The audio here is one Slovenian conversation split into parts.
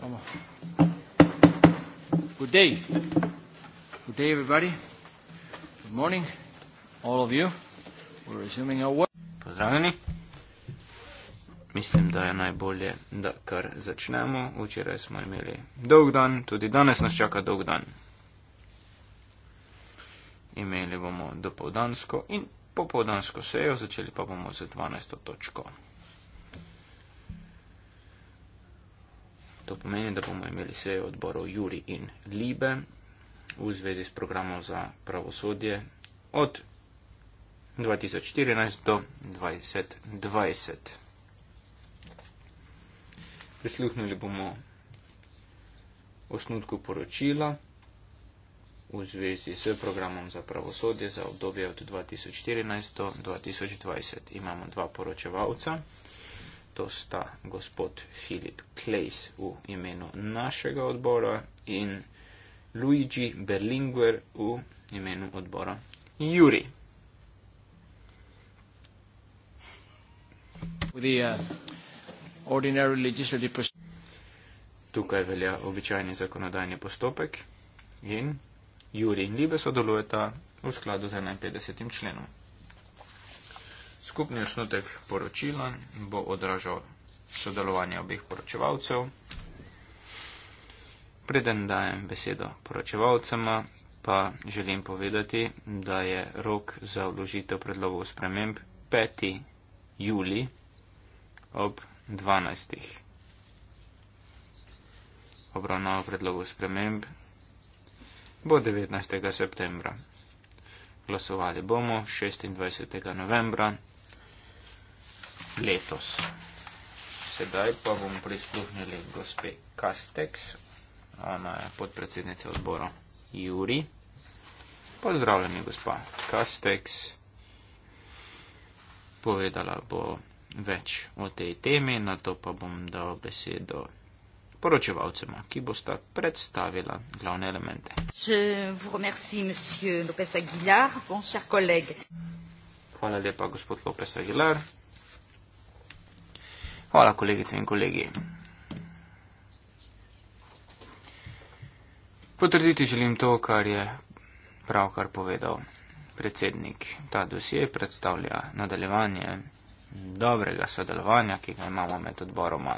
Bomo. Good day. Good day, everybody. Good morning, all of you. We're resuming our work. Pozdravljeni. Mislim, da je najbolje, da kar začnemo. Včeraj smo imeli dolg dan, tudi danes nas čaka dolg dan. Imeli bomo dopoldansko in popoldansko sejo, začeli pa bomo z 12. točko. To pomeni, da bomo imeli sejo odborov Juri in Libe v zvezi s programom za pravosodje od 2014 do 2020. Prisluhnili bomo osnutku poročila v zvezi s programom za pravosodje za obdobje od 2014 do 2020. Imamo dva poročevalca to sta gospod Filip Klejs v imenu našega odbora in Luigi Berlinguer v imenu odbora Juri. Uh, Tukaj velja običajni zakonodajni postopek in Juri in Libe sodelujeta v skladu z 51. členom. Skupni osnutek poročila bo odražal sodelovanje obeh poročevalcev. Preden dajem besedo poročevalcema, pa želim povedati, da je rok za vložitev predlogov sprememb 5. juli ob 12. Obravnava predlogov sprememb bo 19. septembra. Glasovali bomo 26. novembra letos. Sedaj pa bom prisluhnili gospe Kasteks, ona je podpredsednica odbora Juri. Pozdravljeni, gospa Kasteks. Povedala bo več o tej temi, na to pa bom dal besedo poročevalcema, ki bosta predstavila glavne elemente. Je vous remercie, monsieur Lopez Aguilar. Bon, chers collègues. Hvala lepa, gospod Lopez Aguilar. Hvala, kolegice in kolegi. Potrditi želim to, kar je pravkar povedal predsednik. Ta dosje predstavlja nadaljevanje dobrega sodelovanja, ki ga imamo med odboroma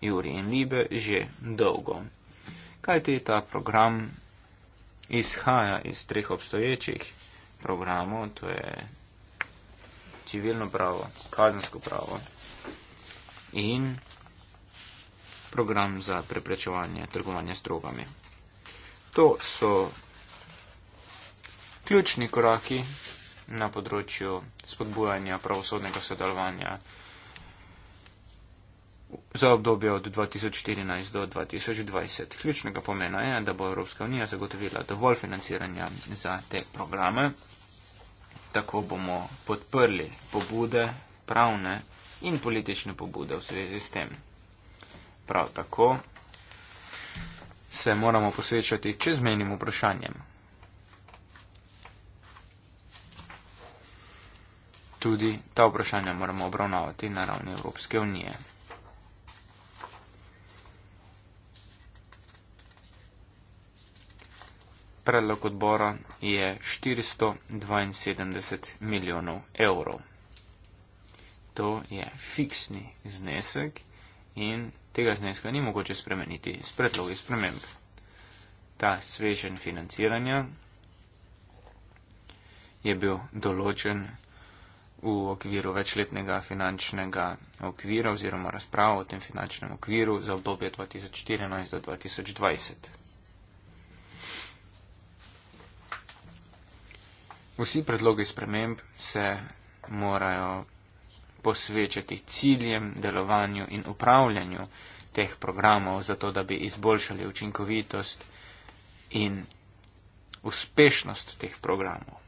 Juri in Libe že dolgo. Kaj ti ta program izhaja iz treh obstoječih programov, to je civilno pravo, kazensko pravo in program za preprečevanje trgovanja s drogami. To so ključni koraki na področju spodbujanja pravosodnega sodelovanja za obdobje od 2014 do 2020. Ključnega pomena je, da bo Evropska unija zagotovila dovolj financiranja za te programe. Tako bomo podprli pobude pravne in politične pobude v zvezi s tem. Prav tako se moramo posvečati čezmenim vprašanjem. Tudi ta vprašanja moramo obravnavati na ravni Evropske unije. Predlog odbora je 472 milijonov evrov to je fiksni znesek in tega zneska ni mogoče spremeniti s predlogi sprememb. Ta svežen financiranja je bil določen v okviru večletnega finančnega okvira oziroma razprava o tem finančnem okviru za obdobje 2014 do 2020. Vsi predlogi sprememb se morajo posvečati ciljem, delovanju in upravljanju teh programov, zato da bi izboljšali učinkovitost in uspešnost teh programov.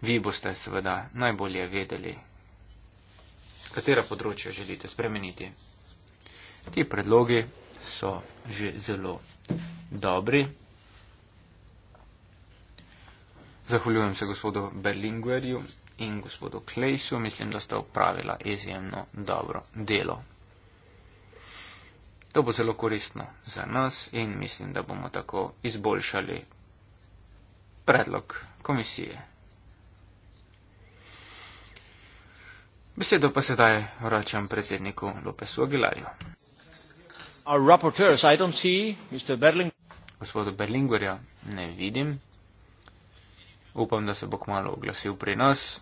Vi boste seveda najbolje vedeli, katera področja želite spremeniti. Ti predlogi so že zelo dobri. Zahvaljujem se gospodu Berlinguerju in gospodu Klejsu. Mislim, da sta upravila izjemno dobro delo. To bo zelo koristno za nas in mislim, da bomo tako izboljšali predlog komisije. Besedo pa sedaj vračam predsedniku Lopesu Aguilarju. Gospodu Berlingorja ne vidim. Upam, da se bo kmalo oglasil pri nas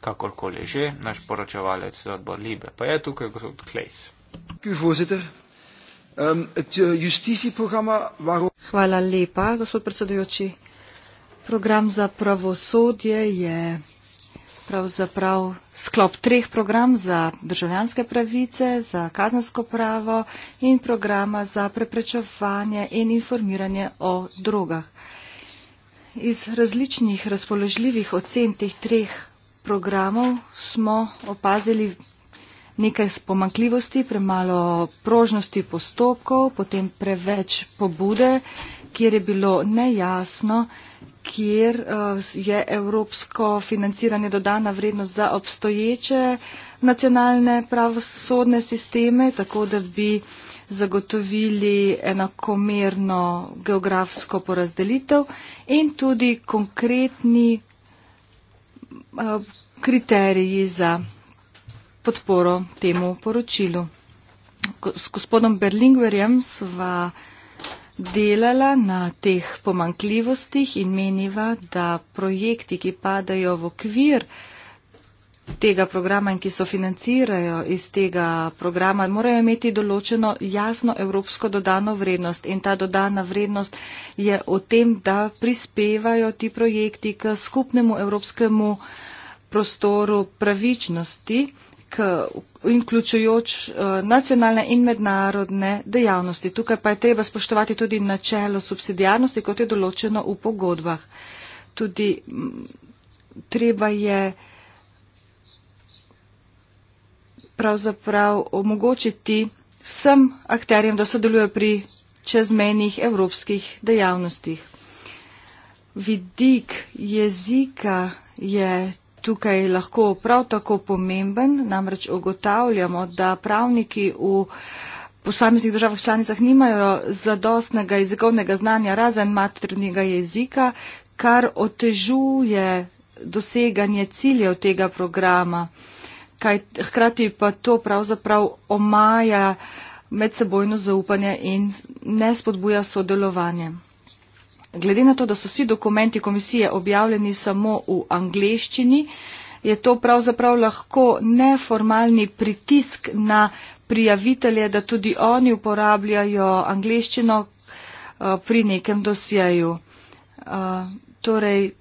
kakorkoli že, naš poročevalec odbor Libe. Pa je tukaj gospod Klejs. Ehm, eh, Hvala lepa, gospod predsedujoči. Program za pravosodje je pravzaprav sklop treh program za državljanske pravice, za kazensko pravo in programa za preprečevanje in informiranje o drogah. Iz različnih razpoložljivih ocen teh treh programov smo opazili nekaj spomankljivosti, premalo prožnosti postopkov, potem preveč pobude, kjer je bilo nejasno, kjer eh, je evropsko financiranje dodana vrednost za obstoječe nacionalne pravosodne sisteme, tako da bi zagotovili enakomerno geografsko porazdelitev in tudi konkretni Eh, kriteriji za podporo temu poročilu. S gospodom Berlingverjem sva delala na teh pomankljivostih in meniva, da projekti, ki padajo v okvir uh, tega programa in ki so financirajo iz tega programa, morajo imeti določeno jasno evropsko dodano vrednost. In ta dodana vrednost je v tem, da prispevajo ti projekti k skupnemu evropskemu prostoru pravičnosti, k vključujoč uh, nacionalne in mednarodne dejavnosti. Tukaj pa je treba spoštovati tudi načelo subsidijarnosti, kot je določeno v pogodbah. Tudi m, treba je pravzaprav omogočiti vsem akterjem, da sodelujejo pri čezmejnih evropskih dejavnostih. Vidik jezika je tukaj lahko prav tako pomemben, namreč ugotavljamo, da pravniki v posameznih državah članicah nimajo zadostnega jezikovnega znanja razen maternega jezika, kar otežuje doseganje ciljev tega programa kaj hkrati pa to pravzaprav omaja medsebojno zaupanje in ne spodbuja sodelovanje. Glede na to, da so vsi dokumenti komisije objavljeni samo v angleščini, je to pravzaprav lahko neformalni pritisk na prijavitelje, da tudi oni uporabljajo angleščino uh, pri nekem dosjeju. Uh, torej,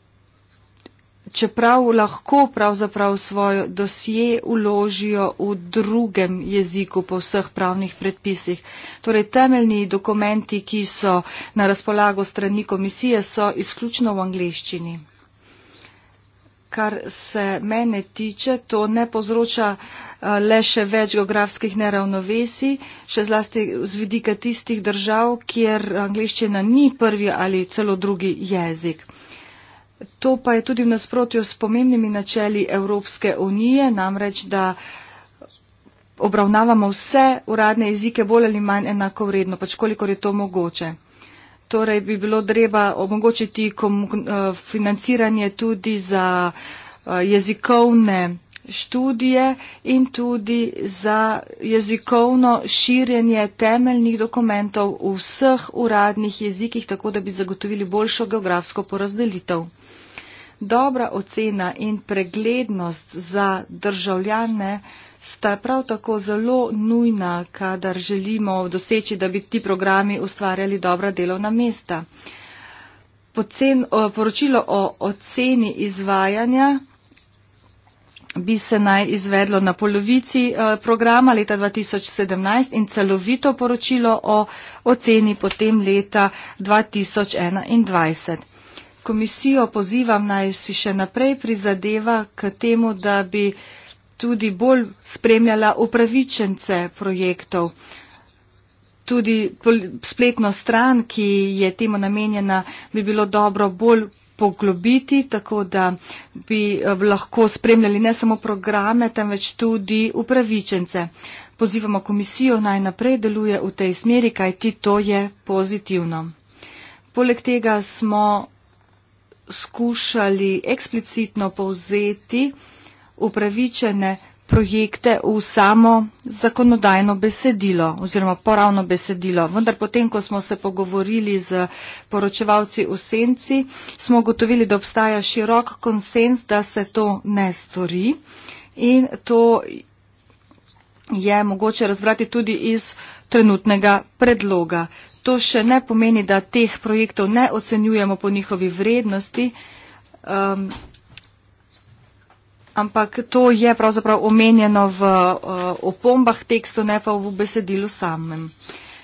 čeprav lahko pravzaprav svojo dosje uložijo v drugem jeziku po vseh pravnih predpisih. Torej, temeljni dokumenti, ki so na razpolago strani komisije, so izključno v angliščini. Kar se mene tiče, to ne povzroča eh, le še več geografskih neravnovesij, še zlasti z vidika tistih držav, kjer angliščina ni prvi ali celo drugi jezik. To pa je tudi v nasprotju s pomembnimi načeli Evropske unije, namreč, da obravnavamo vse uradne jezike bolj ali manj enako vredno, pač kolikor je to mogoče. Torej bi bilo treba omogočiti eh, financiranje tudi za eh, jezikovne študije in tudi za jezikovno širjenje temeljnih dokumentov v vseh uradnih jezikih, tako da bi zagotovili boljšo geografsko porazdelitev. Dobra ocena in preglednost za državljane sta prav tako zelo nujna, kadar želimo doseči, da bi ti programi ustvarjali dobra delovna mesta. Pocen, o, poročilo o oceni izvajanja bi se naj izvedlo na polovici e, programa leta 2017 in celovito poročilo o oceni potem leta 2021 komisijo pozivam naj si še naprej prizadeva k temu, da bi tudi bolj spremljala upravičence projektov. Tudi spletno stran, ki je temu namenjena, bi bilo dobro bolj poglobiti, tako da bi eh, lahko spremljali ne samo programe, temveč tudi upravičence. Pozivamo komisijo naj naprej deluje v tej smeri, kajti to je pozitivno. Poleg tega smo skušali eksplicitno povzeti upravičene projekte v samo zakonodajno besedilo oziroma poravno besedilo. Vendar potem, ko smo se pogovorili z poročevalci v senci, smo ugotovili, da obstaja širok konsens, da se to ne stori. In to je mogoče razbrati tudi iz trenutnega predloga to še ne pomeni, da teh projektov ne ocenjujemo po njihovi vrednosti, um, ampak to je pravzaprav omenjeno v uh, opombah tekstu, ne pa v besedilu samem.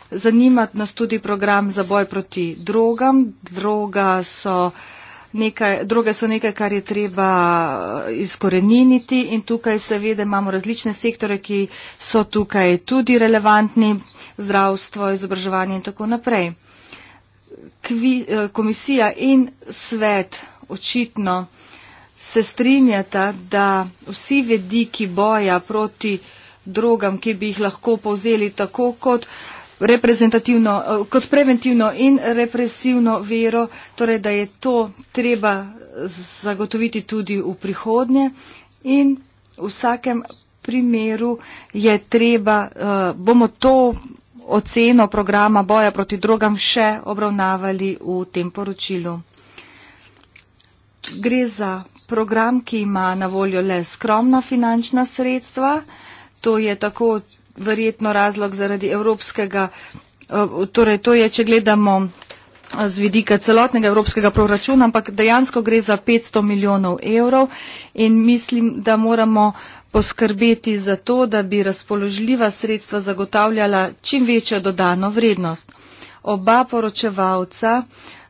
Zanima nas tudi program za boj proti drogam. Droga so uh, nekaj, droge so nekaj, kar je treba eh, izkoreniniti in tukaj seveda imamo različne sektore, ki so tukaj tudi relevantni, zdravstvo, izobraževanje in tako naprej. Kvi, eh, komisija in svet očitno se strinjata, da vsi vediki boja proti drogam, ki bi jih lahko povzeli tako kot uh, reprezentativno, eh, kot preventivno in represivno vero, torej da je to treba zagotoviti tudi v prihodnje in v vsakem primeru je treba, eh, bomo to oceno programa boja proti drogam še obravnavali v tem poročilu. Gre za program, ki ima na voljo le skromna finančna sredstva, to je tako verjetno razlog zaradi evropskega, eh, torej to je, če gledamo eh, z vidika celotnega evropskega proračuna, ampak dejansko gre za 500 milijonov evrov in mislim, da moramo poskrbeti za to, da bi razpoložljiva sredstva zagotavljala čim večjo dodano vrednost. Oba poročevalca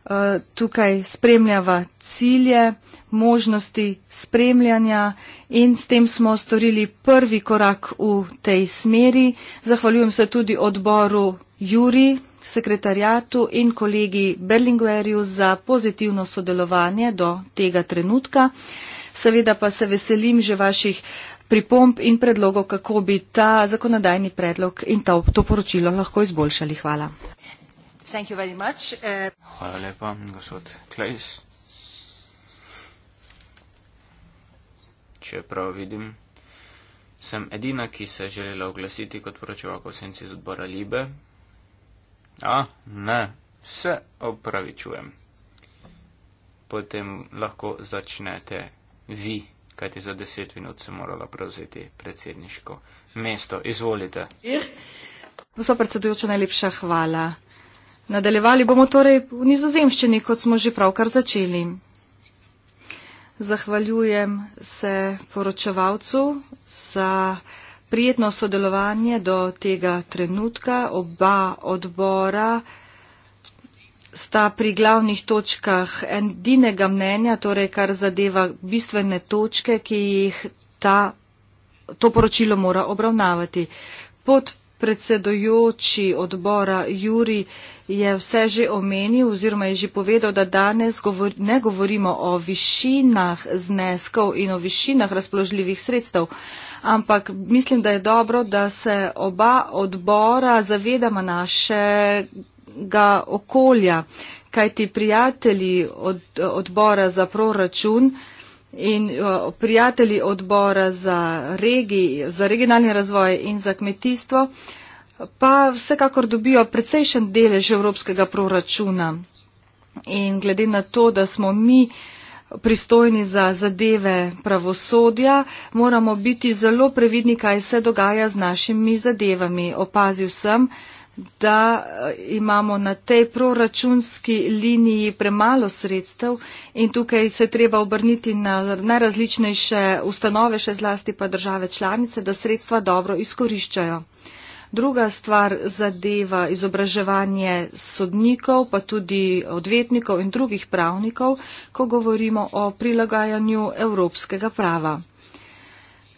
eh, tukaj spremljava cilje, možnosti spremljanja in s tem smo storili prvi korak v tej smeri. Zahvaljujem se tudi odboru Juri, sekretarjatu in kolegi Berlingueriju za pozitivno sodelovanje do tega trenutka. Seveda pa se veselim že vaših pripomb in predlogov, kako bi ta zakonodajni predlog in to, to poročilo lahko izboljšali. Hvala. Uh, Hvala lepa, gospod Klajs. če prav vidim. Sem edina, ki se je želela oglasiti kot poročevalka v senci z odbora Libe. A, ne, se opravičujem. Potem lahko začnete vi, kajti za deset minut sem morala prevzeti predsedniško mesto. Izvolite. Gospod predsedujoča, najlepša hvala. Nadaljevali bomo torej v nizozemščini, kot smo že pravkar začeli. Zahvaljujem se poročevalcu za prijetno sodelovanje do tega trenutka. Oba odbora sta pri glavnih točkah edinega mnenja, torej kar zadeva bistvene točke, ki jih ta, to poročilo mora obravnavati. Pod predsedojoči odbora Juri je vse že omenil oziroma je že povedal, da danes govor, ne govorimo o višinah zneskov in o višinah razpoložljivih sredstev, ampak mislim, da je dobro, da se oba odbora zavedama našega okolja, kajti prijatelji od, odbora za proračun in prijatelji odbora za, regij, za regionalni razvoj in za kmetijstvo pa vsekakor dobijo precejšen delež evropskega proračuna. In glede na to, da smo mi pristojni za zadeve pravosodja, moramo biti zelo previdni, kaj se dogaja z našimi zadevami. Opazil sem, da eh, imamo na tej proračunski liniji premalo sredstev in tukaj se treba obrniti na najrazličnejše ustanove, še zlasti pa države članice, da sredstva dobro izkoriščajo. Druga stvar zadeva izobraževanje sodnikov, pa tudi odvetnikov in drugih pravnikov, ko govorimo o prilagajanju evropskega prava.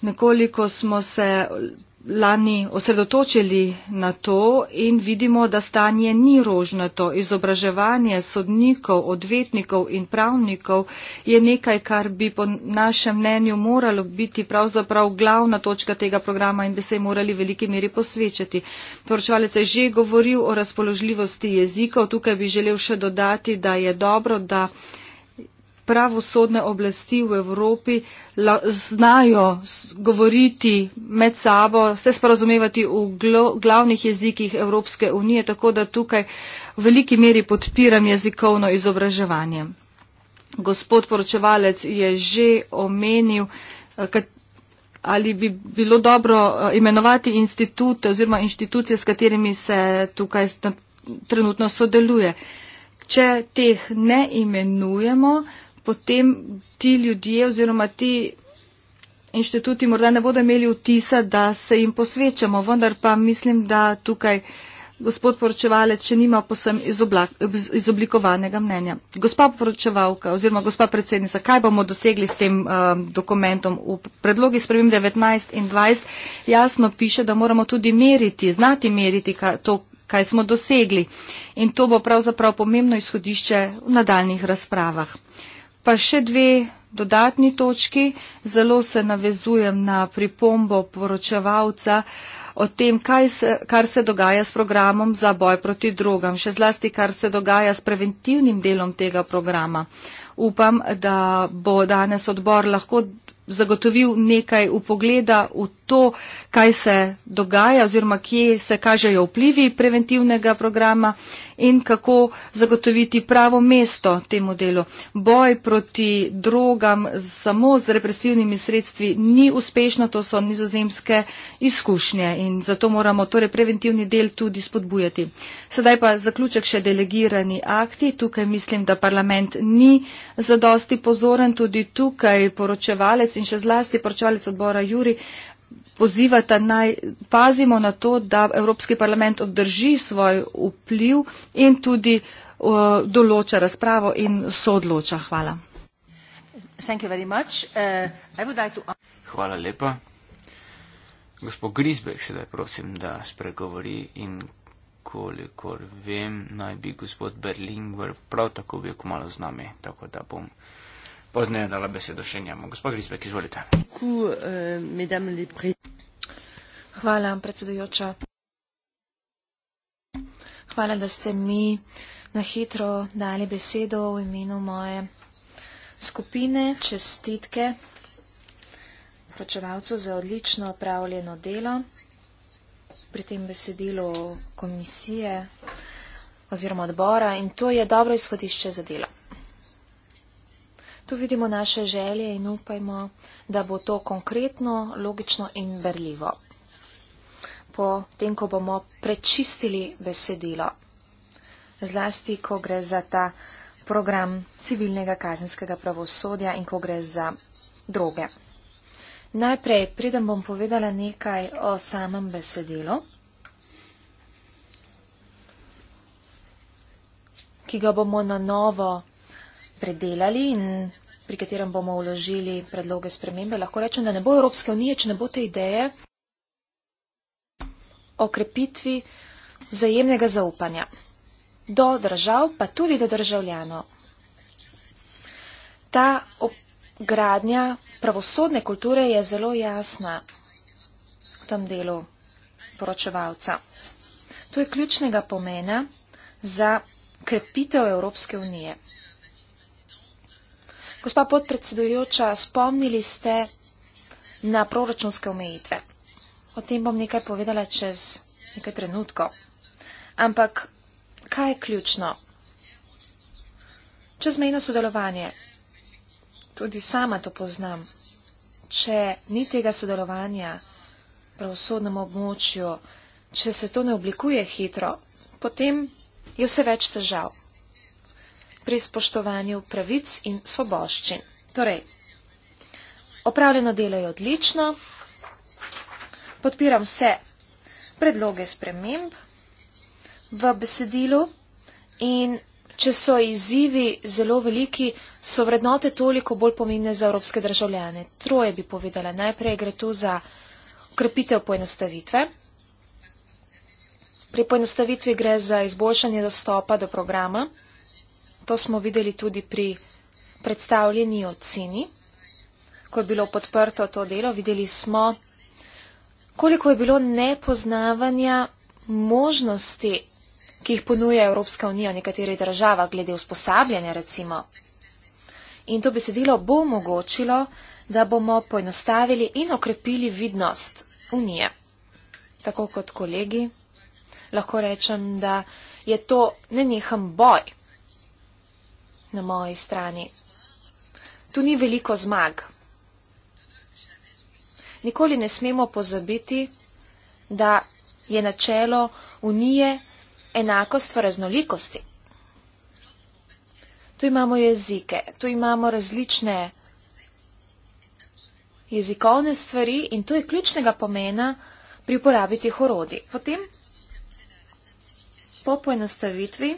Nekoliko smo se lani osredotočili na to in vidimo, da stanje ni rožnato. Izobraževanje sodnikov, odvetnikov in pravnikov je nekaj, kar bi po našem mnenju moralo biti pravzaprav glavna točka tega programa in bi se jim morali v veliki meri posvečati. Poročevalec je že govoril o razpoložljivosti jezikov. Tukaj bi želel še dodati, da je dobro, da pravosodne oblasti v Evropi la, znajo govoriti med sabo, se sporazumevati v glo, glavnih jezikih Evropske unije, tako da tukaj v veliki meri podpiram jezikovno izobraževanje. Gospod poročevalec je že omenil, eh, kat, ali bi bilo dobro eh, imenovati institute oziroma inštitucije, s katerimi se tukaj trenutno sodeluje. Če teh ne imenujemo, potem ti ljudje oziroma ti inštituti morda ne bodo imeli vtisa, da se jim posvečamo, vendar pa mislim, da tukaj gospod poročevalec še nima posem izoblikovanega mnenja. Gospa poročevalka oziroma gospa predsednica, kaj bomo dosegli s tem um, dokumentom? V predlogi spremem 19 in 20 jasno piše, da moramo tudi meriti, znati meriti ka, to, kaj smo dosegli. In to bo pravzaprav pomembno izhodišče v nadaljnih razpravah. Uh, Pa še dve dodatni točki. Zelo se navezujem na pripombo poročevalca o tem, se, kar se dogaja s programom za boj proti drogam, še zlasti, kar se dogaja s preventivnim delom tega programa. Upam, da bo danes odbor lahko zagotovil nekaj upogleda v to, kaj se dogaja oziroma kje se kažejo vplivi preventivnega programa. Uh, in kako zagotoviti pravo mesto temu delu. Boj proti drogam samo z represivnimi sredstvi ni uspešno, to so nizozemske izkušnje in zato moramo torej preventivni del tudi spodbujati. Sedaj pa zaključek še delegirani akti. Tukaj mislim, da parlament ni zadosti pozoren, tudi tukaj poročevalec in še zlasti poročevalec odbora Juri pozivata naj pazimo na to, da Evropski parlament obdrži svoj vpliv in tudi uh, določa razpravo in soodloča. Hvala. Uh, Hvala lepa. Gospod Grisbek, sedaj prosim, da spregovori in kolikor vem, naj bi gospod Berlingver prav tako bil kmalo z nami, tako da bom. Poznaj je dala besedo še njemu. Gospod Grisbek, izvolite. Eh, Hvala, predsedujoča. Hvala, da ste mi na hitro dali besedo v imenu moje skupine. Čestitke vročevalcu za odlično opravljeno delo pri tem besedilu komisije oziroma odbora in to je dobro izhodišče za delo. Tu vidimo naše želje in upajmo, da bo to konkretno, logično in berljivo. Po tem, ko bomo prečistili besedilo, zlasti, ko gre za ta program civilnega kazenskega pravosodja in ko gre za droge. Najprej, preden bom povedala nekaj o samem besedilu, ki ga bomo na novo predelali in pri katerem bomo uložili predloge spremembe. Lahko rečem, da ne bo Evropske unije, če ne bo te ideje o krepitvi vzajemnega zaupanja do držav, pa tudi do državljanov. Ta gradnja pravosodne kulture je zelo jasna v tem delu poročevalca. To je ključnega pomena za krepitev Evropske unije. Gospa podpredsedujoča, spomnili ste na proračunske omejitve. O tem bom nekaj povedala čez nekaj trenutkov. Ampak kaj je ključno? Čezmejno sodelovanje. Tudi sama to poznam. Če ni tega sodelovanja v pravosodnem območju, če se to ne oblikuje hitro, potem je vse več težav pri spoštovanju pravic in svoboščin. Torej, opravljeno delo je odlično, podpiram vse predloge sprememb v besedilu in če so izzivi zelo veliki, so vrednote toliko bolj pomembne za evropske državljane. Troje bi povedala, najprej gre tu za ukrepitev poenostavitve. Pri poenostavitvi gre za izboljšanje dostopa do programa. To smo videli tudi pri predstavljeni oceni, ko je bilo podprto to delo. Videli smo, koliko je bilo nepoznavanja možnosti, ki jih ponuja Evropska unija v nekaterih državah glede usposabljanja recimo. In to besedilo bo omogočilo, da bomo poenostavili in okrepili vidnost unije. Tako kot kolegi, lahko rečem, da je to nenehen boj na moji strani. Tu ni veliko zmag. Nikoli ne smemo pozabiti, da je načelo unije enakost v raznolikosti. Tu imamo jezike, tu imamo različne jezikovne stvari in to je ključnega pomena pri uporabi teh orodij. Potem po poenostavitvi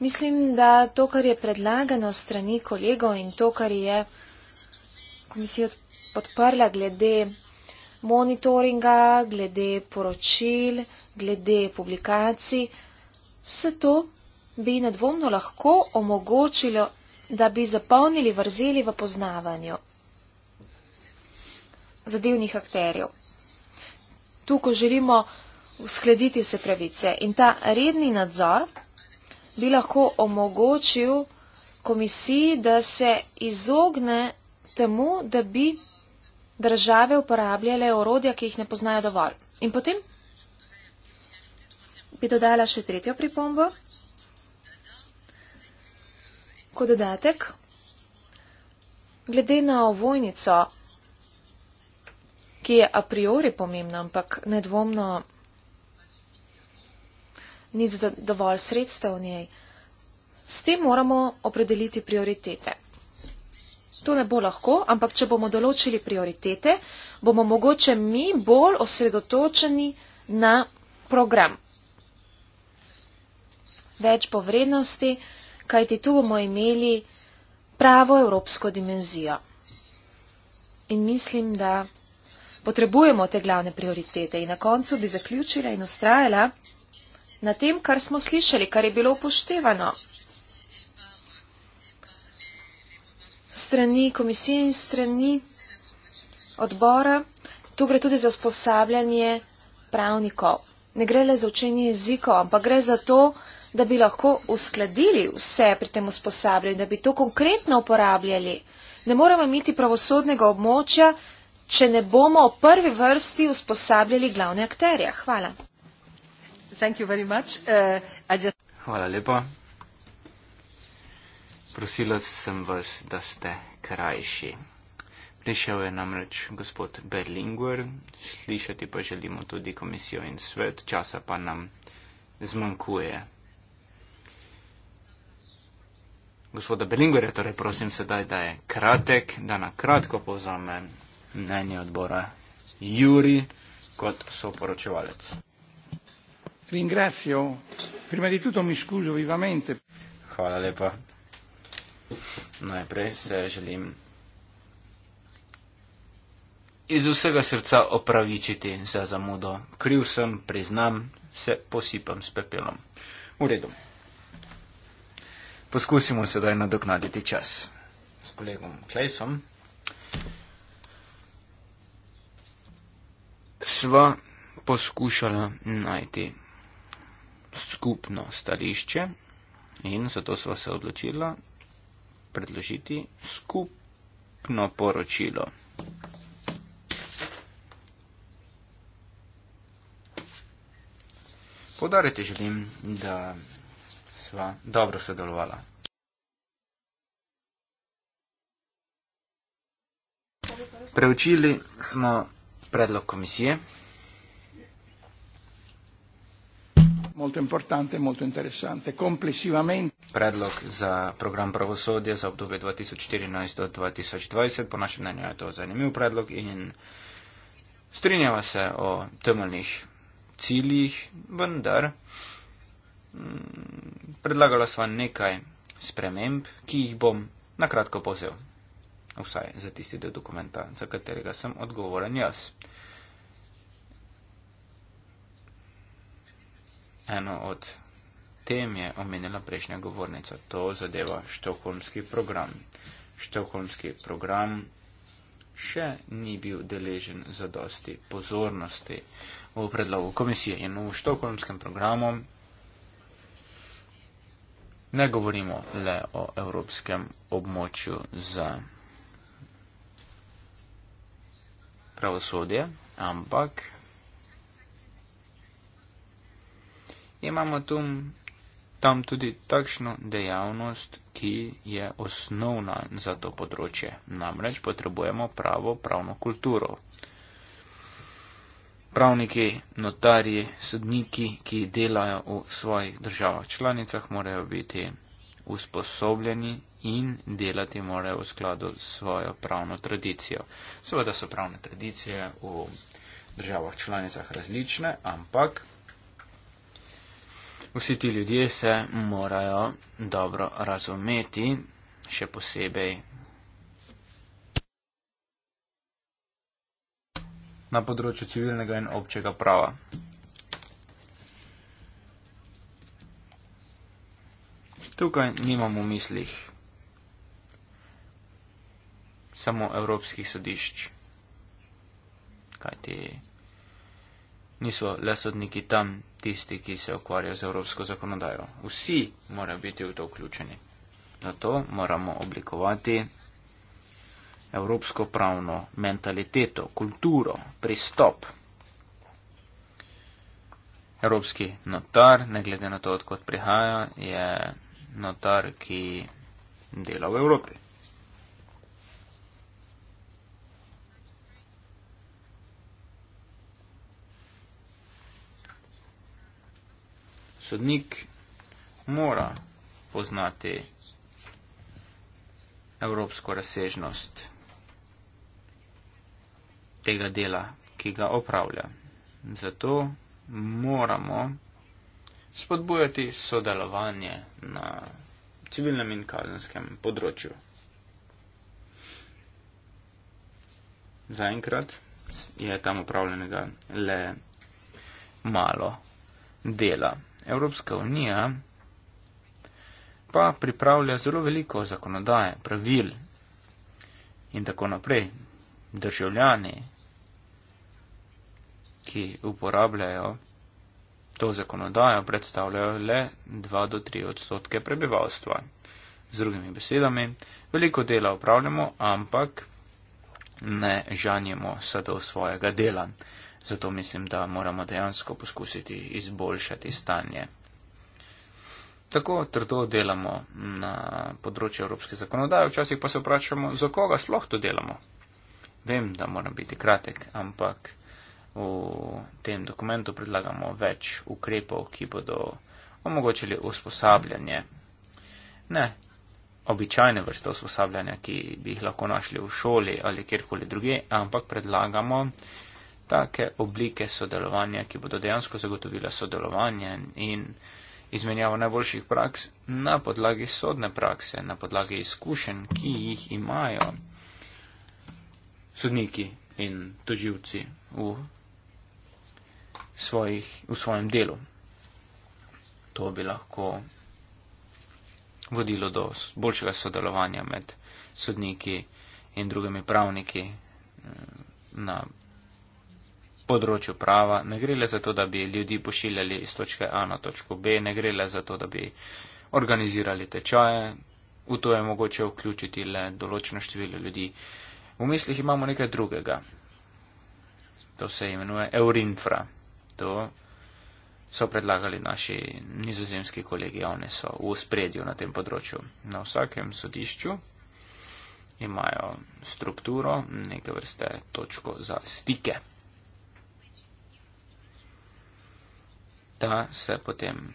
Mislim, da to, kar je predlagano strani kolegov in to, kar je komisija podprla glede monitoringa, glede poročil, glede publikacij, vse to bi nedvomno lahko omogočilo, da bi zapolnili vrzeli v poznavanju zadevnih akterjev. Tukaj želimo uskladiti vse pravice in ta redni nadzor bi lahko omogočil komisiji, da se izogne temu, da bi države uporabljale orodja, ki jih ne poznajo dovolj. In potem bi dodala še tretjo pripombo. Kot dodatek, glede na ovojnico, ki je a priori pomembna, ampak nedvomno ni dovolj sredstev v njej. S tem moramo opredeliti prioritete. To ne bo lahko, ampak če bomo določili prioritete, bomo mogoče mi bolj osredotočeni na program. Več po vrednosti, kajti tu bomo imeli pravo evropsko dimenzijo. In mislim, da potrebujemo te glavne prioritete. In na koncu bi zaključila in ustrajala na tem, kar smo slišali, kar je bilo upoštevano. Strani komisije in strani odbora, tu gre tudi za sposabljanje pravnikov. Ne gre le za učenje jezikov, ampak gre za to, da bi lahko uskladili vse pri tem usposabljanju, da bi to konkretno uporabljali. Ne moramo imeti pravosodnega območja, če ne bomo v prvi vrsti usposabljali glavne akterje. Hvala thank you very much. Uh, I just... Hvala lepa. Prosila sem vas, da ste krajši. Prišel je namreč gospod Berlinguer, slišati pa želimo tudi komisijo in svet, časa pa nam zmanjkuje. Gospoda Berlinguerja torej prosim sedaj, da je kratek, da na kratko povzame mnenje odbora Juri kot soporočevalec. Ringrazio, prima di tutto mi scuso vivamente. Hvala lepa. Najprej se želim iz vsega srca opravičiti za zamudo. Kriv sem, priznam, se posipam s pepelom. V redu. Poskusimo sedaj nadoknaditi čas s kolegom Klejsom. Sva poskušala najti skupno stališče in zato smo se odločili predložiti skupno poročilo. Podarite želim, da sva dobro sodelovala. Preučili smo predlog komisije. molto importante e molto interessante. Complessivamente. Predlog za program pravosodja za obdobje 2014-2020, po našem mnenju je to zanimiv predlog in strinjava se o temeljnih ciljih, vendar mm, predlagala sva nekaj sprememb, ki jih bom na kratko povzel. Vsaj za tisti del dokumenta, za katerega sem odgovoren jaz. Eno od tem je omenila prejšnja govornica, to zadeva štokholmski program. Štokholmski program še ni bil deležen za dosti pozornosti v predlogu komisije in v štokholmskem programu. Ne govorimo le o evropskem območju za pravosodje, ampak imamo tum, tam tudi takšno dejavnost, ki je osnovna za to področje. Namreč potrebujemo pravo pravno kulturo. Pravniki, notarji, sodniki, ki delajo v svojih državah članicah, morajo biti usposobljeni in delati morajo v skladu s svojo pravno tradicijo. Seveda so pravne tradicije v državah članicah različne, ampak Vsi ti ljudje se morajo dobro razumeti, še posebej. Na področju civilnega in občega prava. Tukaj nimam v mislih samo evropskih sodišč, kajti niso le sodniki tam tisti, ki se ukvarjajo z evropsko zakonodajo. Vsi morajo biti v to vključeni. Zato moramo oblikovati evropsko pravno mentaliteto, kulturo, pristop. Evropski notar, ne glede na to, odkot prihaja, je notar, ki dela v Evropi. sodnik mora poznati evropsko razsežnost tega dela, ki ga opravlja. Zato moramo spodbujati sodelovanje na civilnem in kazenskem področju. Zaenkrat je tam opravljenega le malo dela. Evropska unija pa pripravlja zelo veliko zakonodaje, pravil in tako naprej. Državljani, ki uporabljajo to zakonodajo, predstavljajo le 2 do 3 odstotke prebivalstva. Z drugimi besedami, veliko dela upravljamo, ampak ne žanjemo sadov svojega dela zato mislim, da moramo dejansko poskusiti izboljšati stanje. Tako trdo delamo na področju evropske zakonodaje, včasih pa se vprašamo, za koga sploh to delamo. Vem, da moram biti kratek, ampak v tem dokumentu predlagamo več ukrepov, ki bodo omogočili usposabljanje. Ne, običajne vrste usposabljanja, ki bi jih lahko našli v šoli ali kjerkoli druge, ampak predlagamo take oblike sodelovanja, ki bodo dejansko zagotovila sodelovanje in izmenjavo najboljših praks na podlagi sodne prakse, na podlagi izkušenj, ki jih imajo sodniki in toživci v, svojih, v svojem delu. To bi lahko vodilo do boljšega sodelovanja med sodniki in drugimi pravniki mm, na področju prava, ne gre le za to, da bi ljudi pošiljali iz točke A na točko B, ne gre le za to, da bi organizirali tečaje, v to je mogoče vključiti le določeno število ljudi. V mislih imamo nekaj drugega. To se imenuje Eurinfra. To so predlagali naši nizozemski kolegi, oni so v spredju na tem področju. Na vsakem sodišču imajo strukturo neke vrste točko za stike. ta se potem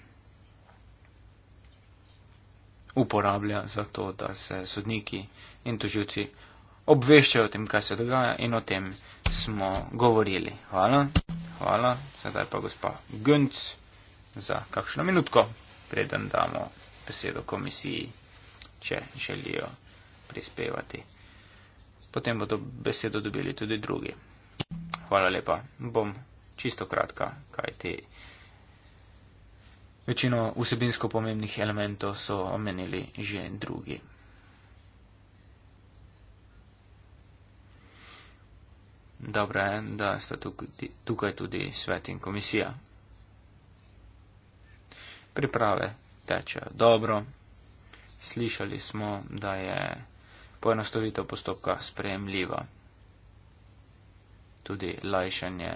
uporablja za to, da se sodniki in tožilci obveščajo o tem, kaj se dogaja in o tem smo govorili. Hvala, hvala, sedaj pa gospa Günc za kakšno minutko, preden damo besedo komisiji, če želijo prispevati. Potem bodo besedo dobili tudi drugi. Hvala lepa, bom čisto kratka, kaj ti. Te... Večino vsebinsko pomembnih elementov so omenili že drugi. Dobro je, da sta tukaj, tukaj tudi svet in komisija. Priprave tečejo dobro. Slišali smo, da je poenostavitev postopka sprejemljiva. Tudi lajšanje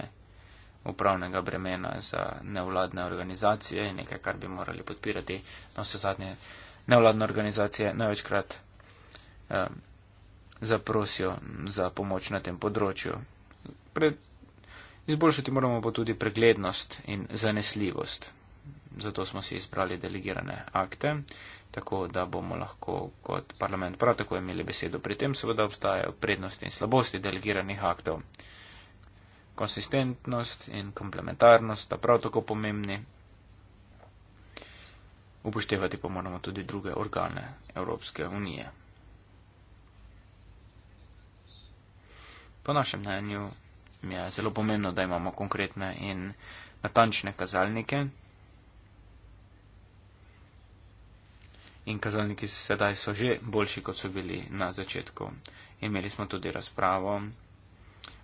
upravnega bremena za nevladne organizacije, nekaj, kar bi morali podpirati na no, vse zadnje nevladne organizacije, največkrat um, zaprosijo za pomoč na tem področju. Pred, izboljšati moramo pa tudi preglednost in zanesljivost. Zato smo si izbrali delegirane akte, tako da bomo lahko kot parlament prav tako imeli besedo. Pri tem seveda obstajajo prednosti in slabosti delegiranih aktov konsistentnost in komplementarnost sta prav tako pomembni. Upoštevati pa moramo tudi druge organe Evropske unije. Po našem mnenju je zelo pomembno, da imamo konkretne in natančne kazalnike. In kazalniki sedaj so že boljši, kot so bili na začetku. Imeli smo tudi razpravo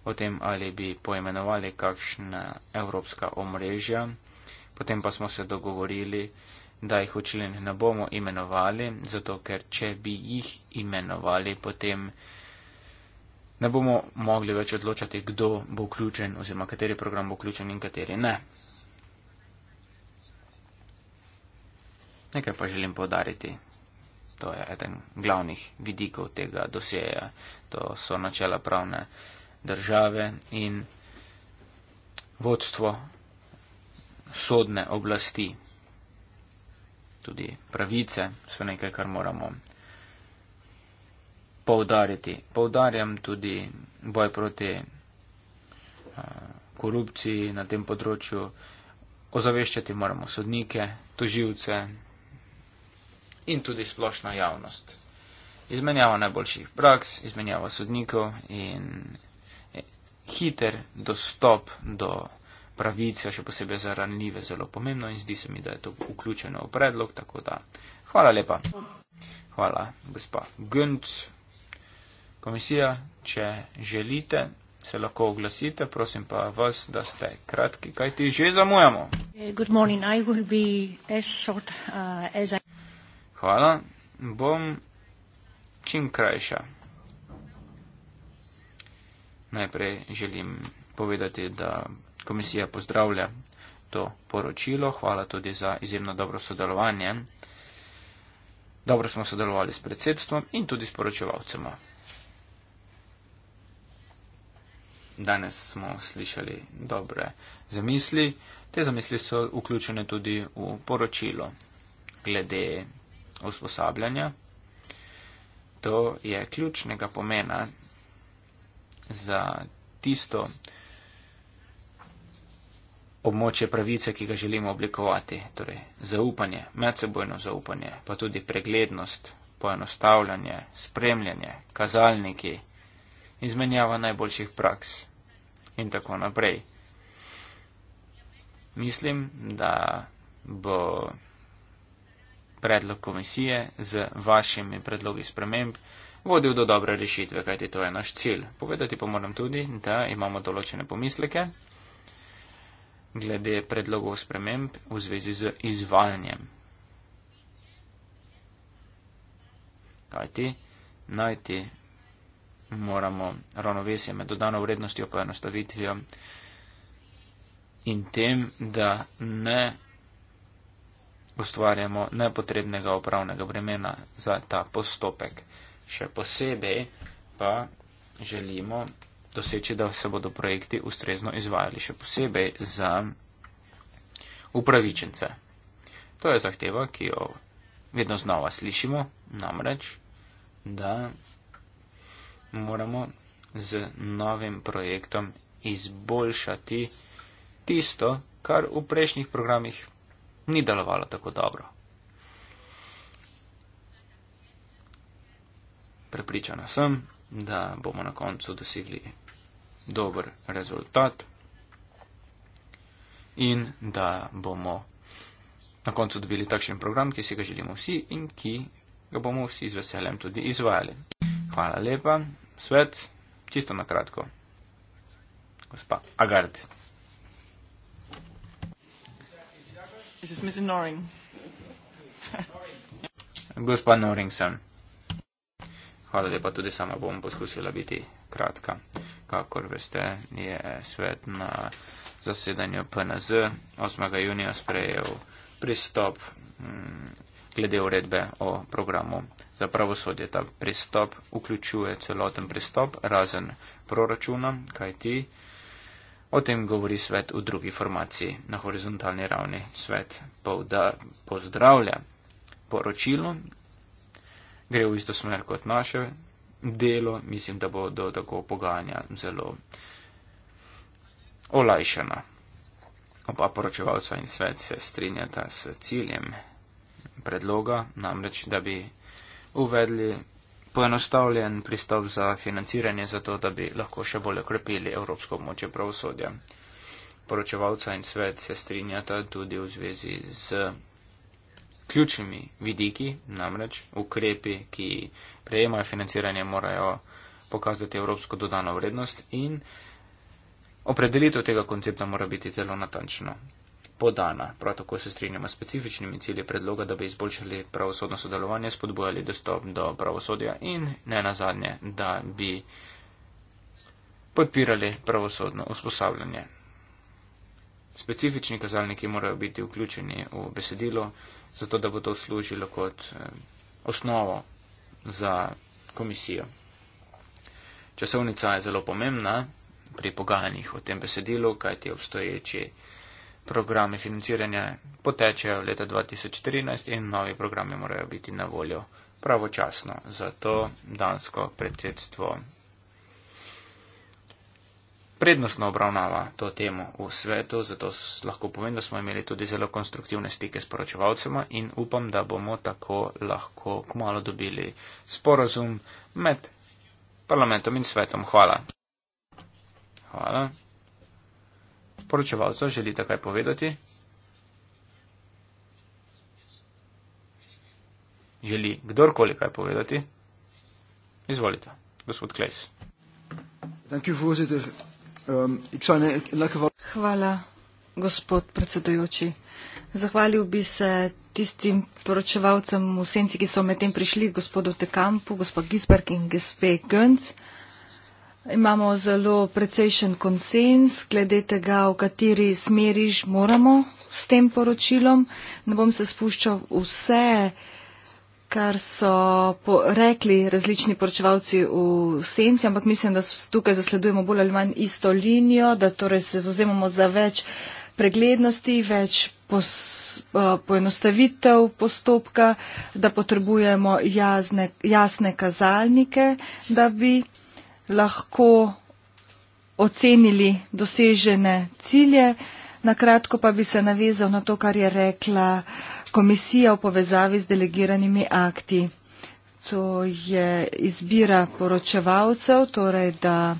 o tem, ali bi poimenovali kakšna evropska omrežja. Potem pa smo se dogovorili, da jih učilnih ne bomo imenovali, zato ker če bi jih imenovali, potem ne bomo mogli več odločati, kdo bo vključen oziroma kateri program bo vključen in kateri ne. Nekaj pa želim podariti. To je eden glavnih vidikov tega dosjeja. To so načela pravne države in vodstvo sodne oblasti. Tudi pravice so nekaj, kar moramo poudariti. Poudarjam tudi boj proti eh, korupciji na tem področju. Ozaveščati moramo sodnike, toživce in tudi splošno javnost. Izmenjava najboljših praks, izmenjava sodnikov in hiter dostop do pravice, še posebej za ranljive, zelo pomembno in zdi se mi, da je to vključeno v predlog, tako da hvala lepa. Hvala, gospa Günc. Komisija, če želite, se lahko oglasite, prosim pa vas, da ste kratki, kaj ti že zamujamo. Uh, hvala, bom čim krajša najprej želim povedati, da komisija pozdravlja to poročilo. Hvala tudi za izjemno dobro sodelovanje. Dobro smo sodelovali s predsedstvom in tudi s poročevalcem. Danes smo slišali dobre zamisli. Te zamisli so vključene tudi v poročilo glede usposabljanja. To je ključnega pomena za tisto območje pravice, ki ga želimo oblikovati, torej zaupanje, medsebojno zaupanje, pa tudi preglednost, poenostavljanje, spremljanje, kazalniki, izmenjava najboljših praks in tako naprej. Mislim, da bo predlog komisije z vašimi predlogi sprememb vodil do dobre rešitve, kajti to je naš cilj. Povedati pa moram tudi, da imamo določene pomisleke glede predlogov sprememb v zvezi z izvajanjem. Kajti najti moramo ravnovesje med dodano vrednostjo pa enostavitvijo in tem, da ne ustvarjamo nepotrebnega upravnega bremena za ta postopek. Še posebej pa želimo doseči, da se bodo projekti ustrezno izvajali, še posebej za upravičence. To je zahteva, ki jo vedno znova slišimo, namreč, da moramo z novim projektom izboljšati tisto, kar v prejšnjih programih ni delovalo tako dobro. prepričana sem, da bomo na koncu dosegli dober rezultat in da bomo na koncu dobili takšen program, ki si ga želimo vsi in ki ga bomo vsi z veseljem tudi izvajali. Hvala lepa, svet, čisto na kratko. Gospa Agard. Gospa Noring sem. Hvala lepa, tudi sama bom poskusila biti kratka. Kakor veste, je svet na zasedanju PNZ 8. junija sprejel pristop mm, glede uredbe o programu za pravosodje. Ta pristop vključuje celoten pristop, razen proračuna, kaj ti. O tem govori svet v drugi formaciji na horizontalni ravni. Svet pozdravlja poročilo, gre v isto smer kot naše delo, mislim, da bodo tako pogajanja zelo olajšana. Oba poročevalca in svet se strinjata s ciljem predloga, namreč, da bi uvedli poenostavljen pristop za financiranje, zato da bi lahko še bolj okrepili Evropsko območje pravosodja. Poročevalca in svet se strinjata tudi v zvezi z ključnimi vidiki, namreč ukrepi, ki prejemajo financiranje, morajo pokazati evropsko dodano vrednost in opredelitev tega koncepta mora biti zelo natančno podana. Prav tako se strinjamo s specifičnimi cilji predloga, da bi izboljšali pravosodno sodelovanje, spodbojali dostop do pravosodja in ne nazadnje, da bi podpirali pravosodno usposabljanje. Specifični kazalniki morajo biti vključeni v besedilo zato da bo to služilo kot eh, osnovo za komisijo. Časovnica je zelo pomembna pri pogajanjih o tem besedilu, kajti obstoječi programe financiranja potečejo leta 2013 in novi programe morajo biti na voljo pravočasno. Zato dansko predsedstvo prednostno obravnava to temo v svetu, zato lahko povem, da smo imeli tudi zelo konstruktivne stike s poročevalcema in upam, da bomo tako lahko kmalo dobili sporazum med parlamentom in svetom. Hvala. Hvala. Poročevalca želite kaj povedati? Želi kdorkoli kaj povedati? Izvolite, gospod Klejs. Thank you, voorzitter. Um, ik zou in elk geval... Hvala, gospod predsedujoči. Zahvalil bi se tistim poročevalcem v senci, ki so med tem prišli, gospodu Tekampu, gospod Gisberg in gospe Gönc. Imamo zelo precejšen konsens, glede tega, v kateri smeriž moramo s tem poročilom. Ne bom se spuščal vse uh, kar so po, rekli različni poročevalci v senci, ampak mislim, da tukaj zasledujemo bolj ali manj isto linijo, da torej se zauzemamo za več preglednosti, več pos, eh, poenostavitev postopka, da potrebujemo jazne, jasne kazalnike, da bi lahko ocenili dosežene cilje. Na kratko pa bi se navezal na to, kar je rekla uh, komisija v povezavi z delegiranimi akti. To je izbira poročevalcev, torej da,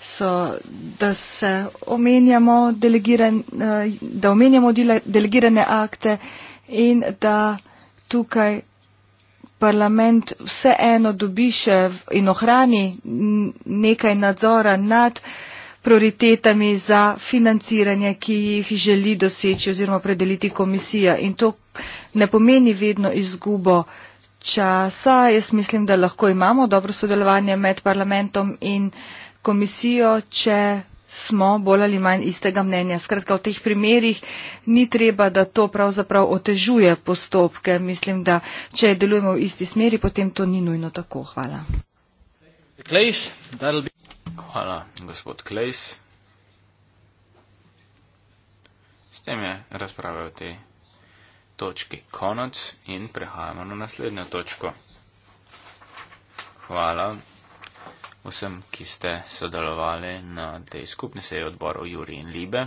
so, da se omenjamo, delegiran, eh, da omenjamo dele, delegirane akte in da tukaj parlament vseeno dobi še in ohrani nekaj nadzora nad prioritetami za financiranje, ki jih želi doseči oziroma predeliti komisija. In to ne pomeni vedno izgubo časa. Jaz mislim, da lahko imamo dobro sodelovanje med parlamentom in komisijo, če smo bolj ali manj istega mnenja. Skratka, v teh primerjih ni treba, da to pravzaprav otežuje postopke. Mislim, da če delujemo v isti smeri, potem to ni nujno tako. Hvala. Hvala, gospod Klejs. S tem je razprava o tej točki konec in prehajamo na naslednjo točko. Hvala vsem, ki ste sodelovali na tej skupni seji odborov Juri in Libe.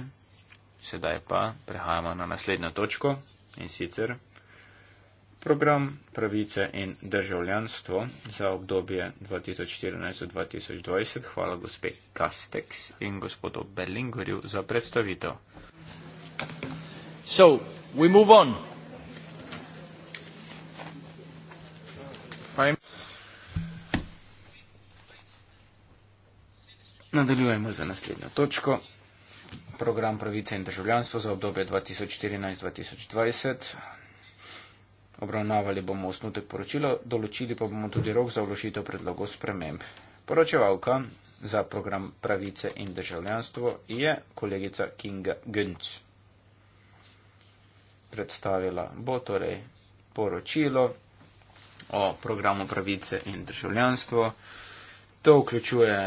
Sedaj pa prehajamo na naslednjo točko in sicer program pravice in državljanstvo za obdobje 2014-2020. Hvala gospe Kastex in gospodu Berlingorju za predstavitev. So, we move on. nadaljujemo za naslednjo točko. Program pravice in državljanstvo za obdobje 2014-2020. Obravnavali bomo osnutek poročila, določili pa bomo tudi rok za vložitev predlogov sprememb. Poročevalka za program pravice in državljanstvo je kolegica Kinga Günc. Predstavila bo torej poročilo o programu pravice in državljanstvo. To vključuje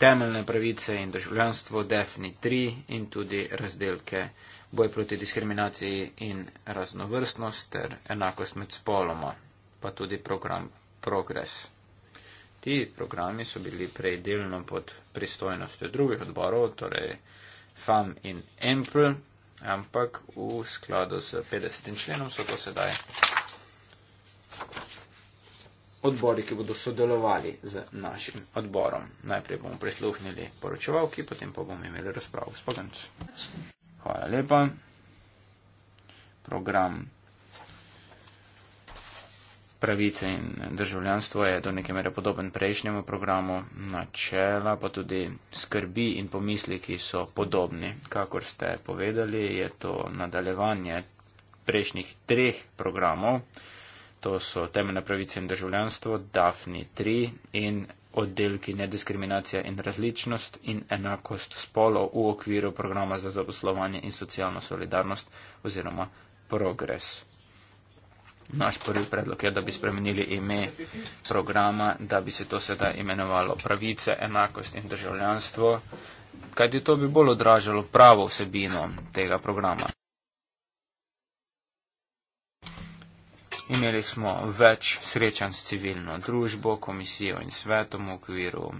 temeljne pravice in državljanstvo, defini 3 in tudi razdelke boj proti diskriminaciji in raznovrstnost ter enakost med spoloma, pa tudi program Progres. Ti programi so bili prej delno pod pristojnostjo drugih odborov, torej FAM in EMPL, ampak v skladu s 50. členom so to sedaj odbori, ki bodo sodelovali z našim odborom. Najprej bomo prisluhnili poročevalki, potem pa bomo imeli razpravo s Pogancem. Hvala lepa. Program pravice in državljanstvo je do neke mere podoben prejšnjemu programu, načela pa tudi skrbi in pomisliki so podobni. Kakor ste povedali, je to nadaljevanje prejšnjih treh programov to so temeljne pravice in državljanstvo, DAFNI 3 in oddelki nediskriminacija in različnost in enakost spolo v okviru programa za zaposlovanje in socialno solidarnost oziroma progres. Naš prvi predlog je, da bi spremenili ime programa, da bi se to sedaj imenovalo pravice, enakost in državljanstvo, kajti to bi bolj odražalo pravo vsebino tega programa. Imeli smo več srečanj s civilno družbo, komisijo in svetom v okviru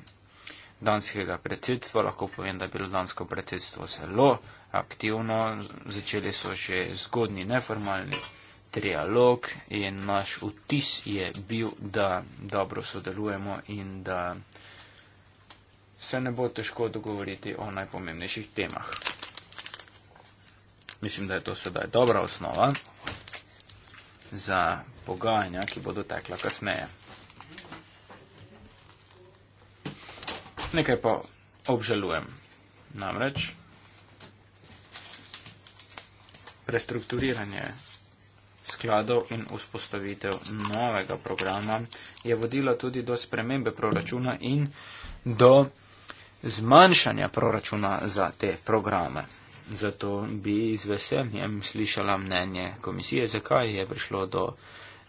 danskega predsedstva. Lahko povem, da je bilo dansko predsedstvo zelo aktivno. Začeli so že zgodni neformalni trialog in naš vtis je bil, da dobro sodelujemo in da se ne bo težko dogovoriti o najpomembnejših temah. Mislim, da je to sedaj dobra osnova za pogajanja, ki bodo tekla kasneje. Nekaj pa obžalujem. Namreč prestrukturiranje skladov in vzpostavitev novega programa je vodilo tudi do spremembe proračuna in do zmanjšanja proračuna za te programe. Zato bi z veseljem slišala mnenje komisije, zakaj je prišlo do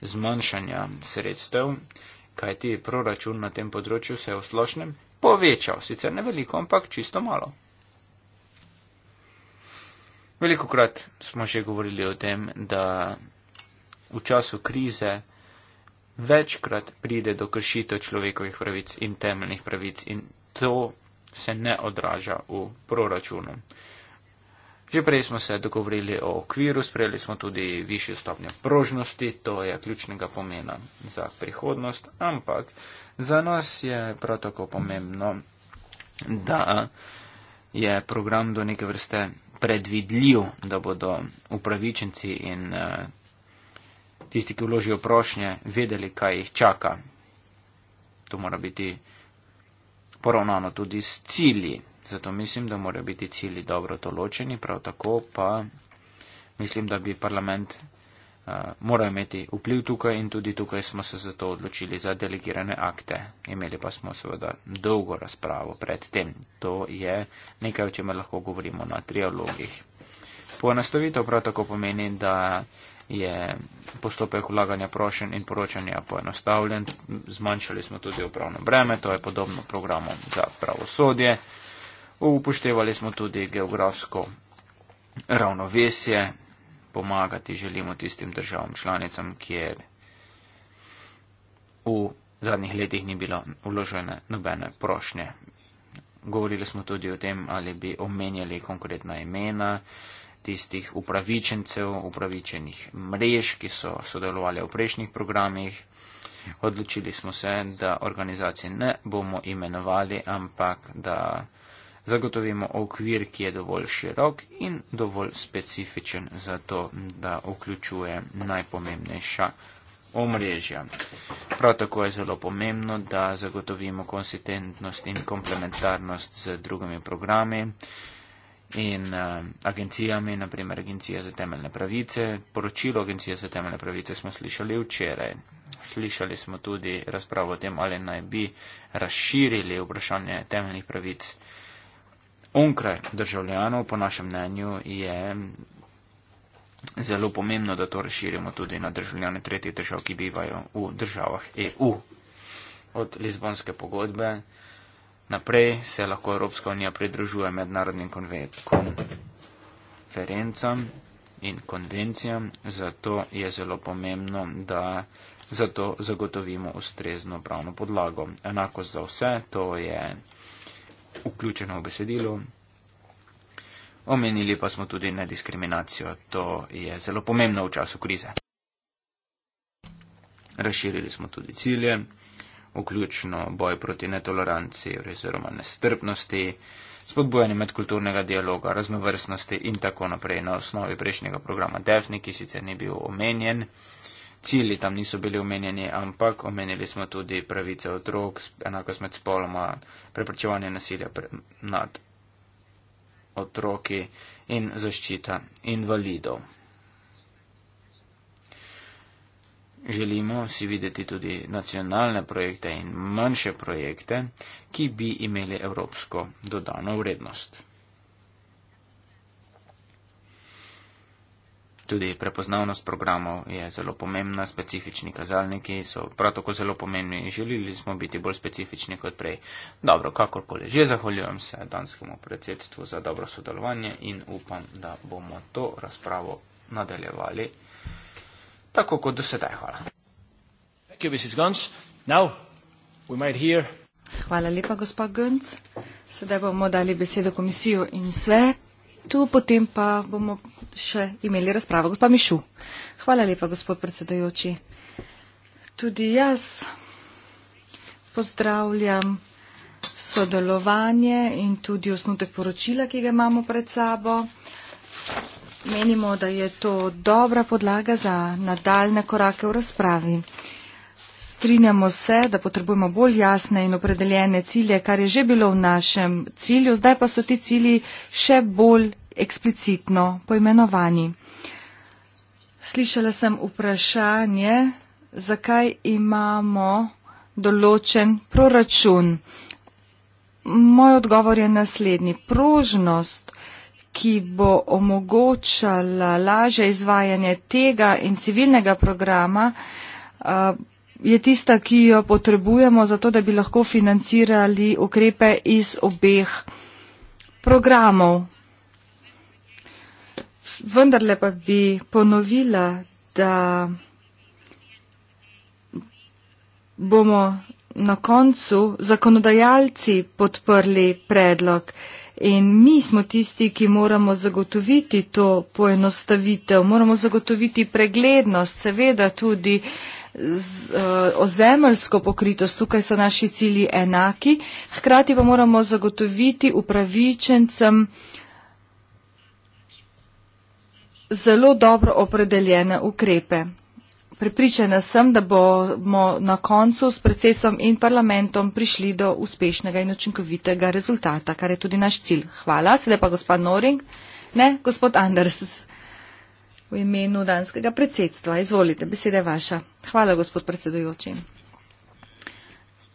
zmanjšanja sredstev, kajti proračun na tem področju se je v splošnem povečal, sicer ne veliko, ampak čisto malo. Velikokrat smo že govorili o tem, da v času krize večkrat pride do kršitev človekovih pravic in temeljnih pravic in to se ne odraža v proračunu. Že prej smo se dogovorili o okviru, sprejeli smo tudi višjo stopnjo prožnosti, to je ključnega pomena za prihodnost, ampak za nas je prav tako pomembno, da je program do neke vrste predvidljiv, da bodo upravičenci in eh, tisti, ki vložijo prošnje, vedeli, kaj jih čaka. To mora biti poravnano tudi s cilji. Zato mislim, da morajo biti cili dobro določeni, prav tako pa mislim, da bi parlament uh, moral imeti vpliv tukaj in tudi tukaj smo se zato odločili za delegirane akte. Imeli pa smo seveda dolgo razpravo pred tem. To je nekaj, o čemer lahko govorimo na trialogih. Poenostavitev prav tako pomeni, da je postopek vlaganja prošen in poročanja poenostavljen. Zmanjšali smo tudi upravno breme, to je podobno programu za pravosodje. Upoštevali smo tudi geografsko ravnovesje, pomagati želimo tistim državam članicam, kjer v zadnjih letih ni bilo uložene nobene prošnje. Govorili smo tudi o tem, ali bi omenjali konkretna imena tistih upravičencev, upravičenih mrež, ki so sodelovali v prejšnjih programih. Odločili smo se, da organizacije ne bomo imenovali, ampak da zagotovimo okvir, ki je dovolj širok in dovolj specifičen za to, da vključuje najpomembnejša omrežja. Prav tako je zelo pomembno, da zagotovimo konsistentnost in komplementarnost z drugimi programi in uh, agencijami, naprimer Agencija za temeljne pravice. Poročilo Agencije za temeljne pravice smo slišali včeraj. Slišali smo tudi razpravo o tem, ali naj bi razširili vprašanje temeljnih pravic uh, onkraj državljanov, po našem mnenju, je zelo pomembno, da to razširimo tudi na državljane tretjih držav, ki bivajo v državah EU. Od Lizbonske pogodbe naprej se lahko Evropska unija pridružuje mednarodnim konferencam in konvencijam, zato je zelo pomembno, da zato zagotovimo ustrezno pravno podlago. Enako za vse, to je vključeno v besedilo. Omenili pa smo tudi nediskriminacijo. To je zelo pomembno v času krize. Razširili smo tudi cilje, vključno boj proti netoleranci oziroma nestrpnosti, spodbojanje medkulturnega dialoga, raznovrstnosti in tako naprej na osnovi prejšnjega programa DEFNI, ki sicer ni bil omenjen cilji tam niso bili omenjeni, ampak omenili smo tudi pravice otrok, enakost med spoloma, preprečevanje nasilja pre, nad otroki in zaščita invalidov. Želimo si videti tudi nacionalne projekte in manjše projekte, ki bi imeli evropsko dodano vrednost. tudi prepoznavnost programov je zelo pomembna, specifični kazalniki so prav tako zelo pomembni in želili smo biti bolj specifični kot prej. Dobro, kakorkoli že, zahvaljujem se danskemu predsedstvu za dobro sodelovanje in upam, da bomo to razpravo nadaljevali tako kot do sedaj. Hvala. Hvala lepa, gospod Gönc. Sedaj bomo dali besedo komisijo in svet tu potem pa bomo še imeli razpravo. Gospa Mišu, hvala lepa, gospod predsedajoči. Tudi jaz pozdravljam sodelovanje in tudi osnutek poročila, ki ga imamo pred sabo. Menimo, da je to dobra podlaga za nadaljne korake v razpravi. Strinjamo se, da potrebujemo bolj jasne in opredeljene cilje, kar je že bilo v našem cilju, zdaj pa so ti cilji še bolj eksplicitno poimenovani. Slišala sem vprašanje, zakaj imamo določen proračun. Moj odgovor je naslednji. Prožnost, ki bo omogočala laže izvajanje tega in civilnega programa, eh, je tista, ki jo potrebujemo, zato da bi lahko financirali ukrepe iz obeh programov. Vendarle pa bi ponovila, da bomo na koncu zakonodajalci podprli predlog. In mi smo tisti, ki moramo zagotoviti to poenostavitev, moramo zagotoviti preglednost, seveda tudi eh, z, uh, eh, ozemljsko pokritost, tukaj so naši cilji enaki, hkrati pa moramo zagotoviti upravičencem zelo dobro opredeljene ukrepe. Pripričana sem, da bomo na koncu s predsedstvom in parlamentom prišli do uspešnega in učinkovitega rezultata, kar je tudi naš cilj. Hvala. Sedaj pa gospod Noring. Ne, gospod Anders v imenu danskega predsedstva. Izvolite, beseda je vaša. Hvala, gospod predsedujoči.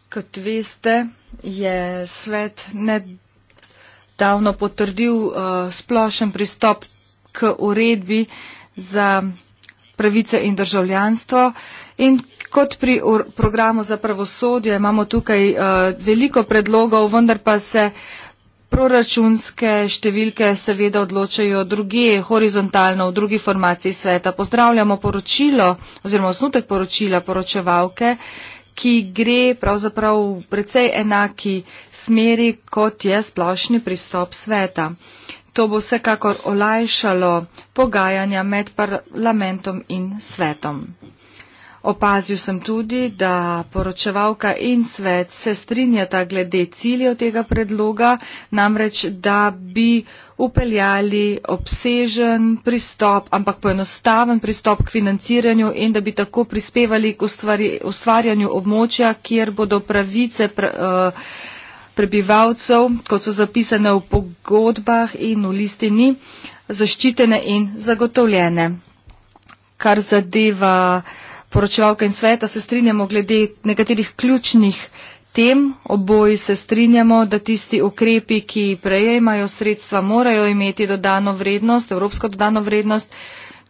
Kot veste, je svet nedavno potrdil uh, splošen pristop k uredbi za pravice in državljanstvo. In kot pri programu za pravosodje imamo tukaj uh, veliko predlogov, vendar pa se uh, Proračunske številke seveda odločajo druge, horizontalno v drugi formaciji sveta. Pozdravljamo poročilo oziroma osnutek poročila poročevalke, ki gre pravzaprav v precej enaki smeri, kot je splošni pristop sveta. To bo vsekakor olajšalo pogajanja med parlamentom in svetom. Opazil sem tudi, da poročevalka in svet se strinjata glede ciljev tega predloga, namreč da bi upeljali obsežen pristop, ampak poenostaven pristop k financiranju in da bi tako prispevali k ustvari, ustvarjanju območja, kjer bodo pravice. Pr, uh, eh, prebivalcev, kot so zapisane v pogodbah in v listini, zaščitene in zagotovljene. Kar zadeva uh, poročevalka in sveta se strinjamo glede nekaterih ključnih tem. Oboji se strinjamo, da tisti ukrepi, ki prejemajo sredstva, morajo imeti dodano vrednost, evropsko dodano vrednost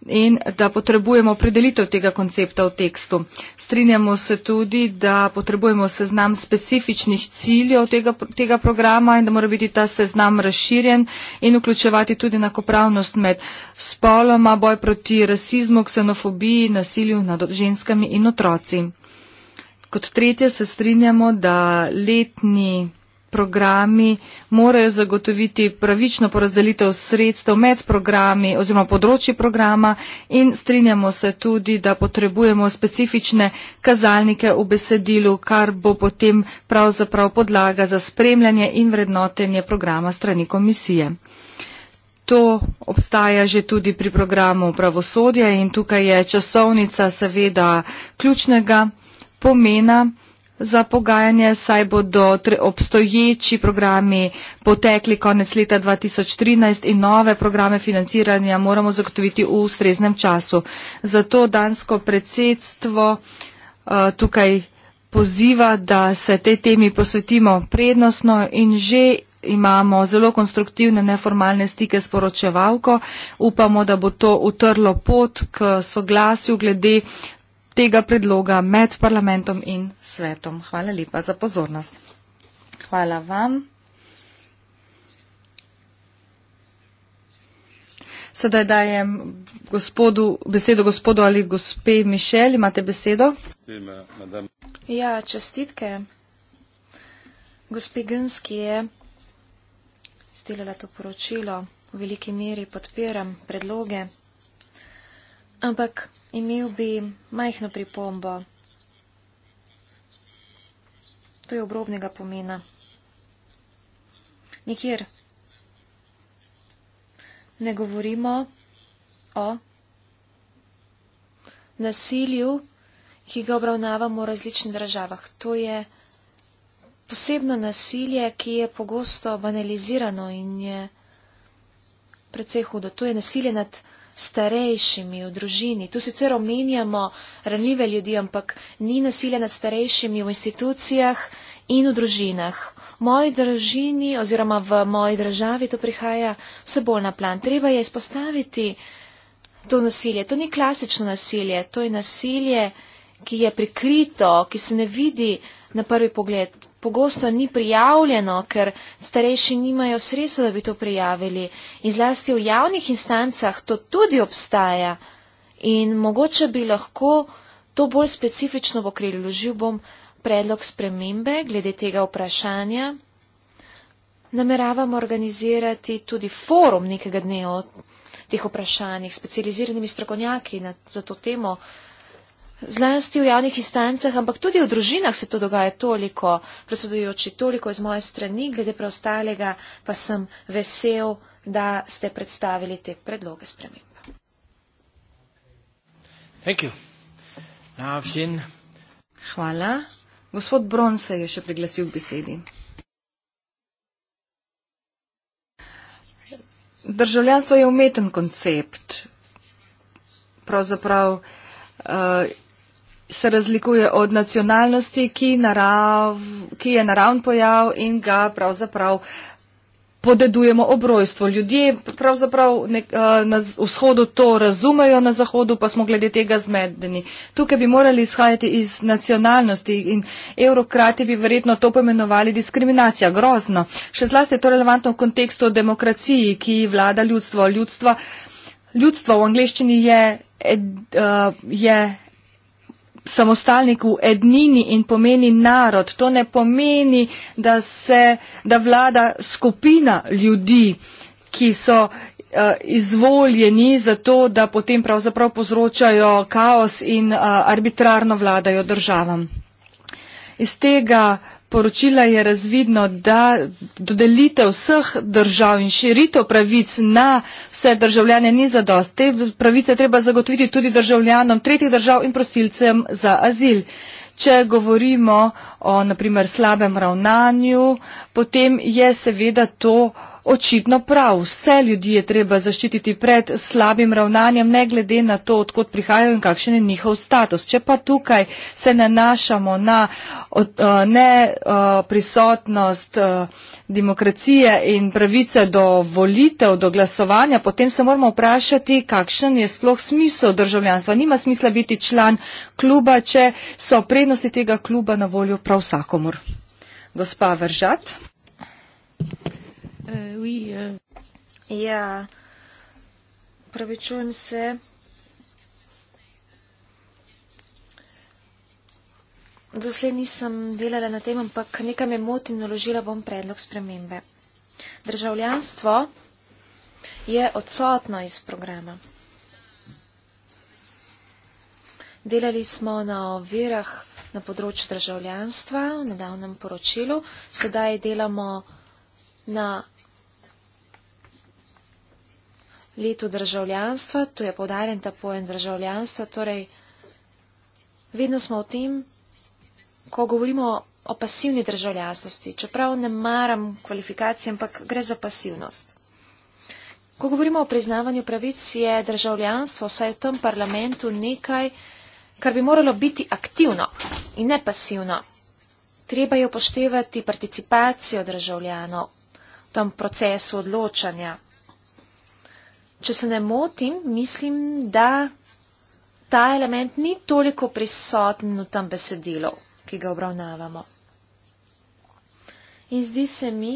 in da potrebujemo predelitev tega koncepta v tekstu. Strinjamo se tudi, da potrebujemo seznam specifičnih ciljev tega, tega programa in da mora biti ta seznam razširjen in vključevati tudi nakopravnost med spoloma, boj proti rasizmu, ksenofobiji, nasilju nad ženskami in otroci. Kot tretje se strinjamo, da letni programi morajo zagotoviti pravično porazdelitev sredstev med programi oziroma področji programa in strinjamo se tudi, da potrebujemo specifične kazalnike v besedilu, kar bo potem pravzaprav podlaga za spremljanje in vrednotenje programa strani komisije. To obstaja že tudi pri programu pravosodja in tukaj je časovnica seveda ključnega pomena za pogajanje, saj bodo obstoječi programi potekli konec leta 2013 in nove programe financiranja moramo zagotoviti v ustreznem času. Zato dansko predsedstvo eh, tukaj poziva, da se te temi posvetimo prednostno in že imamo zelo konstruktivne neformalne stike s poročevalko. Upamo, da bo to utrlo pot k soglasju glede tega predloga med parlamentom in svetom. Hvala lepa za pozornost. Hvala vam. Sedaj dajem gospodu, besedo gospodu ali gospe Mišel, imate besedo. Ja, čestitke. Gospe Gunski je izdelala to poročilo. V veliki meri podpiram predloge, Ampak imel bi majhno pripombo. To je obrobnega pomena. Nikjer ne govorimo o nasilju, ki ga obravnavamo v različnih državah. To je posebno nasilje, ki je pogosto banalizirano in je precej hudo. To je nasilje nad starejšimi v družini. Tu sicer omenjamo ranljive ljudi, ampak ni nasilja nad starejšimi v institucijah in v družinah. V moji družini oziroma v moji državi to prihaja vse bolj na plan. Treba je izpostaviti to nasilje. To ni klasično nasilje, to je nasilje, ki je prikrito, ki se ne vidi na prvi pogled pogosto ni prijavljeno, ker starejši nimajo sredstva, da bi to prijavili. In zlasti v javnih instancah to tudi obstaja. In mogoče bi lahko to bolj specifično pokrili. Vložil bom predlog spremembe glede tega vprašanja. Nameravamo organizirati tudi forum nekega dne o teh vprašanjih, specializiranimi strokovnjaki na, za to temo zlasti v javnih instancah, ampak tudi v družinah se to dogaja toliko, predsedujoči, toliko iz moje strani, glede preostalega pa sem vesel, da ste predstavili te predloge sprememb. Ja, Hvala. Gospod Bron se je še priglasil k besedi. Državljanstvo je umeten koncept. Pravzaprav uh, se razlikuje od nacionalnosti, ki, narav, ki je naravn pojav in ga pravzaprav podedujemo obrojstvo. Ljudje pravzaprav nek, eh, na vzhodu to razumejo, na zahodu pa smo glede tega zmedeni. Tukaj bi morali izhajati iz nacionalnosti in evrokrati bi verjetno to pomenovali diskriminacija. Grozno. Še zlasti je to relevantno v kontekstu demokraciji, ki vlada ljudstvo. Ljudstva, ljudstvo v angleščini je, ed, uh, je samostalnik v ednini in pomeni narod. To ne pomeni, da, se, da vlada skupina ljudi, ki so eh, izvoljeni za to, da potem pravzaprav povzročajo kaos in eh, arbitrarno vladajo državam. Iz tega uh, poročila je razvidno, da dodelitev vseh držav in širitev pravic na vse državljane ni zadost. Te pravice treba zagotoviti tudi državljanom tretjih držav in prosilcem za azil. Če govorimo o naprimer slabem ravnanju, potem je seveda to očitno prav. Vse ljudi je treba zaščititi pred slabim ravnanjem, ne glede na to, odkot prihajajo in kakšen je njihov status. Če pa tukaj se nanašamo na eh, neprisotnost eh, eh, demokracije in pravice do volitev, do glasovanja, potem se moramo vprašati, kakšen je sploh smisel državljanstva. Nima smisla biti član kluba, če so prednosti tega kluba na voljo prav vsakomur. Gospa Vržat. Uh, oui, uh... Ja, pravičujem se. Doslej nisem delala na tem, ampak nekaj me moti in naložila bom predlog spremembe. Državljanstvo je odsotno iz programa. Delali smo na ovirah na področju državljanstva v nedavnem poročilu, sedaj delamo na letu državljanstva, tu je podarjen ta pojem državljanstva, torej vedno smo v tem, ko govorimo o pasivni državljanstvosti, čeprav ne maram kvalifikacije, ampak gre za pasivnost. Ko govorimo o priznavanju pravic, je državljanstvo vsaj v tem parlamentu nekaj, kar bi moralo biti aktivno in ne pasivno. Treba je upoštevati participacijo državljanov v tem procesu odločanja če se ne motim, mislim, da ta element ni toliko prisoten v tem besedilu, ki ga obravnavamo. In zdi se mi,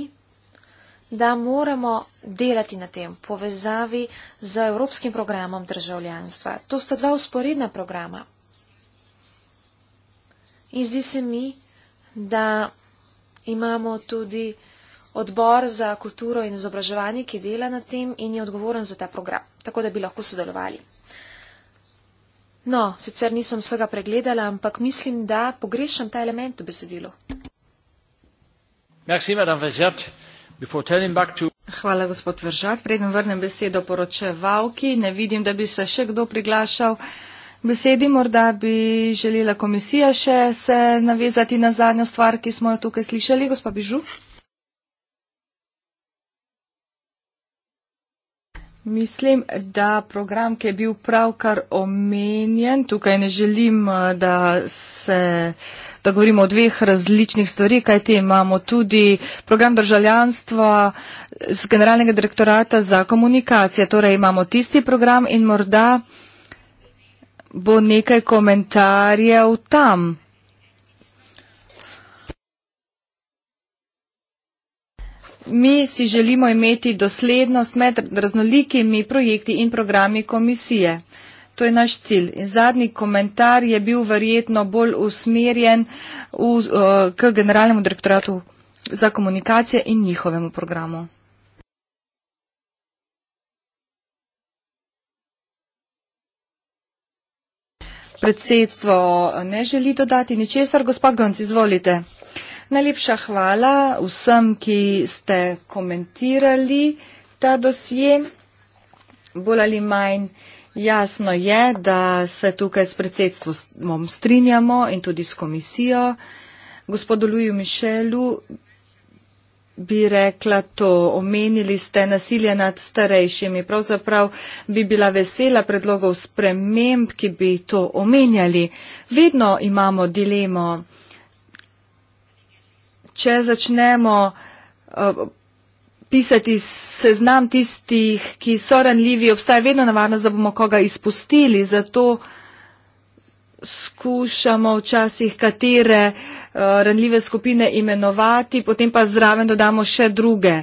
da moramo delati na tem povezavi z Evropskim programom državljanstva. To sta dva usporedna programa. In zdi se mi, da imamo tudi odbor za kulturo in izobraževanje, ki dela na tem in je odgovoren za ta program, tako da bi lahko sodelovali. No, sicer nisem vsega pregledala, ampak mislim, da pogrešam ta element v besedilu. Merci, Hvala, gospod Veržat. Preden vrnem besedo poročevalki, ne vidim, da bi se še kdo priglašal. Besedi morda bi želela komisija še se navezati na zadnjo stvar, ki smo jo tukaj slišali, gospod Bižu. Mislim, da program, ki je bil pravkar omenjen, tukaj ne želim, eh, da, se, da govorimo o dveh različnih stvari, kaj te imamo tudi program državljanstva z Generalnega direktorata za komunikacije. Torej imamo tisti program in morda bo nekaj komentarjev tam. Mi si želimo imeti doslednost med raznolikimi projekti in programi komisije. To je naš cilj. In zadnji komentar je bil verjetno bolj usmerjen v, eh, k Generalnemu direktoratu za komunikacije in njihovemu programu. Predsedstvo ne želi dodati ničesar. Gospod Gonc, izvolite. Najlepša hvala vsem, ki ste komentirali ta dosje. Bolj ali manj jasno je, da se tukaj s predsedstvom strinjamo in tudi s komisijo. Gospodu Luju Mišelu bi rekla to, omenili ste nasilje nad starejšimi. Pravzaprav bi bila vesela predlogov sprememb, ki bi to omenjali. Vedno imamo dilemo če začnemo eh, pisati seznam tistih, ki so ranljivi, obstaja vedno nevarnost, da bomo koga izpustili. Zato skušamo včasih katere eh, ranljive skupine imenovati, potem pa zraven dodamo še druge.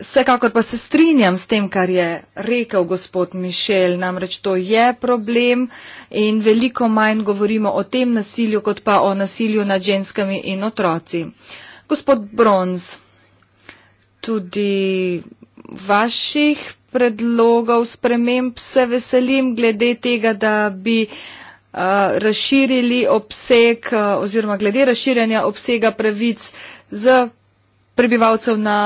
Vsekakor pa se strinjam s tem, kar je rekel gospod Mišel, namreč to je problem in veliko manj govorimo o tem nasilju, kot pa o nasilju nad ženskami in otroci. Gospod Bronz, tudi vaših predlogov sprememb se veselim glede tega, da bi eh, razširili obseg eh, oziroma glede razširjanja obsega pravic z prebivalcev na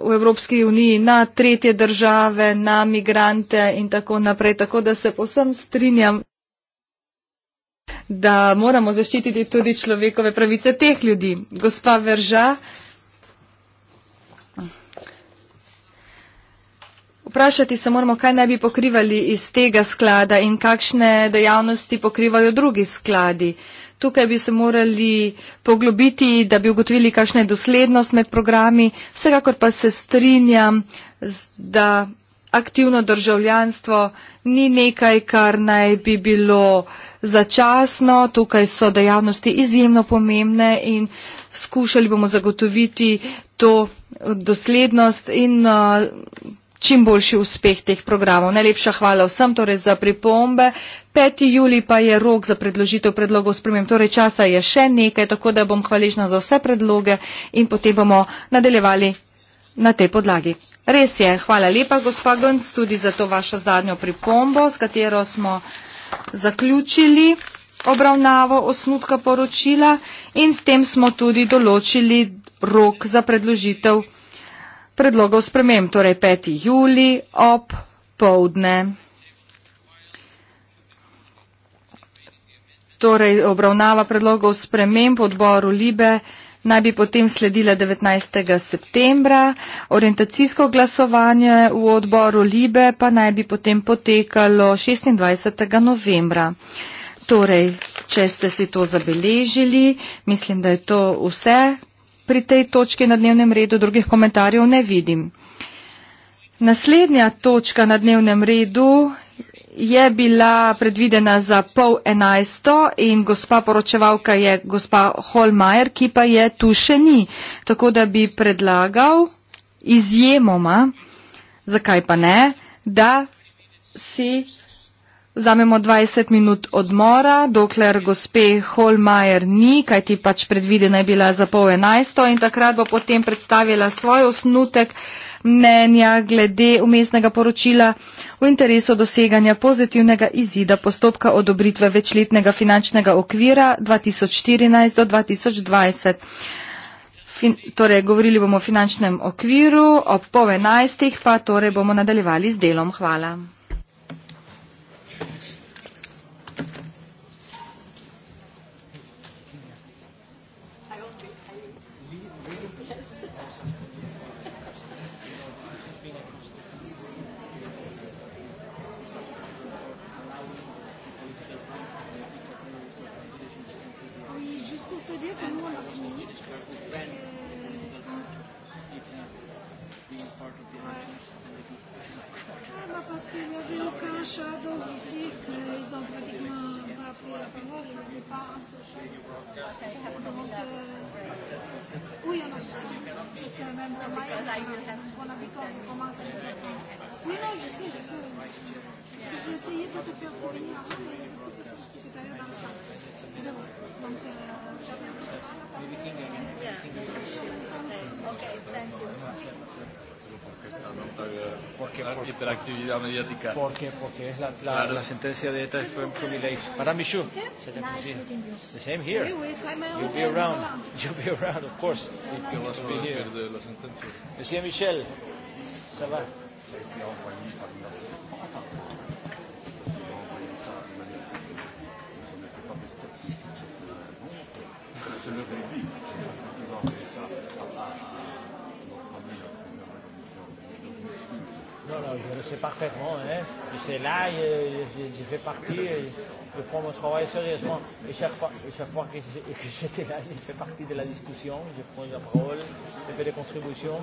v Evropski uniji na tretje države, na migrante in tako naprej. Tako da se posem strinjam, da moramo zaščititi tudi človekove pravice teh ljudi. Gospa Verža, vprašati se moramo, kaj naj bi pokrivali iz tega sklada in kakšne dejavnosti pokrivajo drugi skladi. Tukaj bi se morali poglobiti, da bi ugotovili, kakšna je doslednost med programi. Vsekakor pa se strinjam, da aktivno državljanstvo ni nekaj, kar naj bi bilo začasno. Tukaj so dejavnosti izjemno pomembne in skušali bomo zagotoviti to doslednost in uh, čim boljši uspeh teh programov. Najlepša hvala vsem torej za pripombe. 5. juli pa je rok za predložitev predlogov spremem, torej časa je še nekaj, tako da bom hvaležna za vse predloge in potem bomo nadaljevali na tej podlagi. Res je, hvala lepa, gospa Gons, tudi za to vašo zadnjo pripombo, s katero smo zaključili obravnavo osnutka poročila in s tem smo tudi določili rok za predložitev predlogov predlogov sprememb, torej 5. juli ob povdne. Torej obravnava predlogov sprememb odboru Libe naj bi potem sledila 19. septembra, orientacijsko glasovanje v odboru Libe pa naj bi potem potekalo 26. novembra. Torej, če ste si to zabeležili, mislim, da je to vse, pri tej točki na dnevnem redu, drugih komentarjev ne vidim. Naslednja točka na dnevnem redu je bila predvidena za pol enajsto in gospa poročevalka je gospa Holmajer, ki pa je tu še ni. Tako da bi predlagal izjemoma, zakaj pa ne, da si Vzamemo 20 minut odmora, dokler gospe Holmajer ni, kaj ti pač predvidena je bila za pol enajsto in takrat bo potem predstavila svoj osnutek mnenja glede umestnega poročila v interesu doseganja pozitivnega izida postopka odobritve večletnega finančnega okvira 2014 do 2020. Fin, torej, govorili bomo o finančnem okviru, ob pol enajstih pa torej bomo nadaljevali z delom. Hvala. actividad mediática. Porque, porque es la, la, claro. la sentencia de ETA fue un privilegio. Madame Michou, se le pusieron. The same here. You'll be around. You'll be around, of course. ¿Y qué vas a decir here. de la sentencia? Monsieur Michel, ça va. Se le réduit. je le sais parfaitement. Hein. Je suis là, je, je, je fais partie, je, je prends mon travail sérieusement. Et chaque fois, et chaque fois que, je, que j'étais là, je fais partie de la discussion, je prends la parole, je fais des contributions.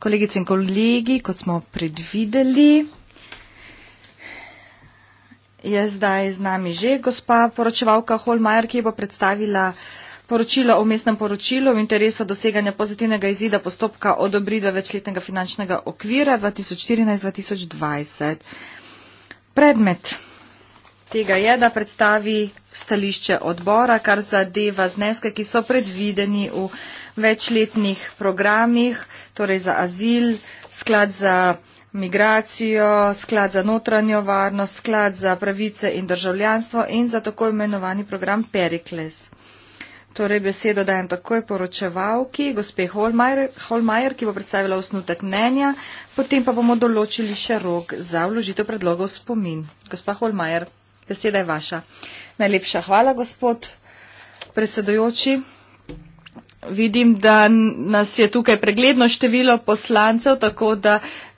Kolegice in kolegi, kot smo predvideli, je zdaj z nami že gospa poročevalka Holmajer, ki bo predstavila poročilo o mestnem poročilu v interesu doseganja pozitivnega izida postopka odobritve večletnega finančnega okvira 2014-2020. Predmet tega je, da predstavi stališče odbora, kar zadeva zneske, ki so predvideni v večletnih programih, torej za azil, sklad za migracijo, sklad za notranjo varnost, sklad za pravice in državljanstvo in za tako imenovani program Perikles. Torej besedo dajem takoj poročevalki, gospe Holmajer, Holmajer, ki bo predstavila osnutek mnenja, potem pa bomo določili še rok za vložitev predlogov spomin. Gospa Holmajer. Beseda je vaša. Najlepša hvala, gospod predsedujoči. Vidim, da nas je tukaj pregledno število poslancev, tako da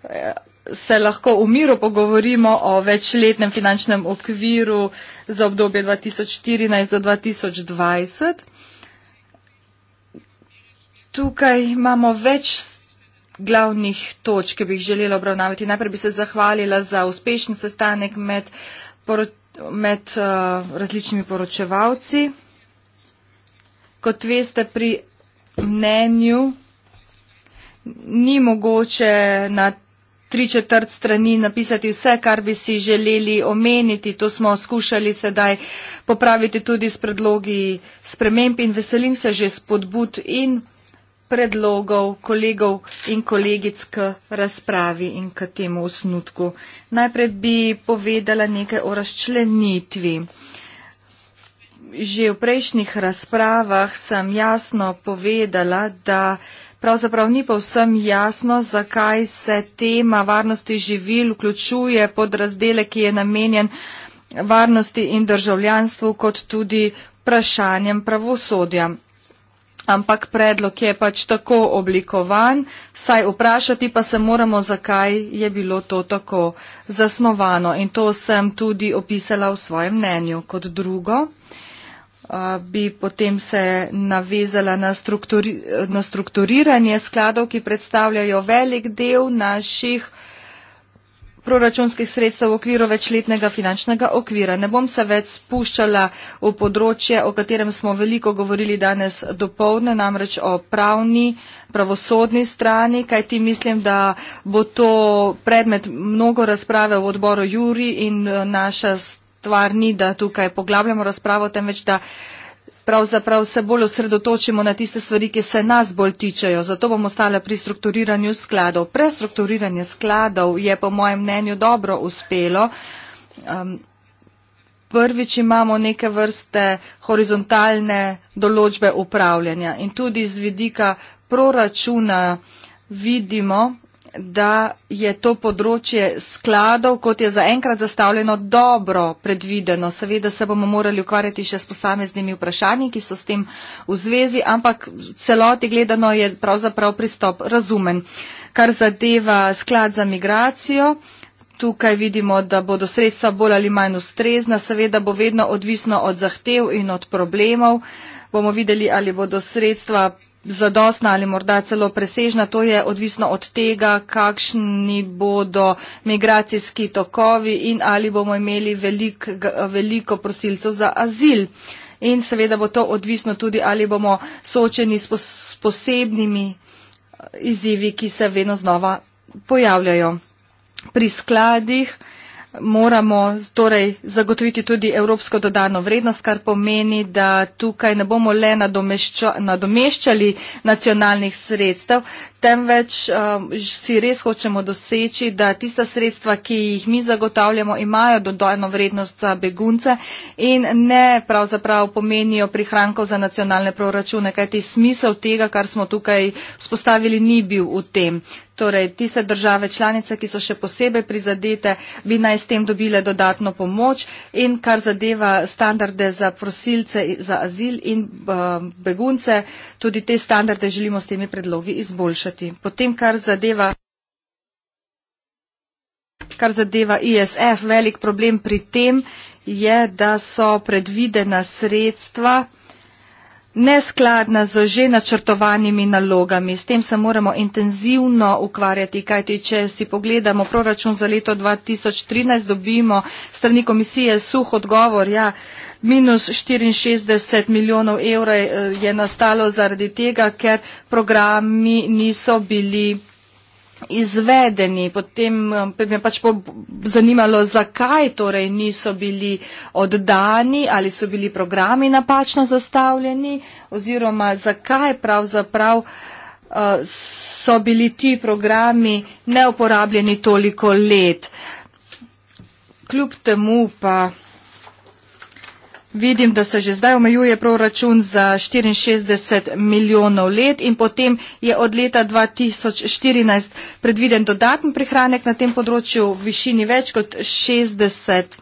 eh, se lahko v miru pogovorimo o večletnem finančnem okviru za obdobje 2014 do 2020. Tukaj imamo več glavnih točk, ki bi jih želela obravnavati. Najprej bi se zahvalila za uspešen sestanek med poročanjem med uh, različnimi poročevalci. Kot veste, pri mnenju ni mogoče na tri četrt strani napisati vse, kar bi si želeli omeniti. To smo skušali sedaj popraviti tudi s predlogi sprememb in veselim se že spodbud in predlogov kolegov in kolegic k razpravi in k temu osnutku. Najprej bi povedala nekaj o razčlenitvi. Že v prejšnjih razpravah sem jasno povedala, da pravzaprav ni povsem jasno, zakaj se tema varnosti živil vključuje pod razdele, ki je namenjen varnosti in državljanstvu kot tudi vprašanjem pravosodja ampak predlog je pač tako oblikovan, saj vprašati pa se moramo, zakaj je bilo to tako zasnovano. In to sem tudi opisala v svojem mnenju kot drugo. Bi potem se navezala na, strukturi, na strukturiranje skladov, ki predstavljajo velik del naših proračunskih sredstev v okviru večletnega finančnega okvira. Ne bom se več spuščala v področje, o katerem smo veliko govorili danes dopolne, namreč o pravni, pravosodni strani, kaj ti mislim, da bo to predmet mnogo razprave v odboru Juri in eh, naša stvar ni, da tukaj poglabljamo razpravo, temveč da pravzaprav se bolj osredotočimo na tiste stvari, ki se nas bolj tičejo. Zato bomo stale pri strukturiranju skladov. Prestrukturiranje skladov je po mojem mnenju dobro uspelo. Um, prvič imamo neke vrste horizontalne določbe upravljanja in tudi z vidika proračuna vidimo, da je to področje skladov, kot je zaenkrat zastavljeno, dobro predvideno. Seveda se bomo morali ukvarjati še s posameznimi vprašanji, ki so s tem v zvezi, ampak celoti gledano je pravzaprav pristop razumen. Kar zadeva sklad za migracijo, tukaj vidimo, da bodo sredstva bolj ali manj ustrezna, seveda bo vedno odvisno od zahtev in od problemov. Bomo videli, ali bodo sredstva zadostna ali morda celo presežna, to je odvisno od tega, kakšni bodo migracijski tokovi in ali bomo imeli velik, veliko prosilcev za azil. In seveda bo to odvisno tudi, ali bomo soočeni s posebnimi eh, izzivi, ki se vedno znova pojavljajo. Pri skladih moramo torej zagotoviti tudi evropsko dodano vrednost, kar pomeni, da tukaj ne bomo le nadomeščali nacionalnih sredstev, temveč um, si res hočemo doseči, da tista sredstva, ki jih mi zagotavljamo, imajo dodano vrednost za begunce in ne pravzaprav pomenijo prihrankov za nacionalne proračune, kajti smisel tega, kar smo tukaj spostavili, ni bil v tem. Torej, tiste države članice, ki so še posebej prizadete, bi naj s tem dobile dodatno pomoč in kar zadeva standarde za prosilce za azil in um, begunce, tudi te standarde želimo s temi predlogi izboljšati poslušati. Potem, kar zadeva, kar zadeva ISF, velik problem pri tem je, da so predvidena sredstva neskladna z že načrtovanimi nalogami. S tem se moramo intenzivno ukvarjati, kajti če si pogledamo proračun za leto 2013, dobimo strani komisije suh odgovor, ja, minus 64 milijonov evrov eh, je nastalo zaradi tega, ker programi niso bili izvedeni. Potem bi eh, me pač zanimalo, zakaj torej niso bili oddani ali so bili programi napačno zastavljeni oziroma zakaj pravzaprav eh, so bili ti programi neuporabljeni toliko let. Kljub temu pa vidim, da se že zdaj omejuje proračun za 64 milijonov let in potem je od leta 2014 predviden dodatni prihranek na tem področju v višini več kot 60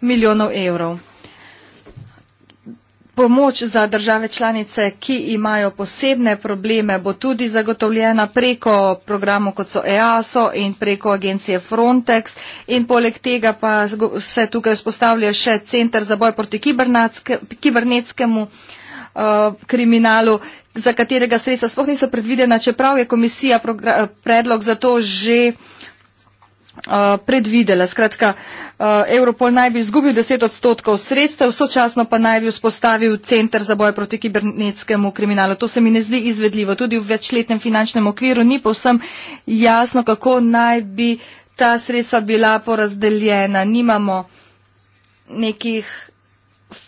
milijonov evrov pomoč za države članice, ki imajo posebne probleme, bo tudi zagotovljena preko programov kot so EASO in preko agencije Frontex. In poleg tega pa se tukaj vzpostavlja še centr za boj proti kibernetskemu eh, kriminalu, za katerega sredstva sploh niso predvidena, čeprav je komisija predlog za to že Eh, predvidela. Skratka, eh, Europol naj bi izgubil 10 odstotkov sredstev, sočasno pa naj bi vzpostavil centr za boj proti kibernetskemu kriminalu. To se mi ne zdi izvedljivo. Tudi v večletnem finančnem okviru ni povsem jasno, kako naj bi ta sredstva bila porazdeljena. Nimamo nekih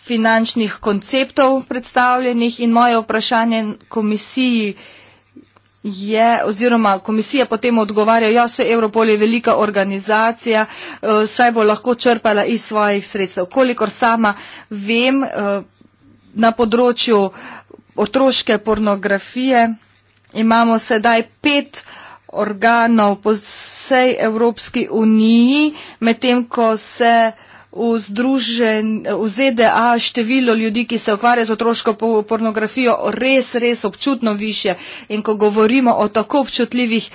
finančnih konceptov predstavljenih in moje vprašanje komisiji je, Je, oziroma komisija potem odgovarja, ja, se Evropol je velika organizacija, eh, saj bo lahko črpala iz svojih sredstev. Kolikor sama vem, eh, na področju otroške pornografije imamo sedaj pet organov po vsej Evropski uniji, medtem ko se v, združen, v ZDA število ljudi, ki se ukvarja z otroško pornografijo, res, res občutno više. In ko govorimo o tako občutljivih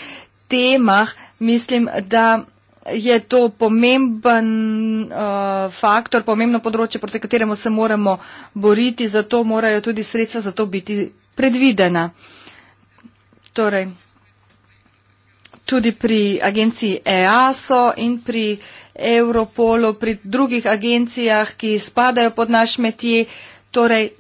temah, mislim, da je to pomemben uh, faktor, pomembno področje, proti kateremu se moramo boriti, zato morajo tudi sredstva za to biti predvidena. Torej tudi pri agenciji EASO in pri Europolu, pri drugih agencijah, ki spadajo pod naš metje. Torej,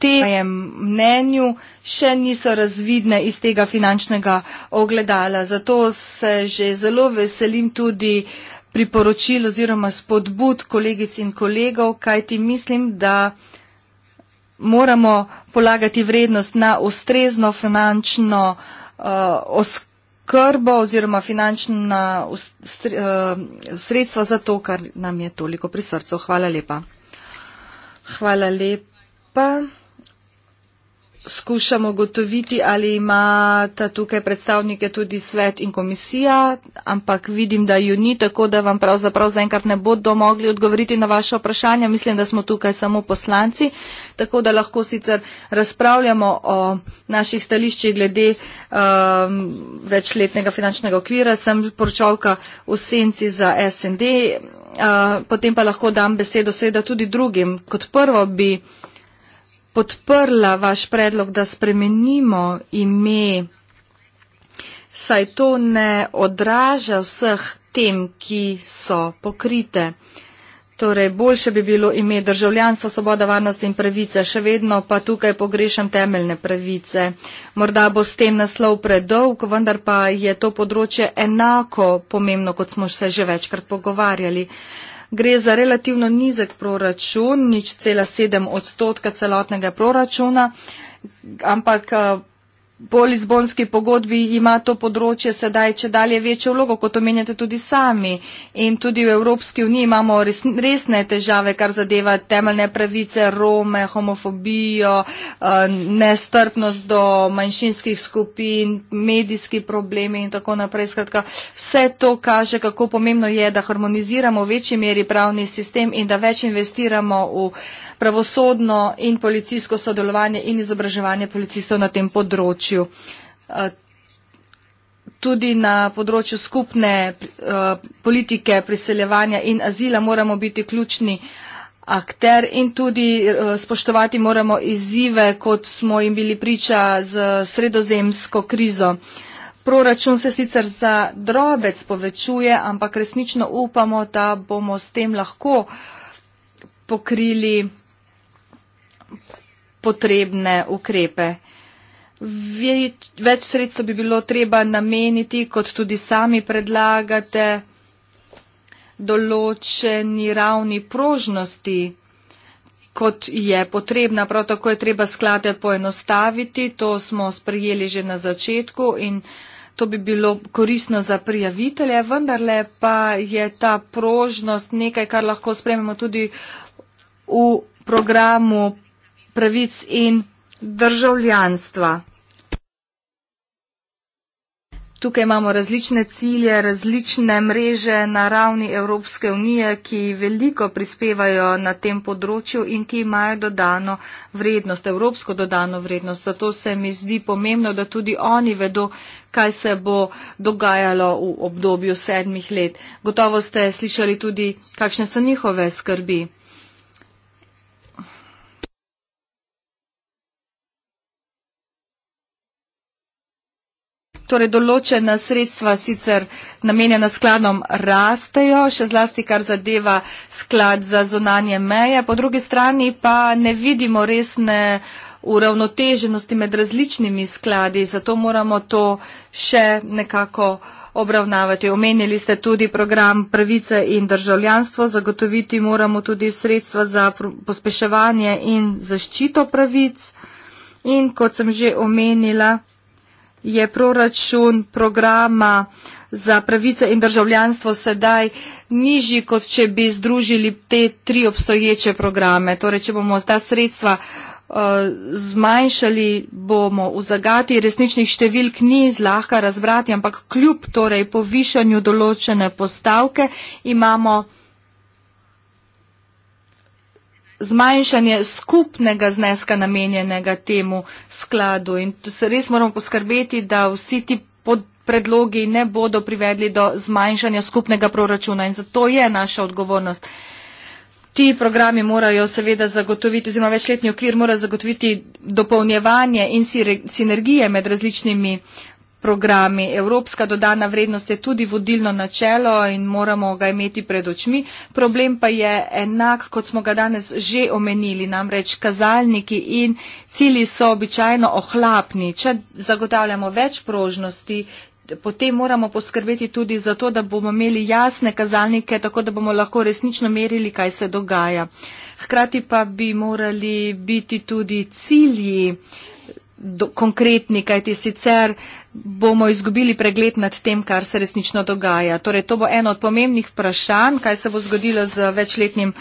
te mnenju še niso razvidne iz tega finančnega ogledala. Zato se že zelo veselim tudi priporočil oziroma spodbud kolegic in kolegov, kajti mislim, da moramo polagati vrednost na ustrezno finančno uh, eh, oskrbo krbo oziroma finančna eh, sredstva za to, kar nam je toliko pri srcu. Hvala lepa. Hvala lepa skušamo gotoviti, ali ima ta tukaj predstavnike tudi svet in komisija, ampak vidim, da ju ni, tako da vam pravzaprav zaenkrat ne bodo mogli odgovoriti na vaše vprašanje. Mislim, da smo tukaj samo poslanci, tako da lahko sicer razpravljamo o naših stališčih glede um, večletnega finančnega okvira. Sem poročalka v senci za SND, uh, potem pa lahko dam besedo seveda tudi drugim. Kot prvo bi podprla vaš predlog, da spremenimo ime, saj to ne odraža vseh tem, ki so pokrite. Torej, boljše bi bilo ime državljanstvo, svoboda, varnost in pravice, še vedno pa tukaj pogrešam temeljne pravice. Morda bo s tem naslov predolg, vendar pa je to področje enako pomembno, kot smo se že večkrat pogovarjali. Gre za relativno nizek proračun, nič cela sedem odstotka celotnega proračuna, ampak eh, po Lizbonski pogodbi ima to področje sedaj če dalje večjo vlogo, kot omenjate tudi sami. In tudi v Evropski uniji imamo resne težave, kar zadeva temeljne pravice Rome, homofobijo, eh, nestrpnost do manjšinskih skupin, medijski problemi in tako naprej. Skratka, vse to kaže, kako pomembno je, da harmoniziramo v večji meri pravni sistem in da več investiramo v pravosodno in policijsko sodelovanje in izobraževanje policistov na tem področju. Eh, tudi na področju skupne eh, politike priseljevanja in azila moramo biti ključni akter in tudi eh, spoštovati moramo izzive, kot smo jim bili priča z sredozemsko krizo. Proračun se sicer za drobec povečuje, ampak resnično upamo, da bomo s tem lahko pokrili potrebne ukrepe. Več sredstva bi bilo treba nameniti, kot tudi sami predlagate, določeni ravni prožnosti, kot je potrebna. Prav tako je treba sklade poenostaviti, to smo sprejeli že na začetku in to bi bilo koristno za prijavitelje, vendarle pa je ta prožnost nekaj, kar lahko spremimo tudi v programu pravic in državljanstva. Tukaj imamo različne cilje, različne mreže na ravni Evropske unije, ki veliko prispevajo na tem področju in ki imajo dodano vrednost, evropsko dodano vrednost. Zato se mi zdi pomembno, da tudi oni vedo, kaj se bo dogajalo v obdobju sedmih let. Gotovo ste slišali tudi, kakšne so njihove skrbi. torej določena sredstva sicer namenjena skladom rastejo, še zlasti kar zadeva sklad za zonanje meje, po drugi strani pa ne vidimo resne uravnoteženosti med različnimi skladi, zato moramo to še nekako obravnavati. Omenili ste tudi program pravice in državljanstvo, zagotoviti moramo tudi sredstva za pospeševanje in zaščito pravic. In kot sem že omenila, je proračun programa za pravice in državljanstvo sedaj nižji, kot če bi združili te tri obstoječe programe. Torej, če bomo ta sredstva eh, zmanjšali bomo v zagati, resničnih številk ni zlahka razbrati, ampak kljub torej povišanju določene postavke imamo zmanjšanje skupnega zneska namenjenega temu skladu. In tu se res moramo poskrbeti, da vsi ti predlogi ne bodo privedli do zmanjšanja skupnega proračuna. In zato je naša odgovornost. Ti programi morajo seveda zagotoviti, oziroma večletni okvir mora zagotoviti dopolnjevanje in sinergije med različnimi uh, programi. Evropska dodana vrednost je tudi vodilno načelo in moramo ga imeti pred očmi. Problem pa je enak, kot smo ga danes že omenili, namreč kazalniki in cilji so običajno ohlapni. Če zagotavljamo več prožnosti, Potem moramo poskrbeti tudi za to, da bomo imeli jasne kazalnike, tako da bomo lahko resnično merili, kaj se dogaja. Hkrati pa bi morali biti tudi cilji uh, do, konkretni, kaj ti sicer bomo izgubili pregled nad tem, kar se resnično dogaja. Torej, to bo eno od pomembnih vprašanj, kaj se bo zgodilo z večletnim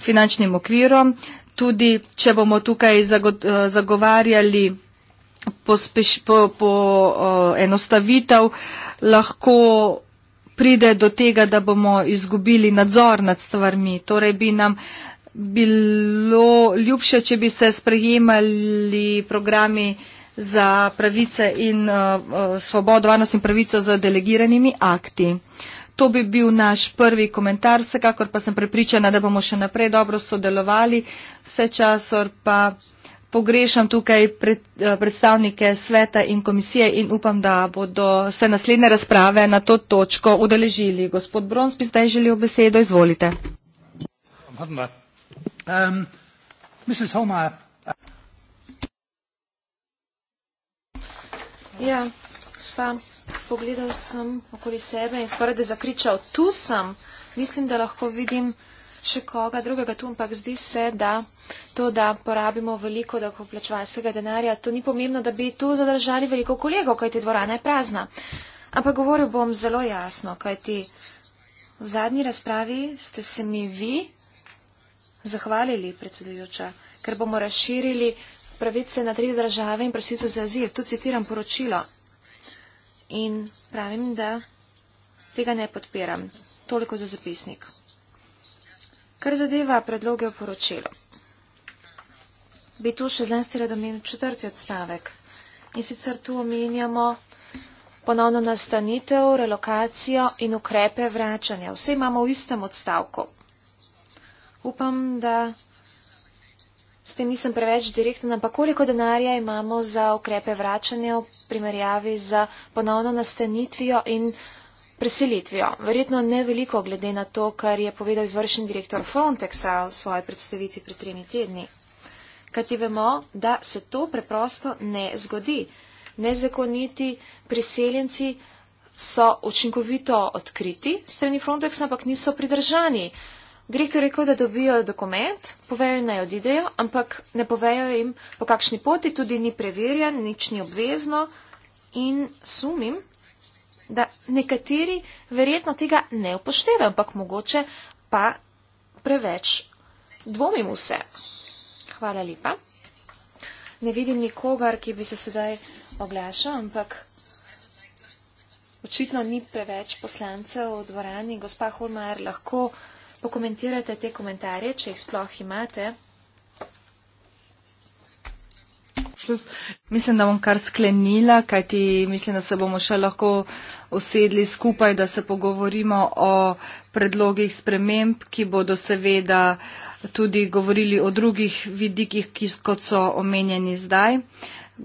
finančnim okvirom. Tudi, če bomo tukaj eh, zagovarjali pospeš, po, po eh, enostavitev, lahko pride do tega, da bomo izgubili nadzor nad stvarmi. Torej, bi nam bilo ljubše, če bi se sprejemali programi za pravice in uh, uh, svobodo, varnost in pravico z delegiranimi akti. To bi bil naš prvi komentar, vsekakor pa sem prepričana, da bomo še naprej dobro sodelovali, vse časor pa pogrešam tukaj pred, uh, predstavnike sveta in komisije in upam, da bodo se naslednje razprave na to točko udeležili. Gospod Brons bi zdaj želel besedo, izvolite. Um, Mrs. Holmeyer, Ja, gospa, pogledal sem okoli sebe in skoraj da zakričal, tu sem. Mislim, da lahko vidim še koga drugega tu, ampak zdi se, da to, da porabimo veliko davkoplačevalskega denarja, to ni pomembno, da bi tu zadržali veliko kolegov, kajti dvorana je prazna. Ampak govoril bom zelo jasno, kajti v zadnji razpravi ste se mi vi zahvalili, predsedujoča, ker bomo razširili pravice na tretje države in prosilcev za azil. Tu citiram poročilo in pravim, da tega ne podpiram. Toliko za zapisnik. Kar zadeva predloge v poročilu, bi tu še zlenstila domenil četrti odstavek. In sicer tu omenjamo ponovno nastanitev, relokacijo in ukrepe vračanja. Vse imamo v istem odstavku. Upam, da S tem nisem preveč direktna, ampak koliko denarja imamo za ukrepe vračanja v primerjavi za ponovno nastanitvijo in preselitvijo? Verjetno ne veliko, glede na to, kar je povedal izvršen direktor Frontexa v svoji predstavitvi pred tremi tedni. Kajti vemo, da se to preprosto ne zgodi. Nezakoniti priseljenci so učinkovito odkriti strani Frontexa, ampak niso pridržani. Direktor rekel, da dobijo dokument, povejo naj odidejo, ampak ne povejo jim, po kakšni poti tudi ni preverjen, nič ni obvezno in sumim, da nekateri verjetno tega ne upoštevajo, ampak mogoče pa preveč dvomim vse. Hvala lepa. Ne vidim nikogar, ki bi se sedaj oglašal, ampak. Očitno ni preveč poslancev v dvorani. Gospa Holmar, lahko pokomentirajte te komentarje, če jih sploh imate. Mislim, da bom kar sklenila, kajti mislim, da se bomo še lahko usedli skupaj, da se pogovorimo o predlogih sprememb, ki bodo seveda tudi govorili o drugih vidikih, ki, kot so omenjeni zdaj.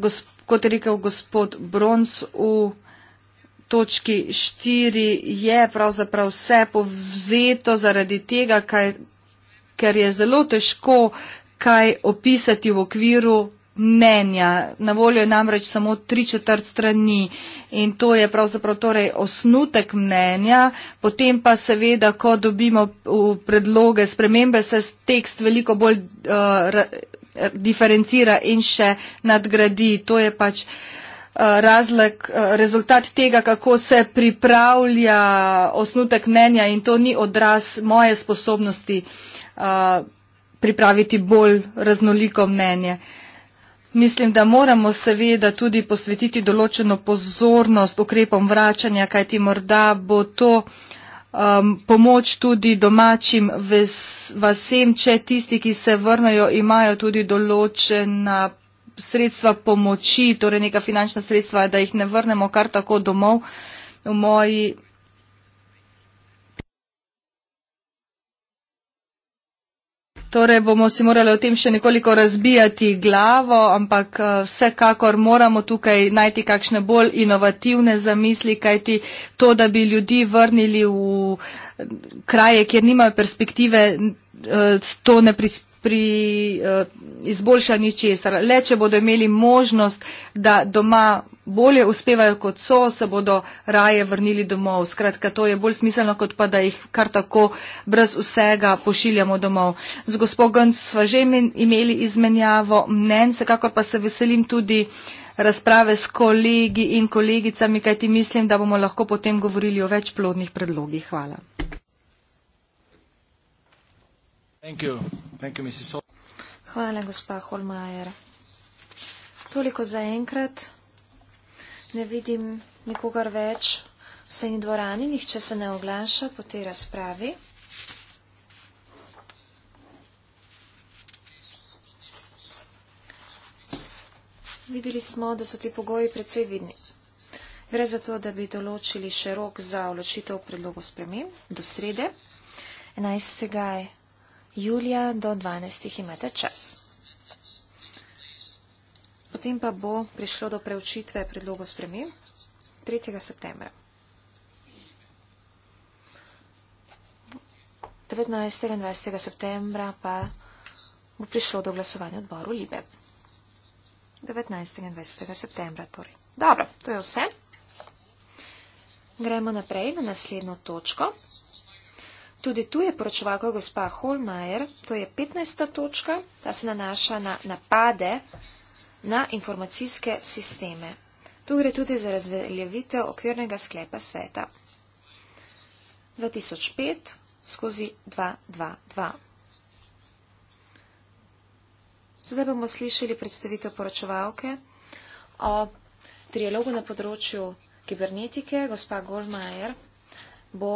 Gosp, kot je rekel gospod Bronz v točki 4 je pravzaprav vse povzeto zaradi tega, kaj, ker je zelo težko kaj opisati v okviru mnenja. Na voljo je namreč samo tri četrt strani in to je pravzaprav torej osnutek mnenja, potem pa seveda, ko dobimo v predloge spremembe, se tekst veliko bolj uh, diferencira in še nadgradi. To je pač uh, Eh, razlog, eh, rezultat tega, kako se pripravlja osnutek mnenja in to ni odraz moje sposobnosti eh, pripraviti bolj raznoliko mnenje. Mislim, da moramo seveda tudi posvetiti določeno pozornost ukrepom vračanja, kaj ti morda bo to um, pomoč tudi domačim ves, vasem, če tisti, ki se vrnajo, imajo tudi določena sredstva pomoči, torej neka finančna sredstva, da jih ne vrnemo kar tako domov v moji. Torej bomo si morali o tem še nekoliko razbijati glavo, ampak eh, vsekakor moramo tukaj najti kakšne bolj inovativne zamisli, kajti to, da bi ljudi vrnili v eh, kraje, kjer nimajo perspektive, eh, to ne prispeva pri uh, izboljšanju česar. Le, če bodo imeli možnost, da doma bolje uspevajo kot so, se bodo raje vrnili domov. Skratka, to je bolj smiselno, kot pa, da jih kar tako brez vsega pošiljamo domov. Z gospodom sva že imeli izmenjavo mnen, vsekakor pa se veselim tudi razprave s kolegi in kolegicami, kajti mislim, da bomo lahko potem govorili o večplodnih predlogih. Hvala. Hvala, gospa Holmajer. Toliko za enkrat. Ne vidim nikogar več v sejni dvorani, nihče se ne oglaša po tej razpravi. Videli smo, da so ti pogoji precej vidni. Gre za to, da bi določili še rok za vločitev predlogu spremem do srede 11 julija do 12. imate čas. Potem pa bo prišlo do preučitve predlogov sprememb 3. septembra. 19. in 20. septembra pa bo prišlo do glasovanja odboru Libe. 19. in 20. septembra torej. Dobro, to je vse. Gremo naprej na naslednjo točko. Tudi tu je poročevalka gospa Holmajer, to je 15. točka, ta se nanaša na napade na informacijske sisteme. Tu gre tudi za razveljavitev okvirnega sklepa sveta 2005 skozi 2.2.2. Zdaj bomo slišali predstavitev poročevalke o trialogu na področju kibernetike. Gospa Goldmajer bo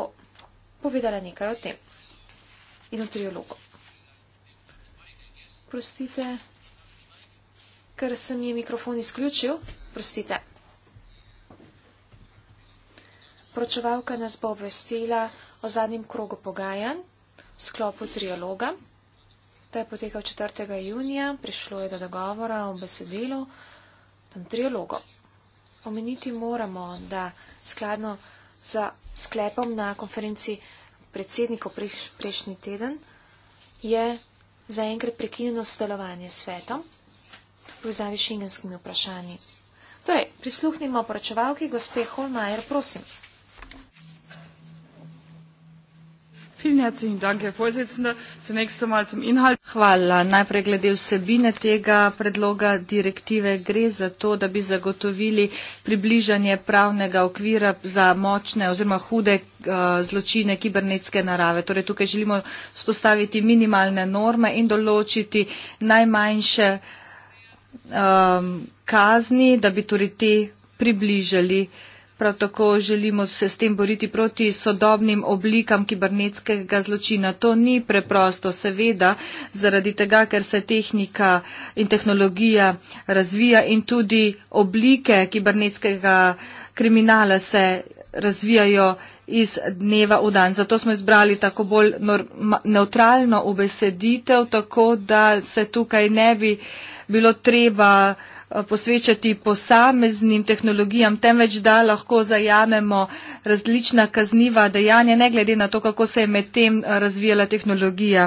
povedala nekaj o tem. In o triologu. Prostite, ker sem ji mikrofon izključil. Prostite. Pročevalka nas bo obvestila o zadnjem krogu pogajanj v sklopu triologa. Ta je potekal 4. junija, prišlo je do dogovora o besedilu, tam triologo. Omeniti moramo, da skladno za sklepom na konferenci predsednikov preš, prejšnji teden, je zaenkrat prekinjeno sodelovanje s svetom v povezavi s šengenskimi vprašanji. Torej, prisluhnimo poročevalki gospe Holmajer, prosim. Hvala. Najprej glede vsebine tega predloga direktive gre za to, da bi zagotovili približanje pravnega okvira za močne oziroma hude eh, zločine kibernetske narave. Torej, tukaj želimo spostaviti minimalne norme in določiti najmanjše um, kazni, da bi torej te približali uh, Prav tako želimo se s tem boriti proti sodobnim oblikam kibernetskega zločina. To ni preprosto, seveda, zaradi tega, ker se tehnika in tehnologija razvija in tudi oblike kibernetskega kriminala se razvijajo iz dneva v dan. Zato smo izbrali tako bolj neutralno obeseditev, tako da se tukaj ne bi bilo treba Eh, posvečati posameznim tehnologijam, temveč da lahko zajamemo različna kazniva dejanja, ne glede na to, kako se je med tem eh, razvijala tehnologija.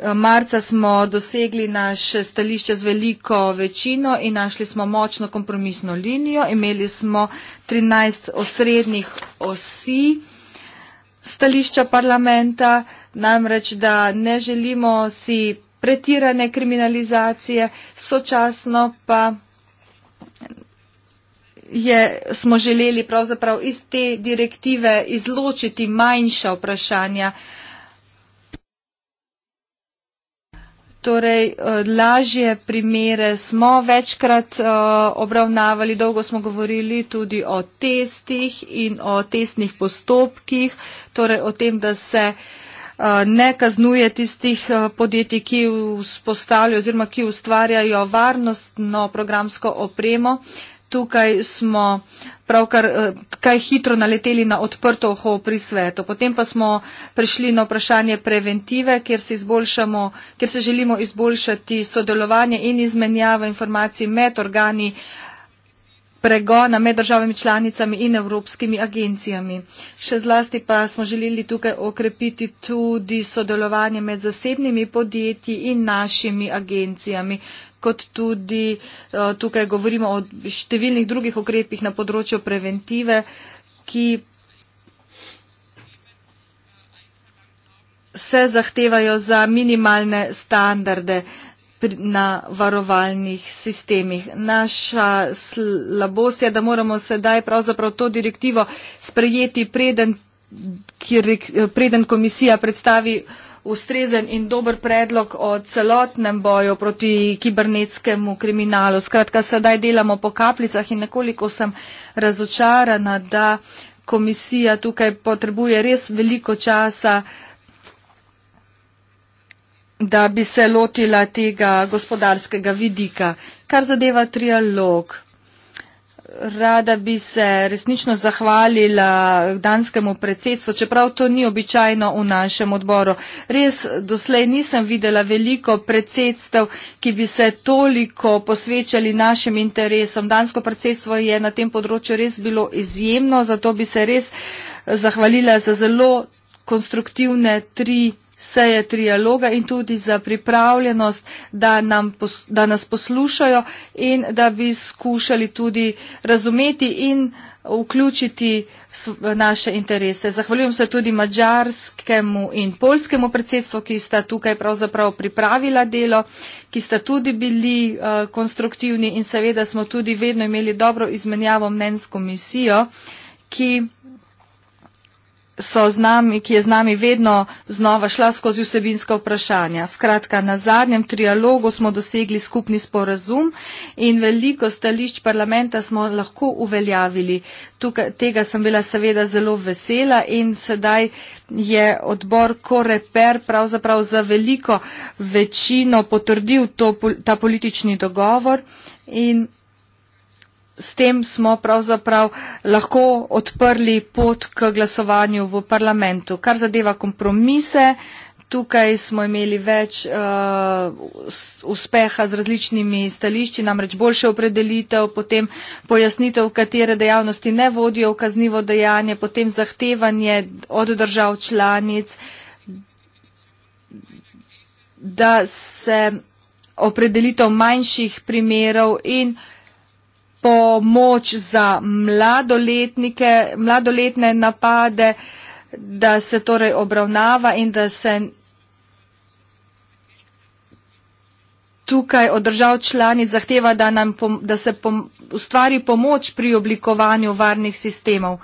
Eh, marca smo dosegli naše stališče z veliko večino in našli smo močno kompromisno linijo. Imeli smo 13 osrednjih osi stališča parlamenta, namreč da ne želimo si pretirane kriminalizacije, sočasno pa je, smo želeli pravzaprav iz te direktive izločiti manjša vprašanja. Torej, eh, lažje primere smo večkrat eh, obravnavali, dolgo smo govorili tudi o testih in o testnih postopkih, torej o tem, da se Eh, ne kaznuje tistih eh, podjetij, ki vzpostavljajo oziroma ki ustvarjajo varnostno programsko opremo. Tukaj smo pravkar eh, kaj hitro naleteli na odprto oho pri svetu. Potem pa smo prišli na vprašanje preventive, kjer se, kjer se želimo izboljšati sodelovanje in izmenjavo informacij med organi uh, pregona med državami članicami in evropskimi agencijami. Še zlasti pa smo želeli tukaj okrepiti tudi sodelovanje med zasebnimi podjetji in našimi agencijami kot tudi eh, tukaj govorimo o številnih drugih okrepih na področju preventive, ki se zahtevajo za minimalne standarde pri, na varovalnih sistemih. Naša slabost je, da moramo sedaj pravzaprav to direktivo sprejeti, preden, kjer, preden komisija predstavi ustrezen in dober predlog o celotnem boju proti kibernetskemu kriminalu. Skratka, sedaj delamo po kapljicah in nekoliko sem razočarana, da komisija tukaj potrebuje res veliko časa uh, da bi se lotila tega gospodarskega vidika, kar zadeva trialog. Rada bi se resnično zahvalila danskemu predsedstvu, čeprav to ni običajno v našem odboru. Res doslej nisem videla veliko predsedstv, ki bi se toliko posvečali našim interesom. Dansko predsedstvo je na tem področju res bilo izjemno, zato bi se res zahvalila za zelo konstruktivne tri seje trialoga in tudi za pripravljenost, da, nam, da nas poslušajo in da bi skušali tudi razumeti in vključiti v naše interese. Zahvaljujem se tudi mađarskemu in polskemu predsedstvu, ki sta tukaj pravzaprav pripravila delo, ki sta tudi bili uh, konstruktivni in seveda smo tudi vedno imeli dobro izmenjavo mnen s komisijo, ki so z nami, ki je z nami vedno znova šla skozi vsebinska vprašanja. Skratka, na zadnjem trialogu smo dosegli skupni sporazum in veliko stališč parlamenta smo lahko uveljavili. Tukaj, tega sem bila seveda zelo vesela in sedaj je odbor Koreper pravzaprav za veliko večino potrdil to, ta politični dogovor. In s tem smo pravzaprav lahko odprli pot k glasovanju v parlamentu. Kar zadeva kompromise, tukaj smo imeli več uh, uspeha z različnimi stališči, namreč boljše opredelitev, potem pojasnitev, katere dejavnosti ne vodijo v kaznivo dejanje, potem zahtevanje od držav članic, da se opredelitev manjših primerov in uh, pomoč za mladoletnike, mladoletne napade, da se torej obravnava in da se tukaj od držav članic zahteva, da, nam, da se pom, ustvari pomoč pri oblikovanju varnih sistemov.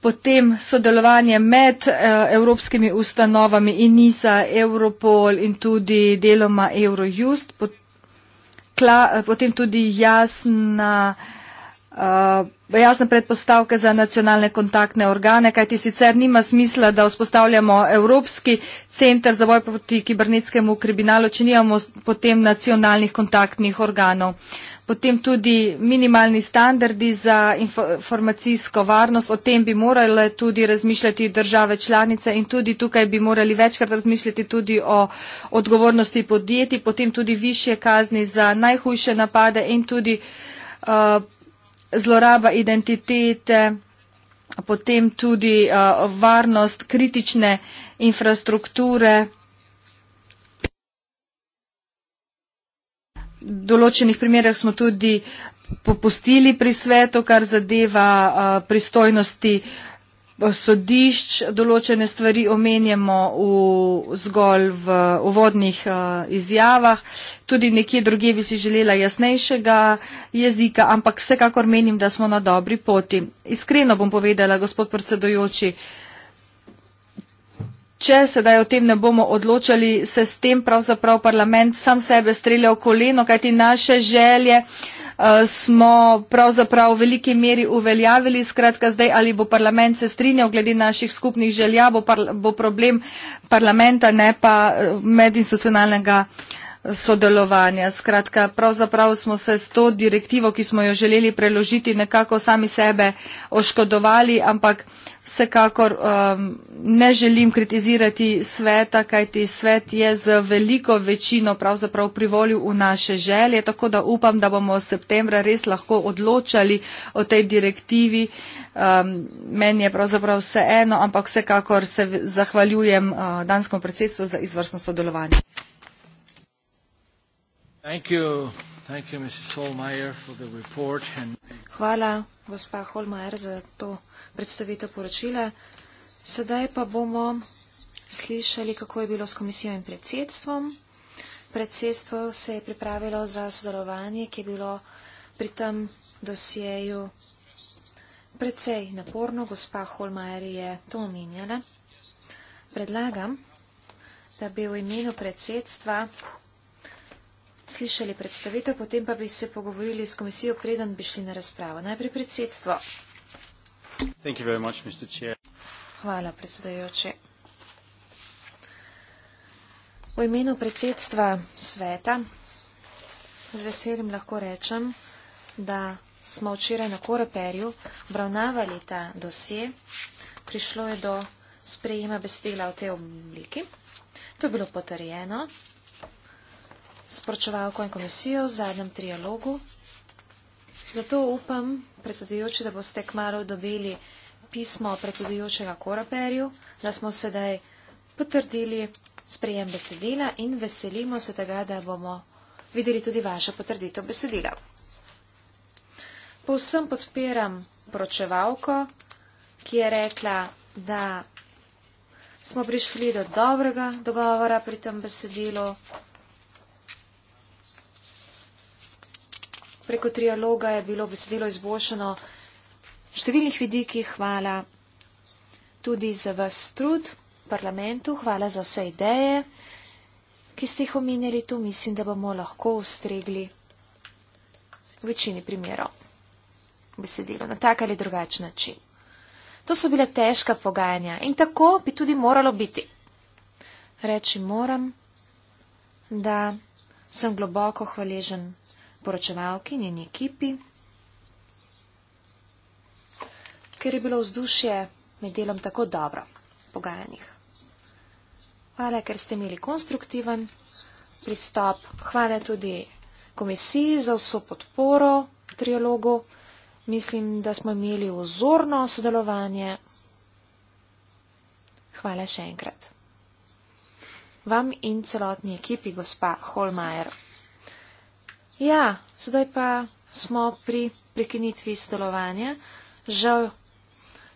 Potem sodelovanje med eh, evropskimi ustanovami in NISA, Europol in tudi deloma Eurojust. Potem kla, eh, potem tudi jasna, uh, eh, jasna predpostavka za nacionalne kontaktne organe, kajti sicer nima smisla, da vzpostavljamo Evropski centr za boj proti kibernetskemu kriminalu, če nimamo potem nacionalnih kontaktnih organov. Uh, Potem tudi minimalni standardi za informacijsko varnost, o tem bi morali tudi razmišljati države članice in tudi tukaj bi morali večkrat razmišljati tudi o odgovornosti podjetij, potem tudi više kazni za najhujše napade in tudi uh, zloraba identitete, potem tudi uh, varnost kritične infrastrukture. določenih primerjah smo tudi popustili pri svetu, kar zadeva pristojnosti sodišč, določene stvari omenjamo v, zgolj v uvodnih izjavah. Tudi nekje druge bi si želela jasnejšega jezika, ampak vsekakor menim, da smo na dobri poti. Iskreno bom povedala, gospod predsedojoči, Če sedaj o tem ne bomo odločali, se s tem pravzaprav parlament sam sebe streljal koleno, kajti naše želje eh, smo pravzaprav v veliki meri uveljavili, skratka zdaj ali bo parlament se strinjal glede naših skupnih želja, bo, par, bo problem parlamenta, ne pa eh, medinstitucionalnega eh, sodelovanja. Skratka, pravzaprav smo se s to direktivo, ki smo jo želeli preložiti, nekako sami sebe oškodovali, ampak Vsekakor um, ne želim kritizirati sveta, kajti svet je z veliko večino pravzaprav privolil v naše želje, tako da upam, da bomo v septembra res lahko odločali o tej direktivi. Um, meni je pravzaprav vse eno, ampak vsekakor se zahvaljujem uh, danskom predsedstvu za izvrstno sodelovanje. Thank you. Thank you, Hvala, gospa Holmajer, za to predstavitev poročila. Sedaj pa bomo slišali, kako je bilo s komisijo in predsedstvom. Predsedstvo se je pripravilo za sodelovanje, ki je bilo pri tem dosjeju precej naporno. Gospa Holmajer je to omenjala. Predlagam, da bi v imenu predsedstva slišali predstavitev, potem pa bi se pogovorili s komisijo, preden bi šli na razpravo. Najprej predsedstvo. Hvala, predsedajoči. V imenu predsedstva sveta z veseljem lahko rečem, da smo včeraj na Koreperju obravnavali ta dosje. Prišlo je do sprejema besedila v tej obliki. To je bilo potrjeno s pročevalko in komisijo v zadnjem trialogu Zato upam, predsedujoči, da boste kmalo dobili pismo predsedujočega Koraperju, da smo sedaj potrdili sprejem besedila in veselimo se tega, da bomo videli tudi vašo potrditev besedila. Povsem podpiram pročevalko, ki je rekla, da smo prišli do dobrega dogovora pri tem besedilu. preko trialoga je bilo besedilo izboljšano številnih vidikih. Hvala tudi za vas trud parlamentu, hvala za vse ideje, ki ste jih omenjali tu. Mislim, da bomo lahko ustregli v večini primerov besedilo na tak ali drugačen način. To so bile težka pogajanja in tako bi tudi moralo biti. Reči moram, da sem globoko hvaležen poročevalki in njeni ekipi, ker je bilo vzdušje med delom tako dobro pogajanjih. Hvala, ker ste imeli konstruktiven pristop. Hvala tudi komisiji za vso podporo trialogu. Mislim, da smo imeli ozorno sodelovanje. Hvala še enkrat. Vam in celotni ekipi, gospa Holmajer. Ja, zdaj pa smo pri prekinitvi stolovanja. Žal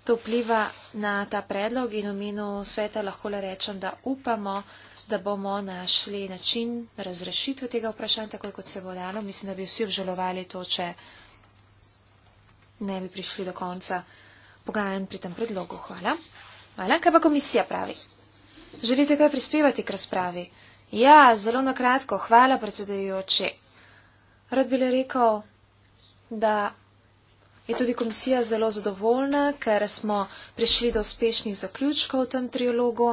to vpliva na ta predlog in v imenu sveta lahko le rečem, da upamo, da bomo našli način razrešitve tega vprašanja, tako kot se bo dalo. Mislim, da bi vsi obžalovali to, če ne bi prišli do konca pogajanj pri tem predlogu. Hvala. Hvala. Kaj pa komisija pravi? Želite kaj prispevati k razpravi? Ja, zelo na kratko. Hvala, predsedujoči. Rad bi le rekel, da je tudi komisija zelo zadovoljna, ker smo prišli do uspešnih zaključkov v tem trilogu.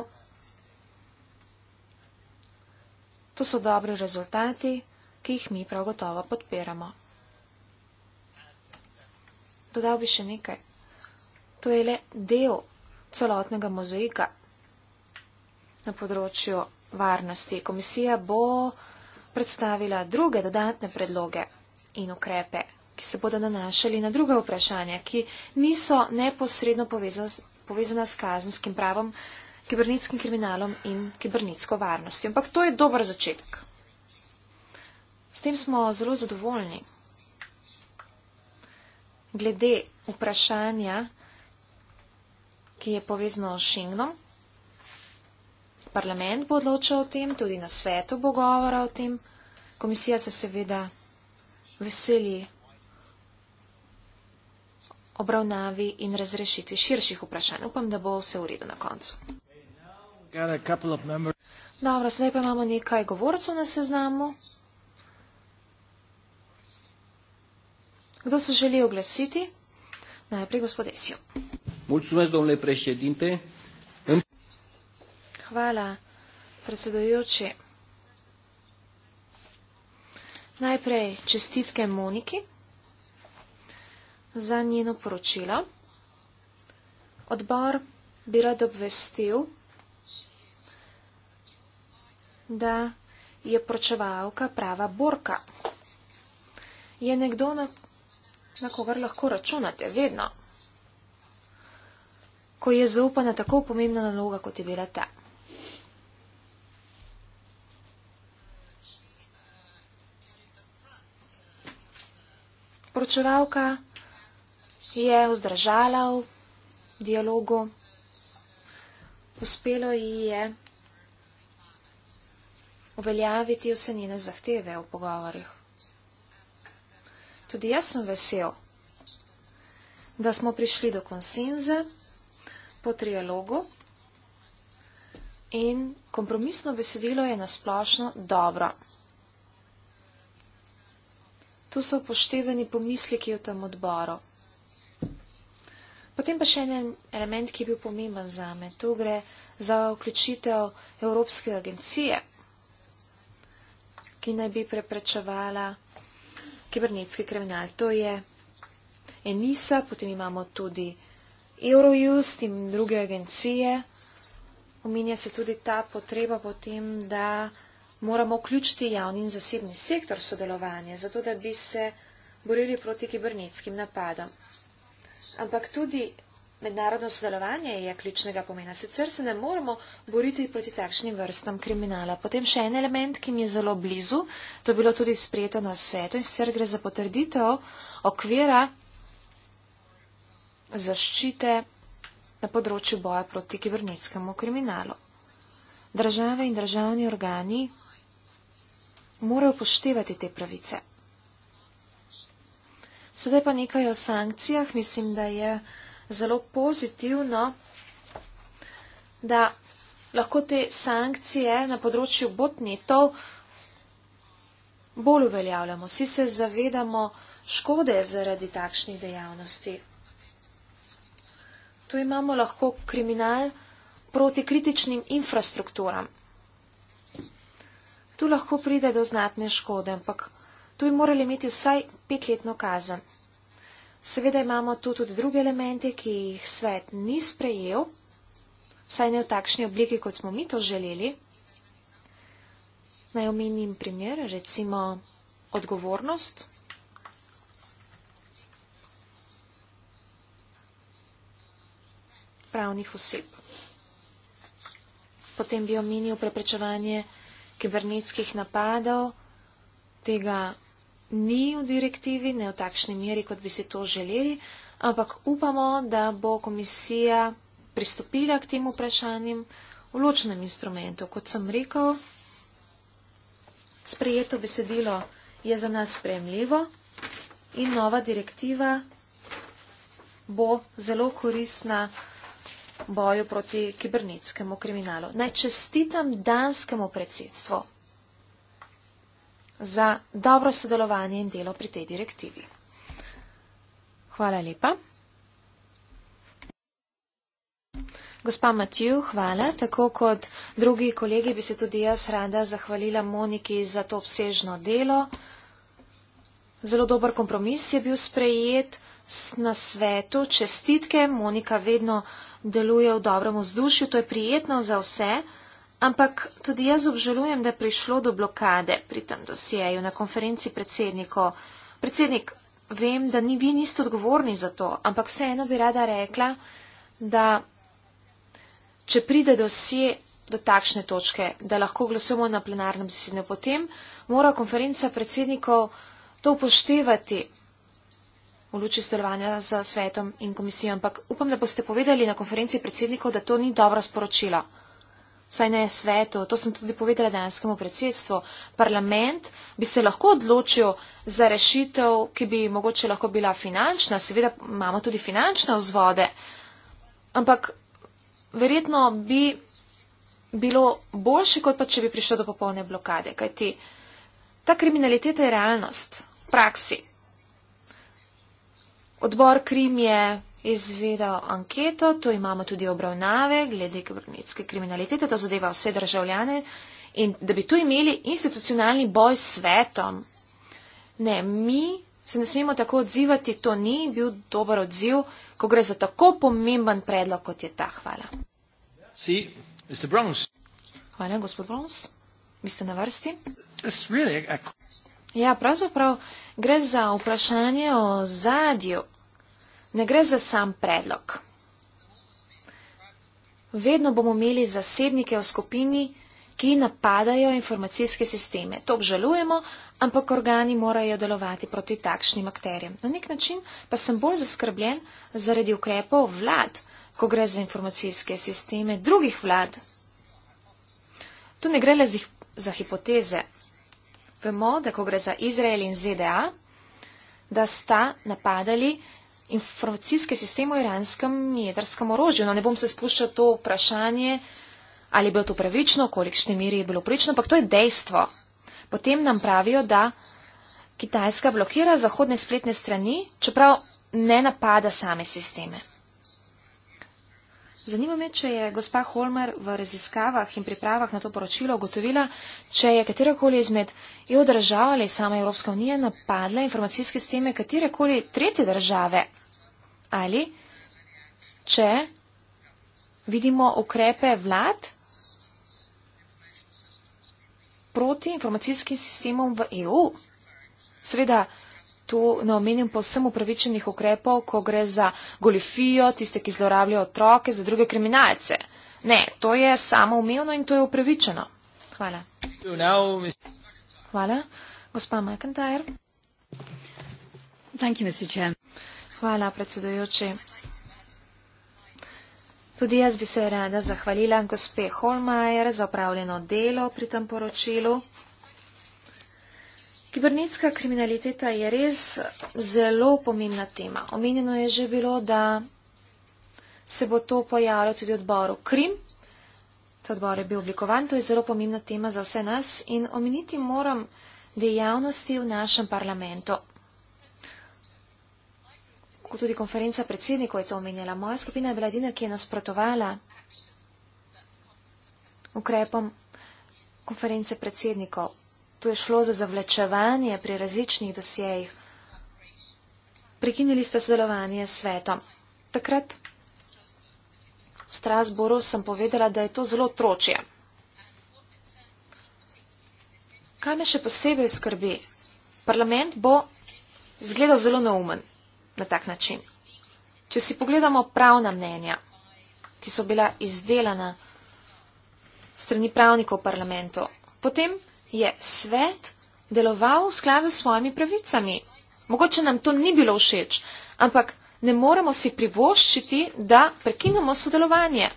To so dobri rezultati, ki jih mi prav gotovo podpiramo. Dodal bi še nekaj. To je le del celotnega mozaika na področju varnosti. Komisija bo predstavila druge dodatne predloge in ukrepe, ki se bodo nanašali na druga vprašanja, ki niso neposredno povezana s kazenskim pravom, kibernetskim kriminalom in kibernetsko varnostjo. Ampak to je dober začetek. S tem smo zelo zadovoljni. Glede vprašanja, ki je povezano s Schengenom, parlament bo odločal o tem, tudi na svetu bo govora o tem. Komisija se seveda veseli obravnavi in razrešitvi širših vprašanj. Upam, da bo vse v redu na koncu. Dobro, zdaj pa imamo nekaj govorcev na seznamu. Kdo se želi oglasiti? Najprej gospod Esijo. Mulțumesc, domnule președinte hvala, predsedojoči. Najprej čestitke Moniki za njeno poročilo. Odbor bi rad obvestil, da je poročevalka prava borka. Je nekdo, na, na kogar lahko računate, vedno, ko je zaupana tako pomembna naloga, kot je bila ta. poročevalka je vzdržala v dialogu, uspelo ji je uveljaviti vse njene zahteve v pogovorih. Tudi jaz sem vesel, da smo prišli do konsenze po trialogu in kompromisno besedilo je nasplošno dobro. Tu so upoštevani pomisleki v tem odboru. Potem pa še en element, ki je bil pomemben za me. Tu gre za vključitev Evropske agencije, ki naj bi preprečevala kibernetski kriminal. To je Enisa, potem imamo tudi Eurojust in druge agencije. Omenja se tudi ta potreba potem, da moramo vključiti javni in zasebni sektor sodelovanje, zato da bi se borili proti kibernetskim napadom. Ampak tudi mednarodno sodelovanje je ključnega pomena. Sicer se ne moremo boriti proti takšnim vrstam kriminala. Potem še en element, ki mi je zelo blizu, to je bilo tudi sprejeto na svetu in sicer gre za potrditev okvira zaščite na področju boja proti kibernetskemu kriminalu. Države in državni organi mora upoštevati te pravice. Sedaj pa nekaj o sankcijah. Mislim, da je zelo pozitivno, da lahko te sankcije na področju botnetov bolj uveljavljamo. Vsi se zavedamo škode zaradi takšnih dejavnosti. Tu imamo lahko kriminal proti kritičnim infrastrukturam. Tu lahko pride do znatne škode, ampak tu bi morali imeti vsaj petletno kazen. Seveda imamo tu tudi druge elemente, ki jih svet ni sprejel, vsaj ne v takšni obliki, kot smo mi to želeli. Naj omenim primer, recimo odgovornost. pravnih oseb. Potem bi omenil preprečevanje kibernetskih napadov, tega ni v direktivi, ne v takšni meri, kot bi si to želeli, ampak upamo, da bo komisija pristopila k tem vprašanjem v ločnem instrumentu. Kot sem rekel, sprejeto besedilo je za nas sprejemljivo in nova direktiva bo zelo koristna boju proti kibernetskemu kriminalu. Naj čestitam danskemu predsedstvu za dobro sodelovanje in delo pri tej direktivi. Hvala lepa. Gospa Matju, hvala. Tako kot drugi kolegi bi se tudi jaz rada zahvalila Moniki za to obsežno delo. Zelo dober kompromis je bil sprejet na svetu. Čestitke, Monika vedno deluje v dobrem vzdušju, to je prijetno za vse, ampak tudi jaz obžalujem, da je prišlo do blokade pri tem dosjeju na konferenci predsednikov. Predsednik, vem, da ni, vi niste odgovorni za to, ampak vseeno bi rada rekla, da če pride dosje do takšne točke, da lahko glasujemo na plenarnem zasedanju, potem mora konferenca predsednikov to upoštevati v luči sodelovanja z svetom in komisijo, ampak upam, da boste povedali na konferenci predsednikov, da to ni dobro sporočilo. Vsaj ne svetu, to sem tudi povedala danskemu predsedstvu. Parlament bi se lahko odločil za rešitev, ki bi mogoče lahko bila finančna, seveda imamo tudi finančne vzvode, ampak verjetno bi bilo boljše, kot pa če bi prišlo do popolne blokade, kajti ta kriminaliteta je realnost v praksi. Odbor Krim je izvedel anketo, to imamo tudi obravnave glede kibernetske kriminalitete, to zadeva vse državljane. In da bi to imeli institucionalni boj s svetom. Ne, mi se ne smemo tako odzivati, to ni bil dober odziv, ko gre za tako pomemben predlog, kot je ta. Hvala. Hvala, gospod Brons. Vi ste na vrsti. Ja, pravzaprav gre za vprašanje o zadju, ne gre za sam predlog. Vedno bomo imeli zasednike v skupini, ki napadajo informacijske sisteme. To obžalujemo, ampak organi morajo delovati proti takšnim akterjem. Na nek način pa sem bolj zaskrbljen zaradi ukrepov vlad, ko gre za informacijske sisteme drugih vlad. Tu ne gre le za hipoteze, vemo, da ko gre za Izrael in ZDA, da sta napadali informacijske sisteme o iranskem jedrskem orožju. No, ne bom se spuščal to vprašanje, ali je bilo to pravično, kolikšne miri je bilo pravično, ampak to je dejstvo. Potem nam pravijo, da Kitajska blokira zahodne spletne strani, čeprav ne napada same sisteme. Zanima me, če je gospa Holmer v raziskavah in pripravah na to poročilo ugotovila, če je katerokoli izmed EU držav ali sama Evropska unija napadla informacijske sisteme katerekoli tretje države ali če vidimo ukrepe vlad proti informacijskim sistemom v EU. Seveda, tu ne omenjam povsem upravičenih ukrepov, ko gre za golifijo, tiste, ki zlorabljajo otroke, za druge kriminalce. Ne, to je samo umevno in to je upravičeno. Hvala. Hvala. Gospa McIntyre. Thank you, Hvala, predsedujoči. Tudi jaz bi se rada zahvalila gospe Holmajer za upravljeno delo pri tem poročilu. Kibernetska kriminaliteta je res zelo pomembna tema. Omenjeno je že bilo, da se bo to pojavilo tudi odboru Krim. Ta odbor je bil oblikovan, to je zelo pomembna tema za vse nas in omeniti moram dejavnosti v našem parlamentu. Kot tudi konferenca predsednikov je to omenjala. Moja skupina je bila edina, ki je nasprotovala ukrepom konference predsednikov. Tu je šlo za zavlečevanje pri različnih dosjejih. Prekinili ste sodelovanje s svetom. Takrat v Strasboru sem povedala, da je to zelo tročje. Kaj me še posebej skrbi? Parlament bo zgledal zelo neumen na tak način. Če si pogledamo pravna mnenja, ki so bila izdelana strani pravnikov parlamentu, potem je svet deloval v skladu s svojimi pravicami. Mogoče nam to ni bilo všeč, ampak ne moremo si privoščiti, da prekinemo sodelovanje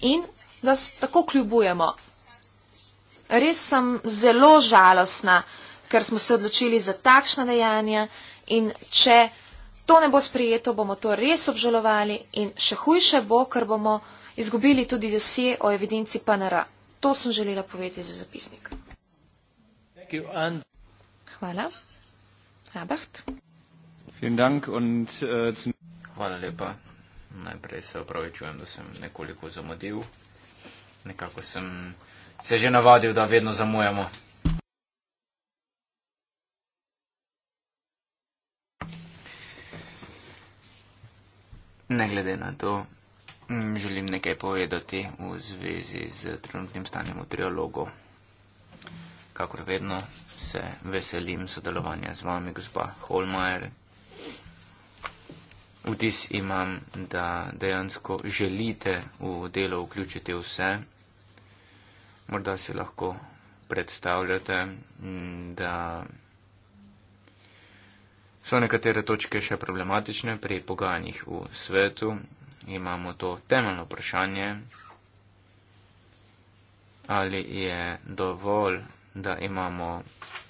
in da se tako kljubujemo. Res sem zelo žalostna, ker smo se odločili za takšna dejanja in če to ne bo sprijeto, bomo to res obžalovali in še hujše bo, ker bomo izgubili tudi dosje o evidenci PNR. To sem želela povedati za zapisnik. Hvala. Abacht. Äh, Hvala lepa. Najprej se opravičujem, da sem nekoliko zamudil. Nekako sem se že navadil, da vedno zamujamo. Ne glede na to, Mm, želim nekaj povedati v zvezi z trenutnim stanjem v trialogu. Kakor vedno se veselim sodelovanja z vami, gospa Holmajer. Vtis imam, da dejansko želite v delo vključiti vse. Morda si lahko predstavljate, mm, da so nekatere točke še problematične pri pogajanjih v svetu, imamo to temeljno vprašanje, ali je dovolj, da imamo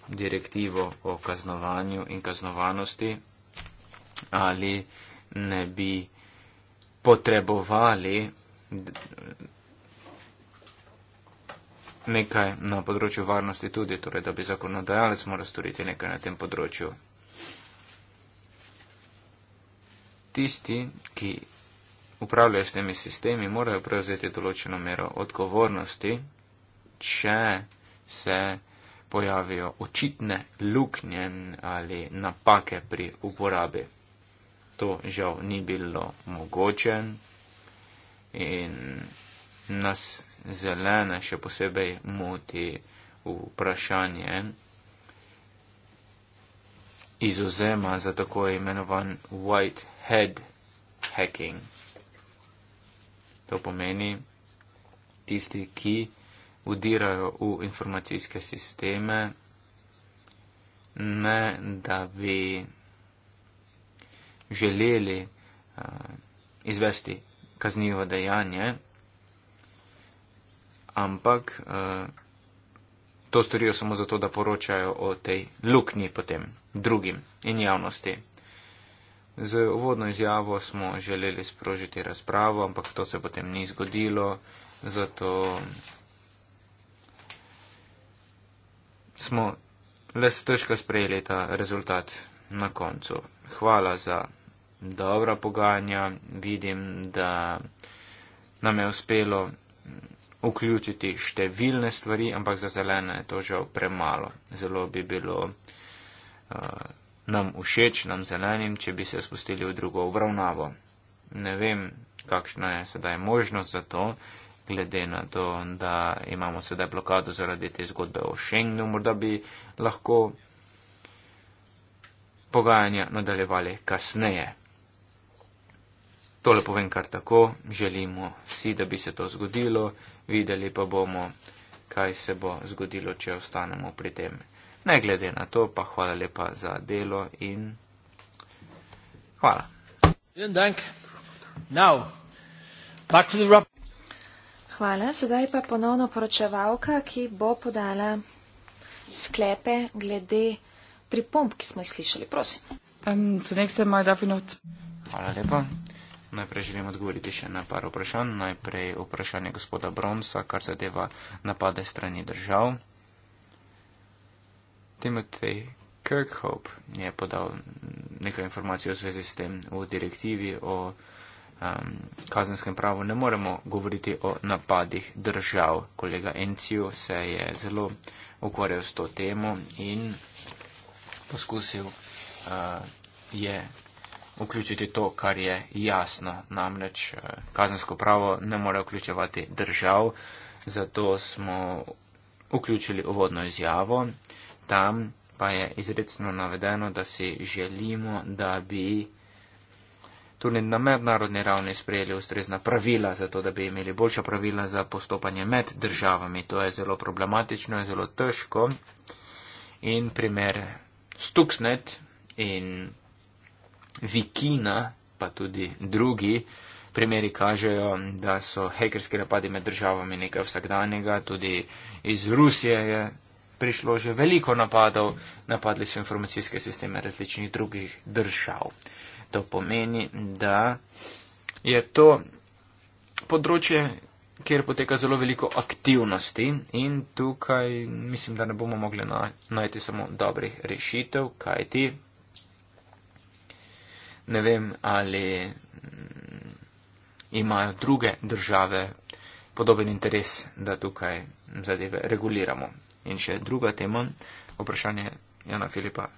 direktivo o kaznovanju in kaznovanosti, ali ne bi potrebovali nekaj na področju varnosti tudi, torej da bi zakonodajalec moral storiti nekaj na tem področju. Tisti, ki upravljajo s temi sistemi, morajo prevzeti določeno mero odgovornosti, če se pojavijo očitne luknje ali napake pri uporabi. To žal ni bilo mogoče in nas zelene še posebej moti vprašanje izuzema za tako imenovan white head hacking. To pomeni tisti, ki udirajo v informacijske sisteme, ne da bi želeli uh, izvesti kaznivo dejanje, ampak uh, to storijo samo zato, da poročajo o tej luknji potem drugim in javnosti. Z uvodno izjavo smo želeli sprožiti razpravo, ampak to se potem ni zgodilo, zato smo le stežka sprejeli ta rezultat na koncu. Hvala za dobra pogajanja, vidim, da nam je uspelo vključiti številne stvari, ampak za zelene je to žal premalo. Zelo bi bilo. Uh, nam všeč, nam zelenim, če bi se spustili v drugo obravnavo. Ne vem, kakšna je sedaj možnost za to, glede na to, da imamo sedaj blokado zaradi te zgodbe o Schengenu, morda bi lahko pogajanja nadaljevali kasneje. Tole povem kar tako, želimo vsi, da bi se to zgodilo, videli pa bomo, kaj se bo zgodilo, če ostanemo pri tem. Ne glede na to, pa hvala lepa za delo in hvala. Now, hvala, sedaj pa ponovno poročevalka, ki bo podala sklepe glede pripomb, ki smo jih slišali. Prosim. Um, hvala lepa. Najprej želim odgovoriti še na par vprašanj. Najprej vprašanje gospoda Bronsa, kar zadeva napade strani držav. Timothy Kirkhope je podal nekaj informacij v zvezi s tem v direktivi o um, kazenskem pravu. Ne moremo govoriti o napadih držav. Kolega Enciu se je zelo ukvarjal s to temo in poskusil uh, je vključiti to, kar je jasno. Namreč uh, kazensko pravo ne more vključevati držav, zato smo vključili uvodno izjavo. Uh, tam pa je izredno navedeno, da si želimo, da bi tudi na mednarodni ravni sprejeli ustrezna pravila, zato da bi imeli boljša pravila za postopanje med državami. To je zelo problematično, je zelo težko. In primer Stuxnet in Vikina, pa tudi drugi primeri kažejo, da so hekerski napadi med državami nekaj vsakdanjega, tudi iz Rusije je prišlo že veliko napadov, napadli so informacijske sisteme različnih drugih držav. To pomeni, da je to področje, kjer poteka zelo veliko aktivnosti in tukaj mislim, da ne bomo mogli na, najti samo dobrih rešitev, kajti ne vem, ali mm, imajo druge države podoben interes, da tukaj zadeve reguliramo. In še druga tema, vprašanje Jana Filipa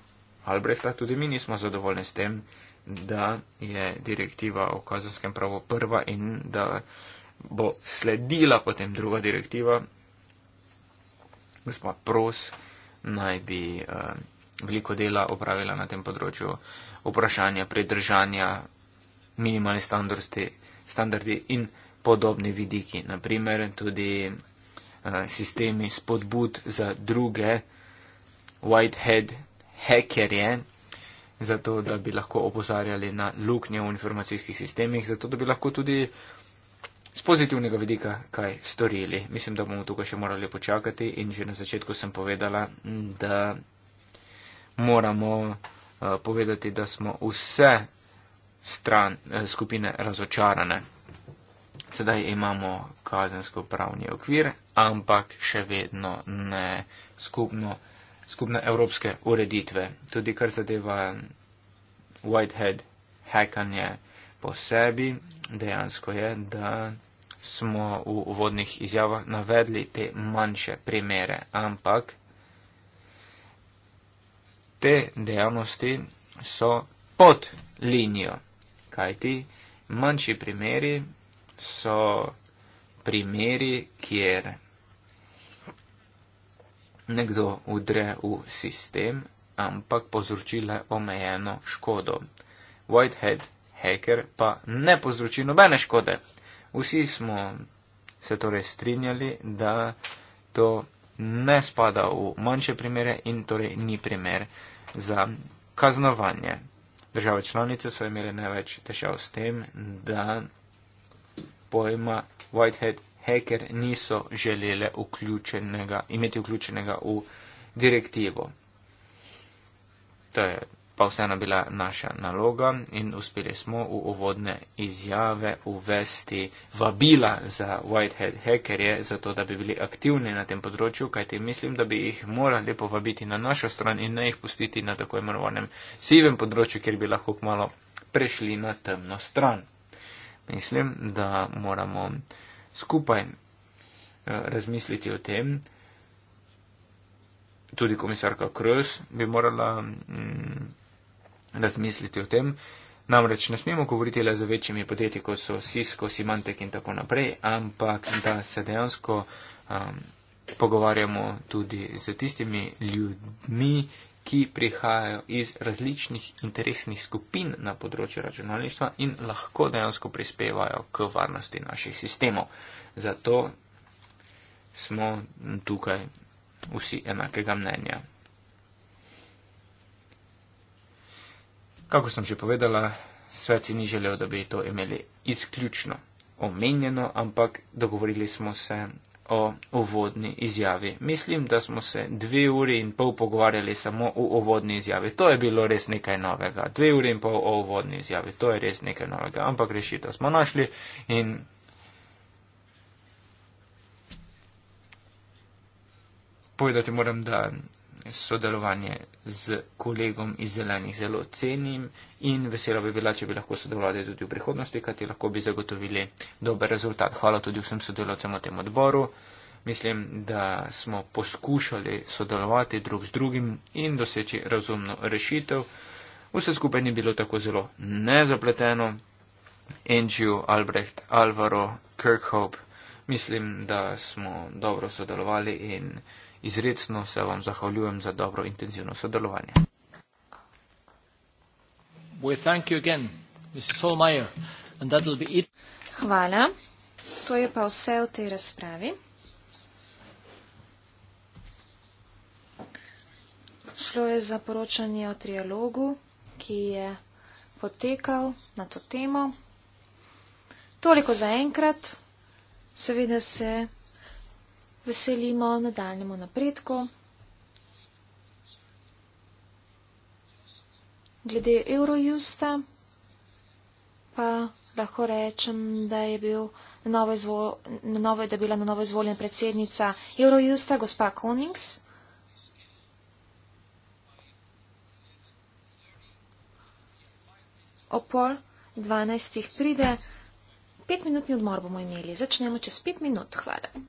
Albrehta. Tudi mi nismo zadovoljni s tem, da je direktiva o kazenskem pravu prva in da bo sledila potem druga direktiva. Gospod Pros naj bi uh, veliko dela opravila na tem področju vprašanja predržanja minimalne standardi in podobni vidiki. Naprimer, tudi Eh, sistemi spodbud za druge whitehead hekerje, zato da bi lahko opozarjali na luknje v informacijskih sistemih, zato da bi lahko tudi z pozitivnega vidika kaj storili. Mislim, da bomo tukaj še morali počakati in že na začetku sem povedala, da moramo eh, povedati, da smo vse stran, eh, skupine razočarane. Sedaj imamo kazensko pravni okvir, ampak še vedno ne skupno, skupne evropske ureditve. Tudi kar zadeva Whitehead hackanje po sebi, dejansko je, da smo v uvodnih izjavah navedli te manjše primere, ampak te dejavnosti so pod linijo, kajti manjši primeri so primeri, kjer nekdo udre v sistem, ampak povzročile omejeno škodo. Whitehead hacker pa ne povzroči nobene škode. Vsi smo se torej strinjali, da to ne spada v manjše primere in torej ni primer za kaznovanje. Države članice so imele največ težav s tem, da pojma Whitehead hacker niso želele vključenega, imeti vključenega v direktivo. To je pa vseeno bila naša naloga in uspeli smo v uvodne izjave uvesti vabila za Whitehead hackerje, zato da bi bili aktivni na tem področju, kajti mislim, da bi jih morali povabiti na našo stran in ne jih pustiti na tako imenovanem sivem področju, kjer bi lahko malo prešli na temno stran. Mislim, da moramo skupaj eh, razmisliti o tem. Tudi komisarka Kröz bi morala mm, razmisliti o tem. Namreč ne smemo govoriti le za večjimi podjetji, kot so Cisco, Symantec in tako naprej, ampak da se dejansko um, pogovarjamo tudi z tistimi ljudmi ki prihajajo iz različnih interesnih skupin na področju računalništva in lahko dejansko prispevajo k varnosti naših sistemov. Zato smo tukaj vsi enakega mnenja. Kako sem že povedala, svet si ni želel, da bi to imeli izključno omenjeno, ampak dogovorili smo se, o uvodni izjavi. Mislim, da smo se dve uri in pol pogovarjali samo o uvodni izjavi. To je bilo res nekaj novega. Dve uri in pol o uvodni izjavi. To je res nekaj novega. Ampak rešitev smo našli in. Povedati moram, da sodelovanje z kolegom iz zelenih zelo cenim in vesela bi bila, če bi lahko sodelovali tudi v prihodnosti, kajti lahko bi zagotovili dober rezultat. Hvala tudi vsem sodelovcem v tem odboru. Mislim, da smo poskušali sodelovati drug z drugim in doseči razumno rešitev. Vse skupaj ni bilo tako zelo nezapleteno. Angel, Albrecht, Alvaro, Kirkhope. Mislim, da smo dobro sodelovali in izredno se vam zahvaljujem za dobro intenzivno sodelovanje. Hvala. To je pa vse v tej razpravi. Šlo je za poročanje o trialogu, ki je potekal na to temo. Toliko za enkrat. Seveda se veselimo nadaljnemu napredku. Glede Eurojusta pa lahko rečem, da je bil na novo, izvo, na novo da je bila na novo izvoljena predsednica Eurojusta, gospa Konings. O pol dvanajstih pride. Pet minutni odmor bomo imeli. Začnemo čez pet minut. Hvala.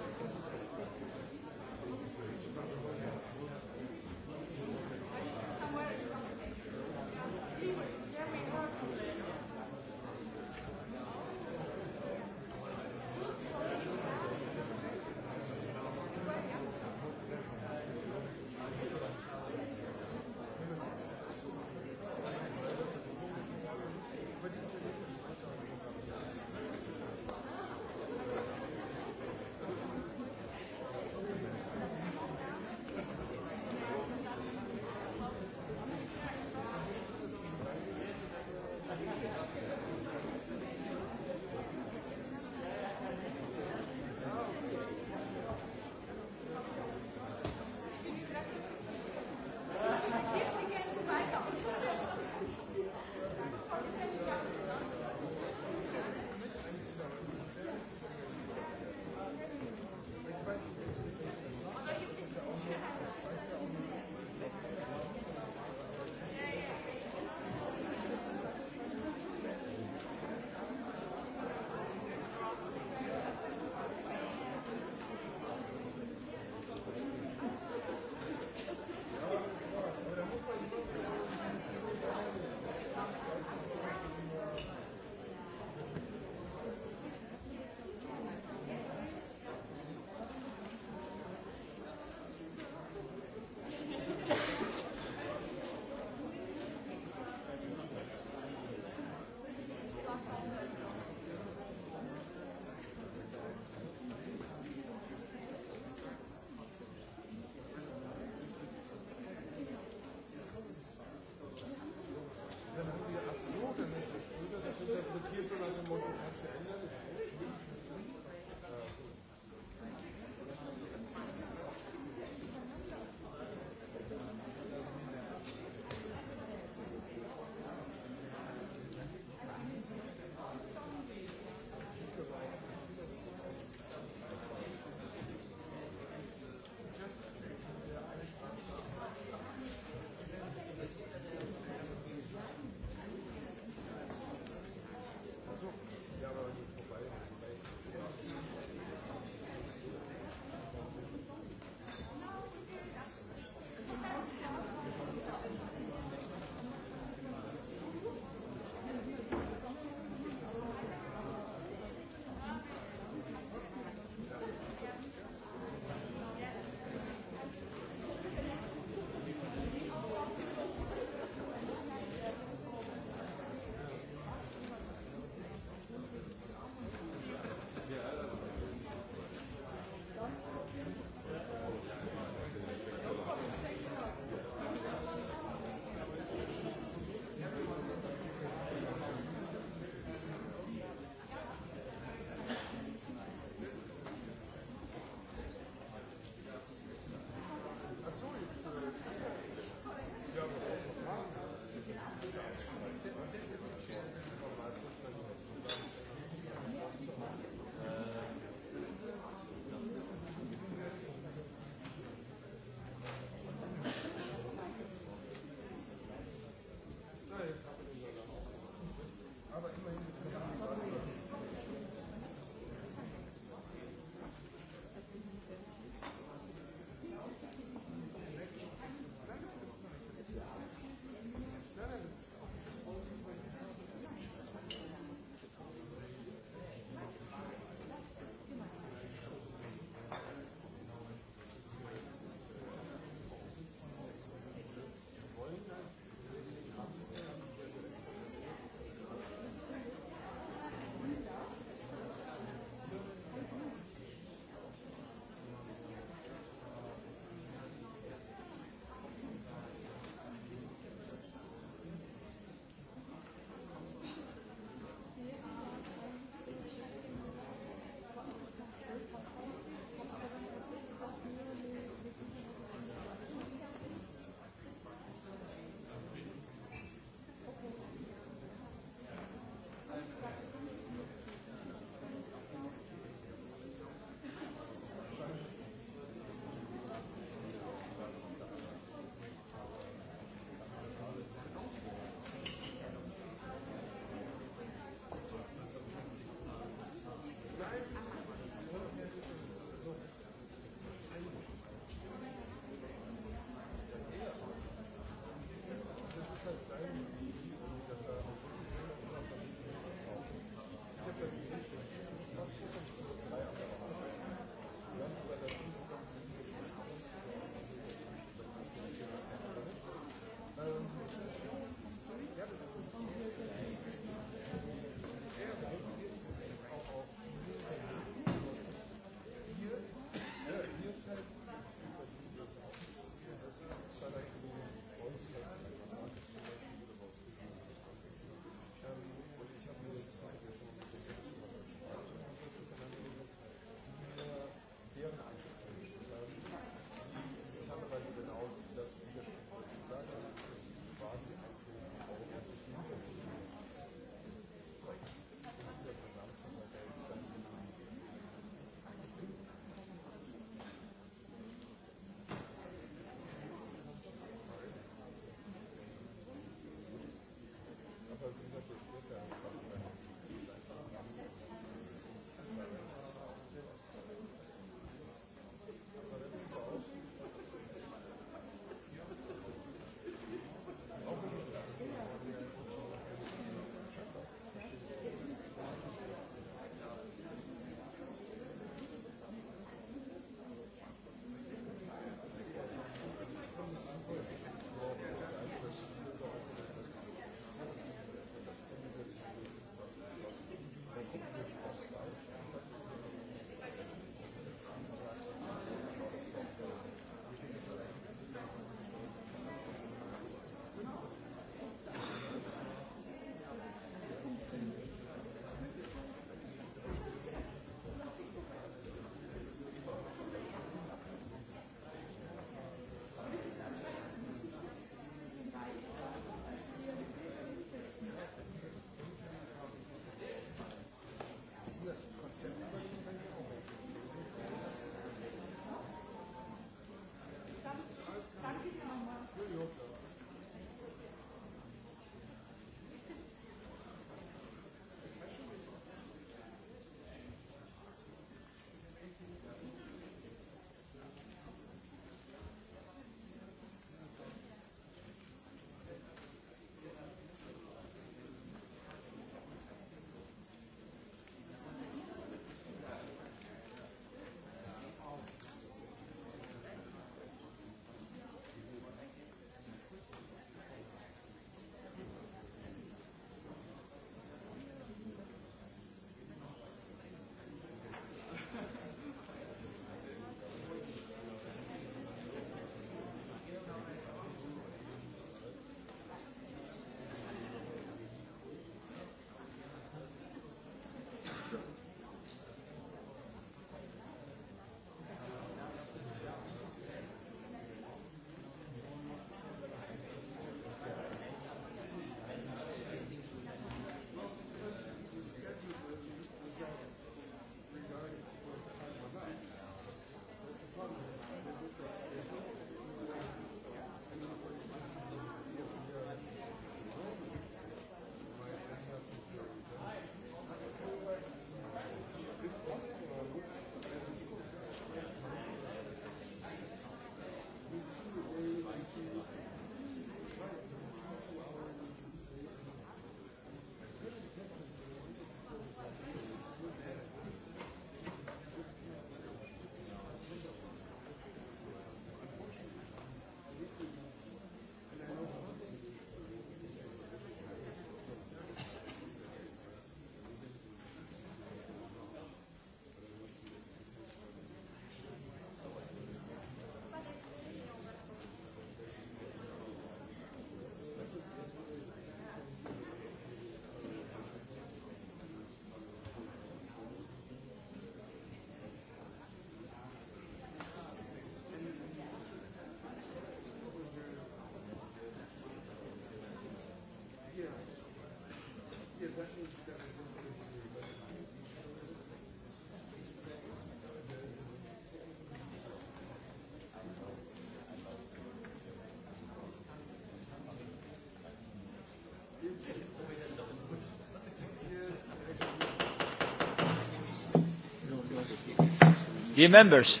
Dear members,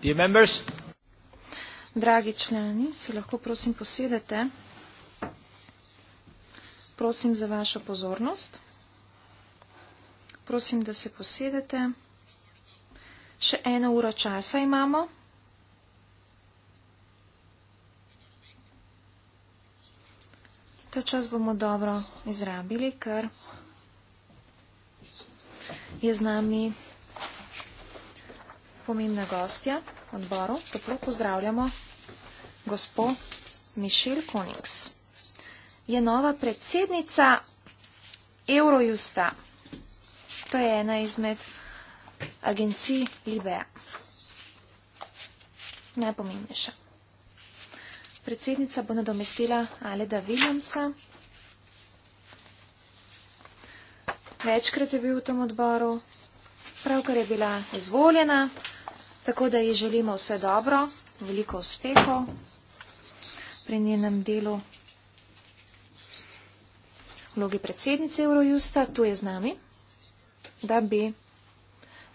dear members, dragi člani, si lahko prosim posedete. Prosim za vašo pozornost. Prosim, da se posedete. Še eno uro časa imamo. čas bomo dobro izrabili, ker je z nami pomembna gostja odboru. Toplo pozdravljamo gospo Mišel Konings. Je nova predsednica Eurojusta. To je ena izmed agencij Libe. Najpomembnejša. Predsednica bo nadomestila Aleda Williamsa. Večkrat je bil v tem odboru, pravkar je bila izvoljena, tako da ji želimo vse dobro, veliko uspehov pri njenem delu vlogi predsednice Eurojusta, tu je z nami, da bi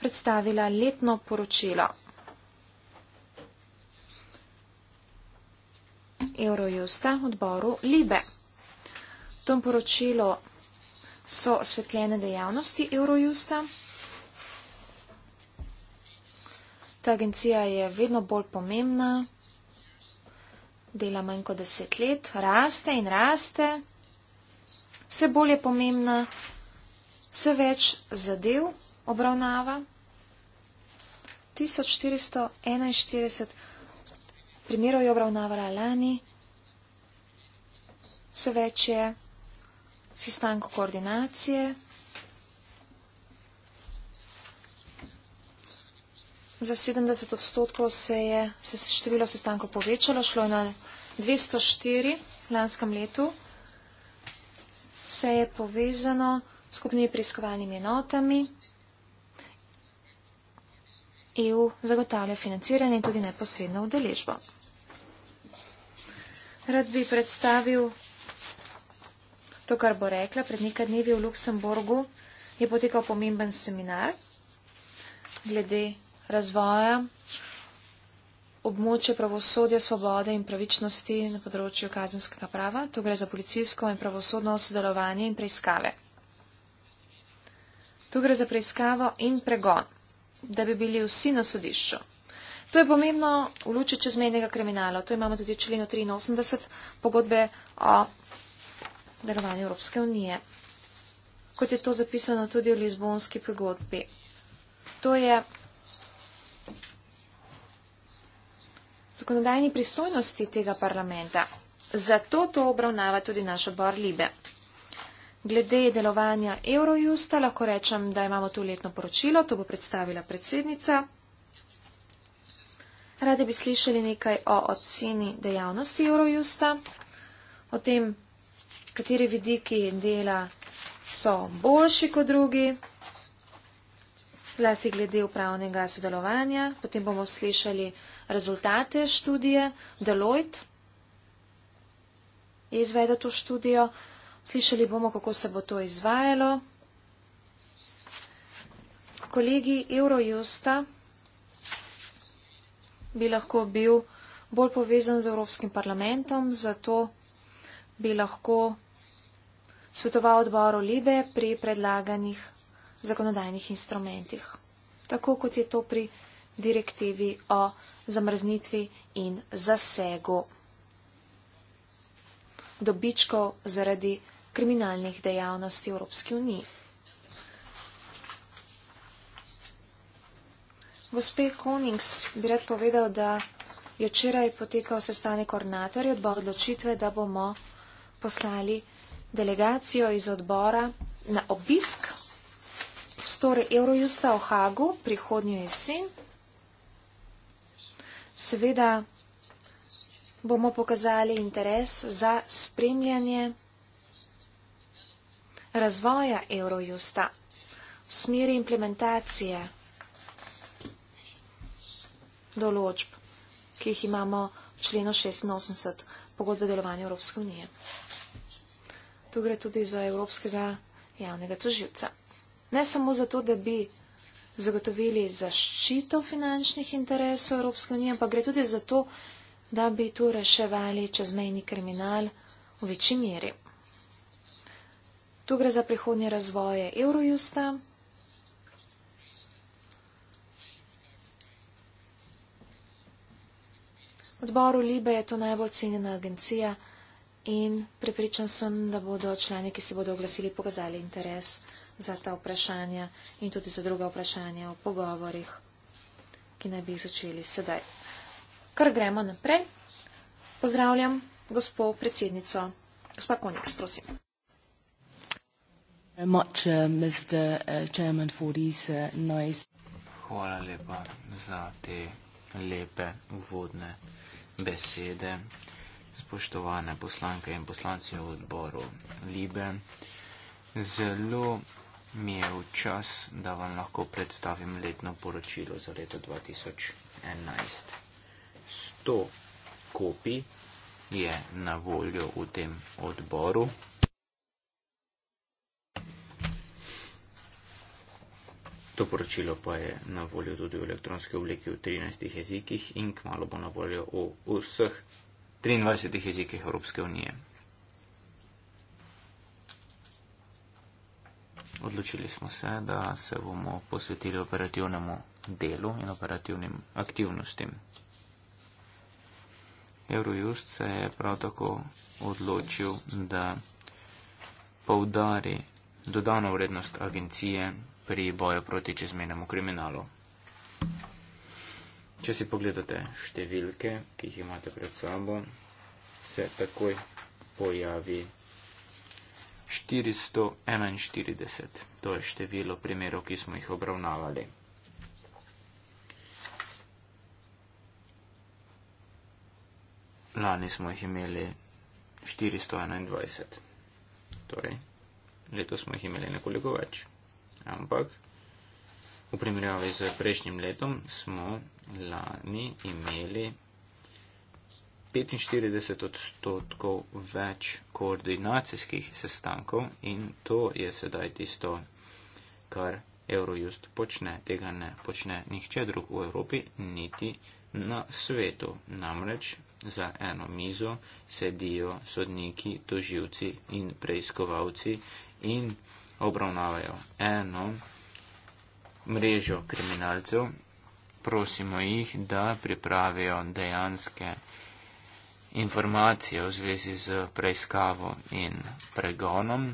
predstavila letno poročilo. Eurojusta odboru Libe. V tom poročilu so osvetljene dejavnosti Eurojusta. Ta agencija je vedno bolj pomembna, dela manj kot deset let, raste in raste, vse bolj je pomembna, vse več zadev obravnava. 1441 primerov je obravnavala lani, vse več je sestanko koordinacije. Za 70 odstotkov se je se število sestankov povečalo, šlo je na 204 v lanskem letu. Vse je povezano s skupnimi preiskovalnimi enotami. EU zagotavlja financiranje in tudi neposredno udeležbo. Rad bi predstavil to, kar bo rekla. Pred nekaj dnevi v Luksemburgu je potekal pomemben seminar glede razvoja območja pravosodja, svobode in pravičnosti na področju kazenskega prava. Tu gre za policijsko in pravosodno sodelovanje in preiskave. Tu gre za preiskavo in pregon, da bi bili vsi na sodišču, To je pomembno v luči čezmejnega kriminala. To imamo tudi v členu 83 pogodbe o delovanju Evropske unije, kot je to zapisano tudi v Lizbonski pogodbi. To je zakonodajni pristojnosti tega parlamenta. Zato to obravnava tudi naš obor Libe. Glede delovanja Eurojusta lahko rečem, da imamo tu letno poročilo, to bo predstavila predsednica. Radi bi slišali nekaj o oceni dejavnosti Eurojusta, o tem, kateri vidiki dela so boljši kot drugi, zlasti glede upravnega sodelovanja. Potem bomo slišali rezultate študije. Deloitte je izvedel to študijo. Slišali bomo, kako se bo to izvajalo. Kolegi Eurojusta bi lahko bil bolj povezan z Evropskim parlamentom, zato bi lahko svetoval odboru Libe pri predlaganih zakonodajnih instrumentih, tako kot je to pri direktivi o zamrznitvi in zasegu dobičkov zaradi kriminalnih dejavnosti Evropske unije. Gospe Konings, bi rad povedal, da je včeraj potekal sestanek koordinatorja odbora odločitve, da bomo poslali delegacijo iz odbora na obisk v store Eurojusta v Hagu prihodnjo jesen. Seveda bomo pokazali interes za spremljanje razvoja Eurojusta v smeri implementacije določb, ki jih imamo v členu 86 pogodbe delovanja Evropske unije. Tu gre tudi za Evropskega javnega toživca. Ne samo zato, da bi zagotovili zaščito finančnih interesov Evropske unije, ampak gre tudi za to, da bi tu reševali čezmejni kriminal v večji meri. Tu gre za prihodnje razvoje Eurojusta, Odboru Libe je to najbolj cenjena agencija in prepričan sem, da bodo člani, ki se bodo oglasili, pokazali interes za ta vprašanja in tudi za druga vprašanja o pogovorih, ki naj bi jih začeli sedaj. Kar gremo naprej. Pozdravljam gospod predsednico. Gospa Koniks, prosim. Much, uh, Mr. Uh, Chairman, for these, uh, nice... Hvala lepa za te lepe uvodne besede spoštovane poslanke in poslanci v odboru Libe. Zelo mi je v čas, da vam lahko predstavim letno poročilo za leto 2011. 100 kopij je na voljo v tem odboru. To poročilo pa je na voljo tudi v elektronski obliki v 13 jezikih in kmalo bo na voljo v vseh 23 jezikih Evropske unije. Odločili smo se, da se bomo posvetili operativnemu delu in operativnim aktivnostim. Eurojust se je prav tako odločil, da poudari dodano vrednost agencije pri boju proti čezmenemu kriminalu. Če si pogledate številke, ki jih imate pred sabo, se takoj pojavi 441. To je število primerov, ki smo jih obravnavali. Lani smo jih imeli 421. Torej, leto smo jih imeli nekoliko več ampak v primerjavi z prejšnjim letom smo lani imeli 45 odstotkov več koordinacijskih sestankov in to je sedaj tisto, kar Eurojust počne. Tega ne počne nihče drug v Evropi, niti na svetu. Namreč za eno mizo sedijo sodniki, toživci in preiskovalci in obravnavajo eno mrežo kriminalcev, prosimo jih, da pripravijo dejanske informacije v zvezi z preiskavo in pregonom,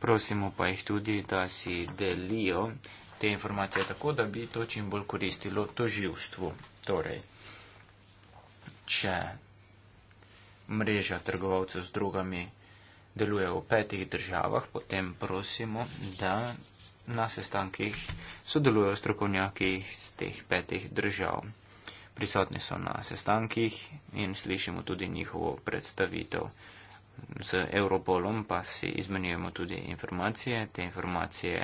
prosimo pa jih tudi, da si delijo te informacije tako, da bi to čim bolj koristilo toživstvu. Torej, če mreža trgovcev z drugami deluje v petih državah, potem prosimo, da na sestankih sodelujejo strokovnjaki iz teh petih držav. Prisotni so na sestankih in slišimo tudi njihovo predstavitev. Z Europolom pa si izmenjujemo tudi informacije. Te informacije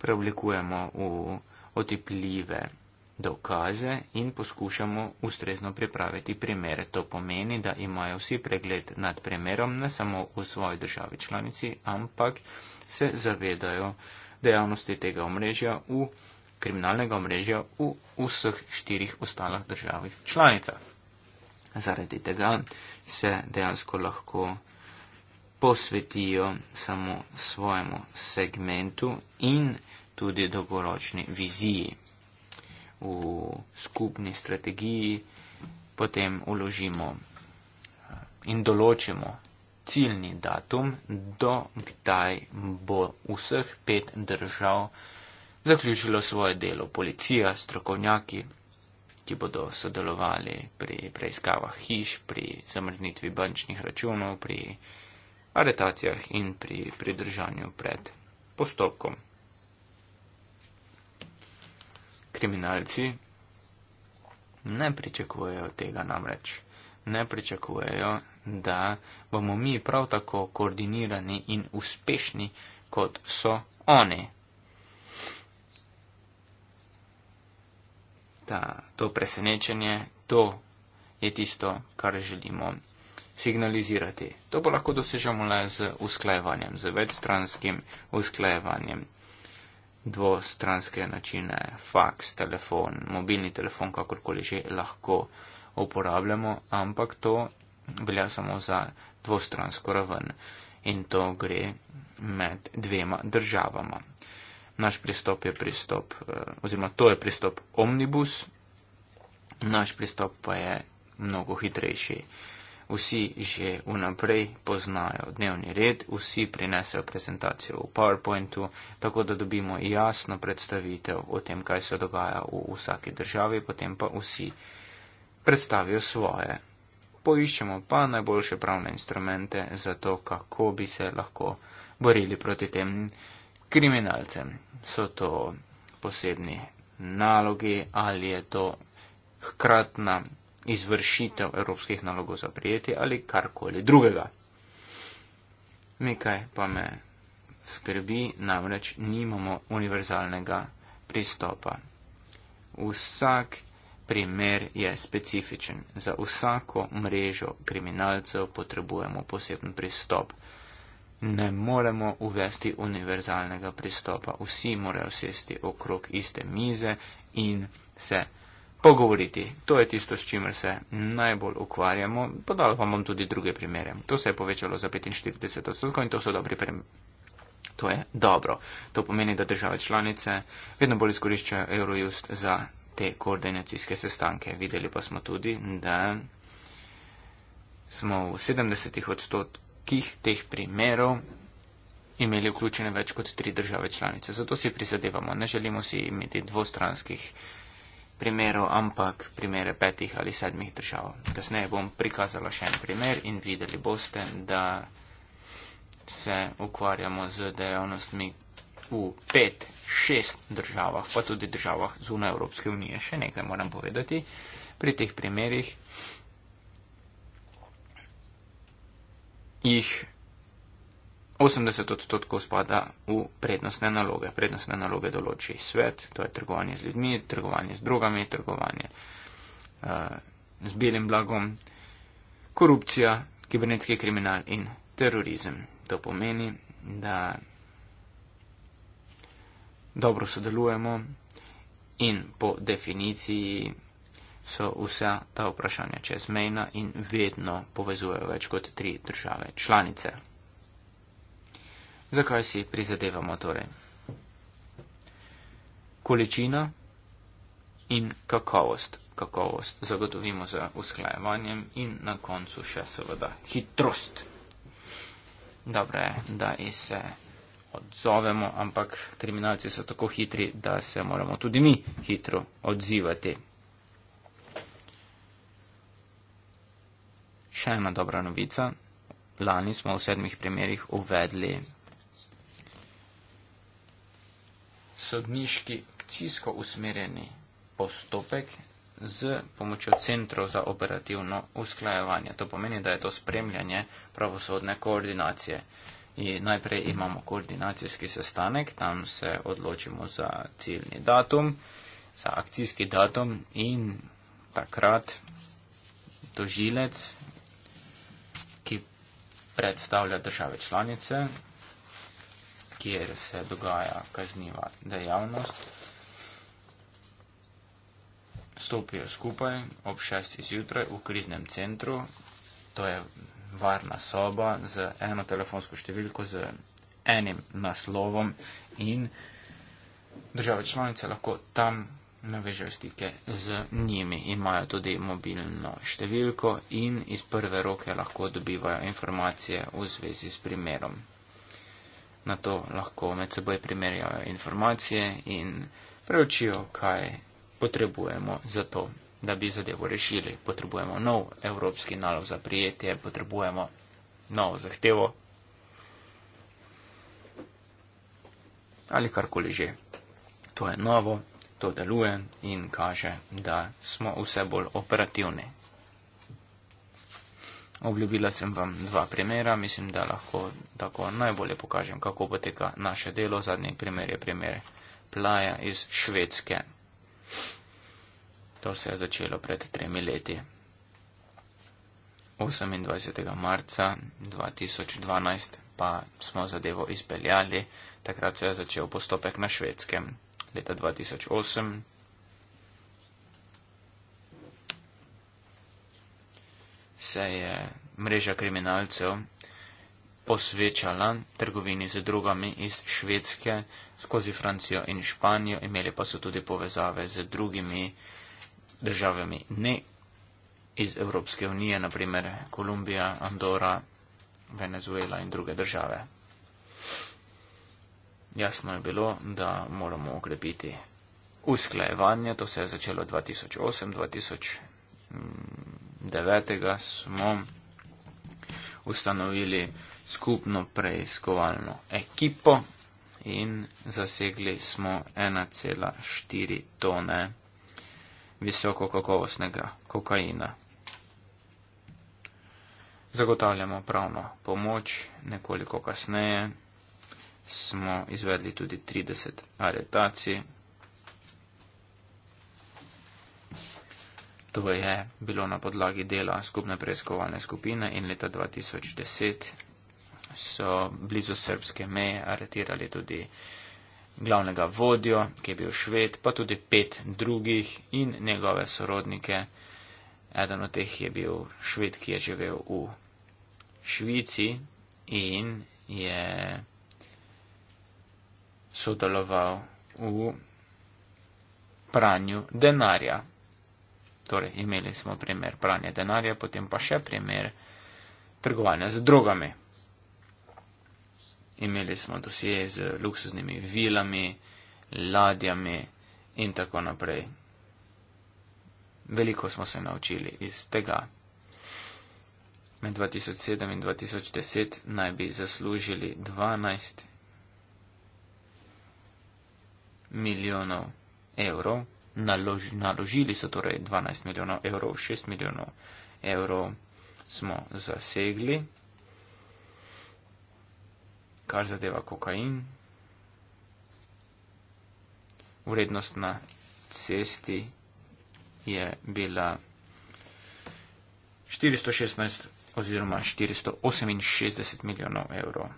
preoblikujemo v otipljive informacije dokaze in poskušamo ustrezno pripraviti primere. To pomeni, da imajo vsi pregled nad primerom, ne samo v svoji državi članici, ampak se zavedajo dejavnosti tega omrežja v kriminalnega omrežja v vseh štirih ostalih državah članicah. Zaradi tega se dejansko lahko posvetijo samo svojemu segmentu in tudi dolgoročni viziji v skupni strategiji, potem uložimo eh, in določimo ciljni datum, do kdaj bo vseh pet držav zaključilo svoje delo. Policija, strokovnjaki, ki bodo sodelovali pri preiskavah hiš, pri zamrznitvi bančnih računov, pri aretacijah in pri pridržanju pred postopkom kriminalci ne pričakujejo tega namreč. Ne pričakujejo, da bomo mi prav tako koordinirani in uspešni, kot so oni. Ta, to presenečenje, to je tisto, kar želimo signalizirati. To pa lahko dosežemo le z usklajevanjem, z večstranskim usklajevanjem dvostranske načine, faks, telefon, mobilni telefon, kakorkoli že lahko uporabljamo, ampak to velja samo za dvostransko raven in to gre med dvema državama. Naš pristop je pristop, eh, oziroma to je pristop omnibus, naš pristop pa je mnogo hitrejši vsi že vnaprej poznajo dnevni red, vsi prinesejo prezentacijo v PowerPointu, tako da dobimo jasno predstavitev o tem, kaj se dogaja v vsaki državi, potem pa vsi predstavijo svoje. Poiščemo pa najboljše pravne instrumente za to, kako bi se lahko borili proti tem kriminalcem. So to posebni nalogi ali je to hkratna izvršitev evropskih nalogov za prijetje ali karkoli drugega. Nekaj pa me skrbi, namreč nimamo univerzalnega pristopa. Vsak primer je specifičen. Za vsako mrežo kriminalcev potrebujemo poseben pristop. Ne moremo uvesti univerzalnega pristopa. Vsi morajo sesti okrog iste mize in se pogovoriti. To je tisto, s čimer se najbolj ukvarjamo. Podal vam bom tudi druge primere. To se je povečalo za 45 odstotkov in to so dobri primeri. To je dobro. To pomeni, da države članice vedno bolj izkoriščajo Eurojust za te koordinacijske sestanke. Videli pa smo tudi, da smo v 70 odstotkih teh primerov imeli vključene več kot tri države članice. Zato si prizadevamo. Ne želimo si imeti dvostranskih uh, primerov, ampak primere petih ali sedmih držav. Kasneje bom prikazala še en primer in videli boste, da se ukvarjamo z dejavnostmi v pet, šest državah, pa tudi državah zunaj Evropske unije. Še nekaj moram povedati pri teh primerjih. Jih 80 odstotkov spada v prednostne naloge. Prednostne naloge določi svet, to je trgovanje z ljudmi, trgovanje z drogami, trgovanje uh, z belim blagom, korupcija, kibernetski kriminal in terorizem. To pomeni, da dobro sodelujemo in po definiciji so vsa ta vprašanja čezmejna in vedno povezujejo več kot tri države članice. Zakaj si prizadevamo torej? Količina in kakovost. Kakovost zagotovimo z usklajevanjem in na koncu še seveda hitrost. Dobro je, da je se odzovemo, ampak kriminalci so tako hitri, da se moramo tudi mi hitro odzivati. Še ena dobra novica. Lani smo v sedmih primerjih uvedli sodniški kcijsko usmerjeni postopek z pomočjo centrov za operativno usklajevanje. To pomeni, da je to spremljanje pravosodne koordinacije. In najprej imamo koordinacijski sestanek, tam se odločimo za ciljni datum, za akcijski datum in takrat tožilec, ki predstavlja države članice, kjer se dogaja kazniva dejavnost, stopijo skupaj ob 6. zjutraj v kriznem centru, to je varna soba z eno telefonsko številko, z enim naslovom in države članice lahko tam navežejo stike z njimi. Imajo tudi mobilno številko in iz prve roke lahko dobivajo informacije v zvezi s primerom na to lahko med seboj primerjajo informacije in preučijo, kaj potrebujemo za to, da bi zadevo rešili. Potrebujemo nov evropski nalog za prijetje, potrebujemo novo zahtevo ali karkoli že. To je novo, to deluje in kaže, da smo vse bolj operativni. Obljubila sem vam dva primera, mislim, da lahko tako najbolje pokažem, kako poteka naše delo. Zadnji primer je primer plaja iz Švedske. To se je začelo pred tremi leti. 28. marca 2012 pa smo zadevo izpeljali, takrat se je začel postopek na švedskem. Leta 2008 se je mreža kriminalcev posvečala trgovini z drugami iz Švedske skozi Francijo in Španijo, imeli pa so tudi povezave z drugimi državami, ne iz Evropske unije, naprimer Kolumbija, Andora, Venezuela in druge države. Jasno je bilo, da moramo okrepiti usklajevanje, to se je začelo 2008-2009. 2009. smo ustanovili skupno preiskovalno ekipo in zasegli smo 1,4 tone visokokakovostnega kokaina. Zagotavljamo pravno pomoč, nekoliko kasneje smo izvedli tudi 30 aretacij. To je bilo na podlagi dela skupne preiskovalne skupine in leta 2010 so blizu srpske meje aretirali tudi glavnega vodjo, ki je bil šved, pa tudi pet drugih in njegove sorodnike. Eden od teh je bil šved, ki je živel v Švici in je sodeloval v pranju denarja. Torej, imeli smo primer pranja denarja, potem pa še primer trgovanja z drogami. Imeli smo dosje z luksuznimi vilami, ladjami in tako naprej. Veliko smo se naučili iz tega. Med 2007 in 2010 naj bi zaslužili 12 milijonov evrov nalož, naložili so torej 12 milijonov evrov, 6 milijonov evrov smo zasegli, kar zadeva kokain. Vrednost na cesti je bila 416 oziroma 468 milijonov evrov.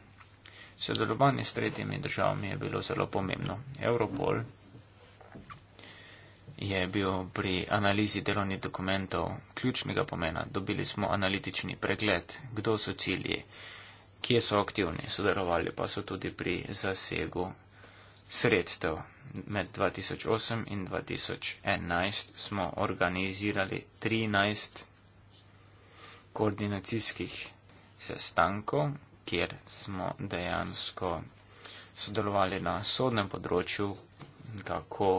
Sodelovanje s tretjimi državami je bilo zelo pomembno. Europol je bil pri analizi delovnih dokumentov ključnega pomena. Dobili smo analitični pregled, kdo so cilji, kje so aktivni, sodelovali pa so tudi pri zasegu sredstev. Med 2008 in 2011 smo organizirali 13 koordinacijskih sestankov, kjer smo dejansko sodelovali na sodnem področju, kako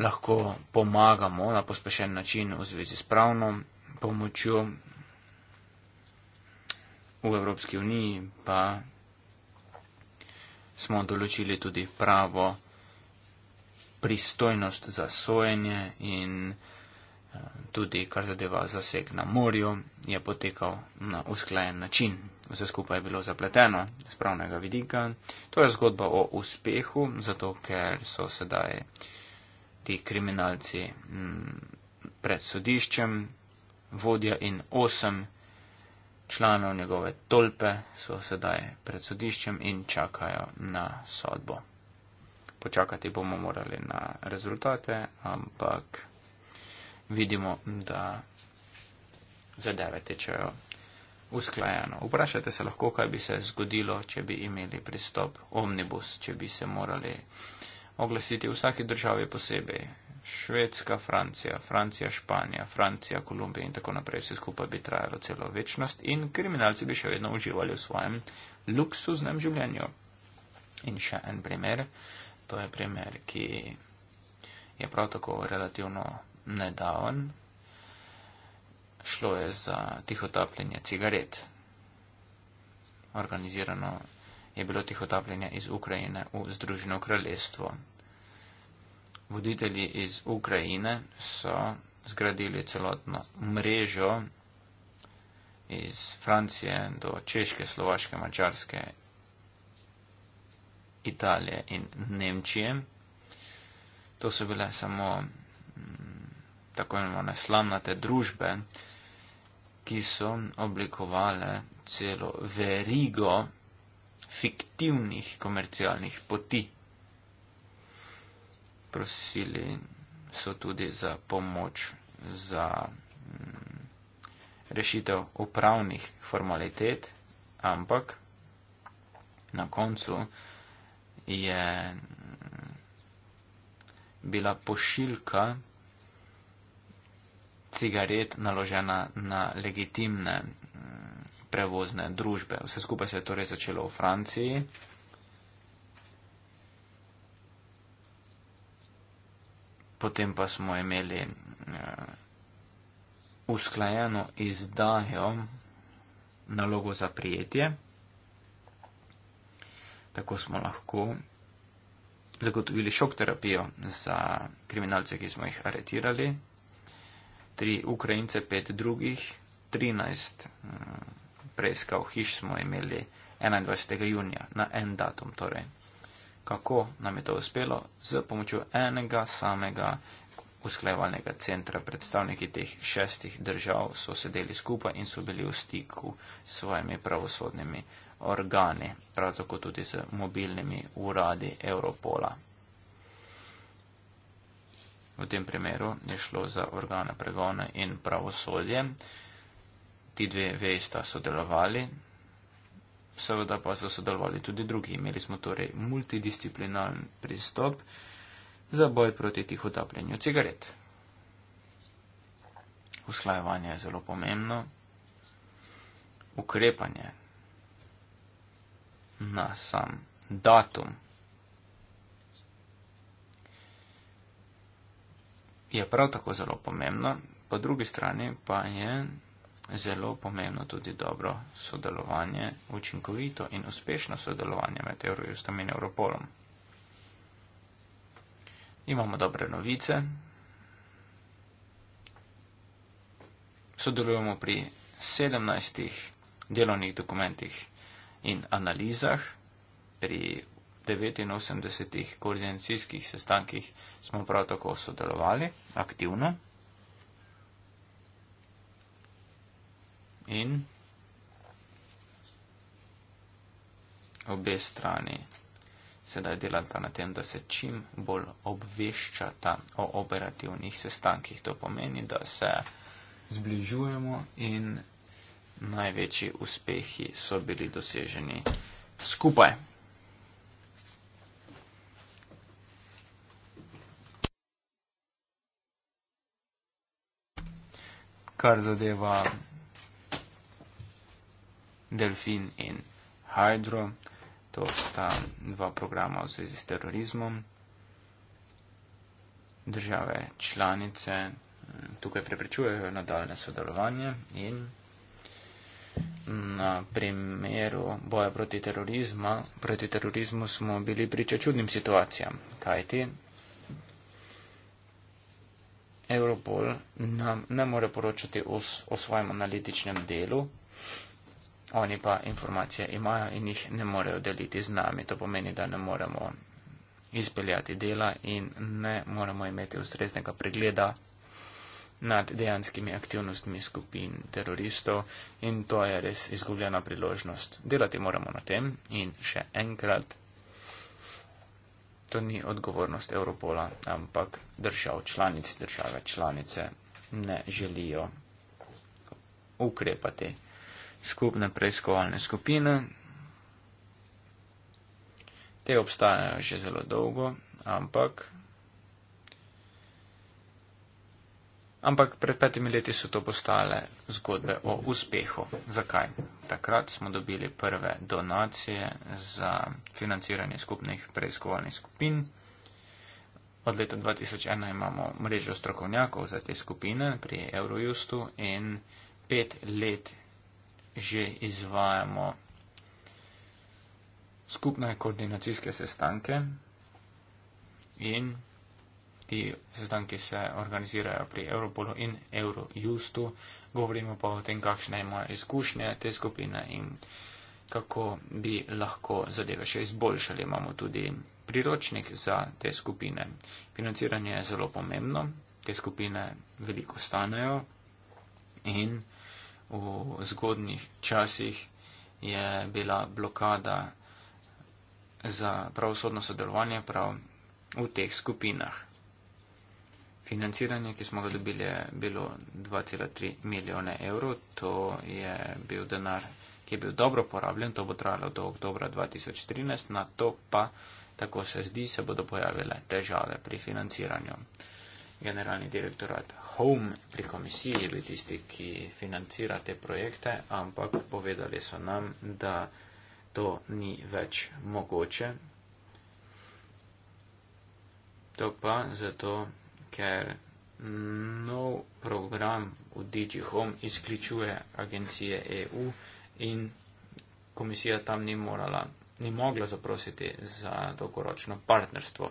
lahko pomagamo na pospešen način v zvezi s pravno pomočjo v Evropski uniji, pa smo določili tudi pravo pristojnost za sojenje in eh, tudi, kar zadeva zaseg na morju, je potekal na usklajen način. Vse skupaj je bilo zapleteno z pravnega vidika. To je zgodba o uspehu, zato ker so sedaj ti kriminalci mm, pred sodiščem, vodja in osem članov njegove tolpe so sedaj pred sodiščem in čakajo na sodbo. Počakati bomo morali na rezultate, ampak vidimo, da zadeve tečejo usklajeno. Vprašajte se lahko, kaj bi se zgodilo, če bi imeli pristop omnibus, če bi se morali oglasiti v vsaki državi posebej. Švedska, Francija, Francija, Španija, Francija, Kolumbija in tako naprej. Vse skupaj bi trajalo celo večnost in kriminalci bi še vedno uživali v svojem luksuznem življenju. In še en primer, to je primer, ki je prav tako relativno nedaven. Šlo je za tihotapljenje cigaret. Organizirano je bilo tihotapljenje iz Ukrajine v Združeno kraljestvo voditelji iz Ukrajine so zgradili celotno mrežo iz Francije do Češke, Slovaške, Mačarske, Italije in Nemčije. To so bile samo mm, tako imenovane slamnate družbe, ki so oblikovale celo verigo fiktivnih komercialnih poti prosili so tudi za pomoč za mm, rešitev upravnih formalitet, ampak na koncu je mm, bila pošiljka cigaret naložena na legitimne mm, prevozne družbe. Vse skupaj se je torej začelo v Franciji. potem pa smo imeli uh, usklajeno izdajo nalogo za prijetje. Tako smo lahko zagotovili šok terapijo za kriminalce, ki smo jih aretirali. Tri Ukrajince, pet drugih, 13 eh, preiskav hiš smo imeli 21. junija na en datum torej kako nam je to uspelo z pomočjo enega samega usklajevalnega centra. Predstavniki teh šestih držav so sedeli skupaj in so bili v stiku s svojimi pravosodnimi organi, prav tako tudi z mobilnimi uradi Europola. V tem primeru je šlo za organe pregona in pravosodje. Ti dve vejsta sodelovali, seveda pa so sodelovali tudi drugi. Imeli smo torej multidisciplinaren pristop za boj proti tih utapljanju cigaret. Usklajevanje je zelo pomembno. Ukrepanje na sam datum je prav tako zelo pomembno, po drugi strani pa je zelo pomembno tudi dobro sodelovanje, učinkovito in uspešno sodelovanje med Eurojustom in Europolom. Imamo dobre novice. Sodelujemo pri 17 delovnih dokumentih in analizah, pri 89 koordinacijskih sestankih smo prav tako sodelovali aktivno. in obe strani sedaj delata na tem, da se čim bolj obveščata o operativnih sestankih. To pomeni, da se zbližujemo in največji uspehi so bili doseženi skupaj. Kar zadeva Delfin in Hydro. To sta dva programa v zvezi s terorizmom. Države članice mm, tukaj preprečujejo nadaljne sodelovanje in na primeru boja proti, proti terorizmu smo bili priča čudnim situacijam, kajti Europol nam ne more poročati o, o svojem analitičnem delu oni pa informacije imajo in jih ne morejo deliti z nami. To pomeni, da ne moremo izpeljati dela in ne moremo imeti ustreznega pregleda nad dejanskimi aktivnostmi skupin teroristov in to je res izgubljena priložnost. Delati moramo na tem in še enkrat, to ni odgovornost Evropola, ampak držav članic, države članice ne želijo ukrepati skupne preiskovalne skupine. Te obstajajo že zelo dolgo, ampak. Ampak pred petimi leti so to postale zgodbe o uspehu. Zakaj? Takrat smo dobili prve donacije za financiranje skupnih preiskovalnih skupin. Od leta 2001 imamo mrežo strokovnjakov za te skupine pri Eurojustu in pet let že izvajamo skupne koordinacijske sestanke in ti sestanki se organizirajo pri Europolu in Eurojustu. Govorimo pa o tem, kakšne imajo izkušnje te skupine in kako bi lahko zadeve še izboljšali. Imamo tudi priročnik za te skupine. Financiranje je zelo pomembno, te skupine veliko stanejo in v zgodnih časih je bila blokada za pravosodno sodelovanje prav v teh skupinah. Financiranje, ki smo ga dobili, je bilo 2,3 milijone evrov. To je bil denar, ki je bil dobro porabljen. To bo trajalo do oktobra 2013. Na to pa, tako se zdi, se bodo pojavile težave pri financiranju generalni direktorat Home pri komisiji bi tisti, ki financira te projekte, ampak povedali so nam, da to ni več mogoče. To pa zato, ker nov program v DG Home izključuje agencije EU in komisija tam ni morala, ni mogla zaprositi za dolgoročno partnerstvo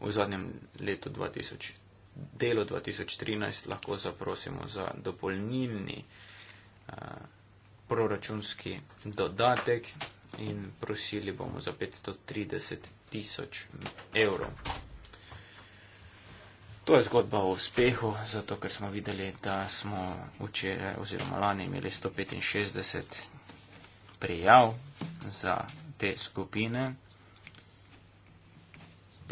v zadnjem letu 2000, delu 2013 lahko zaprosimo za dopolnilni eh, proračunski dodatek in prosili bomo za 530 tisoč evrov. To je zgodba o uspehu, zato ker smo videli, da smo včeraj oziroma lani imeli 165 prijav za te skupine.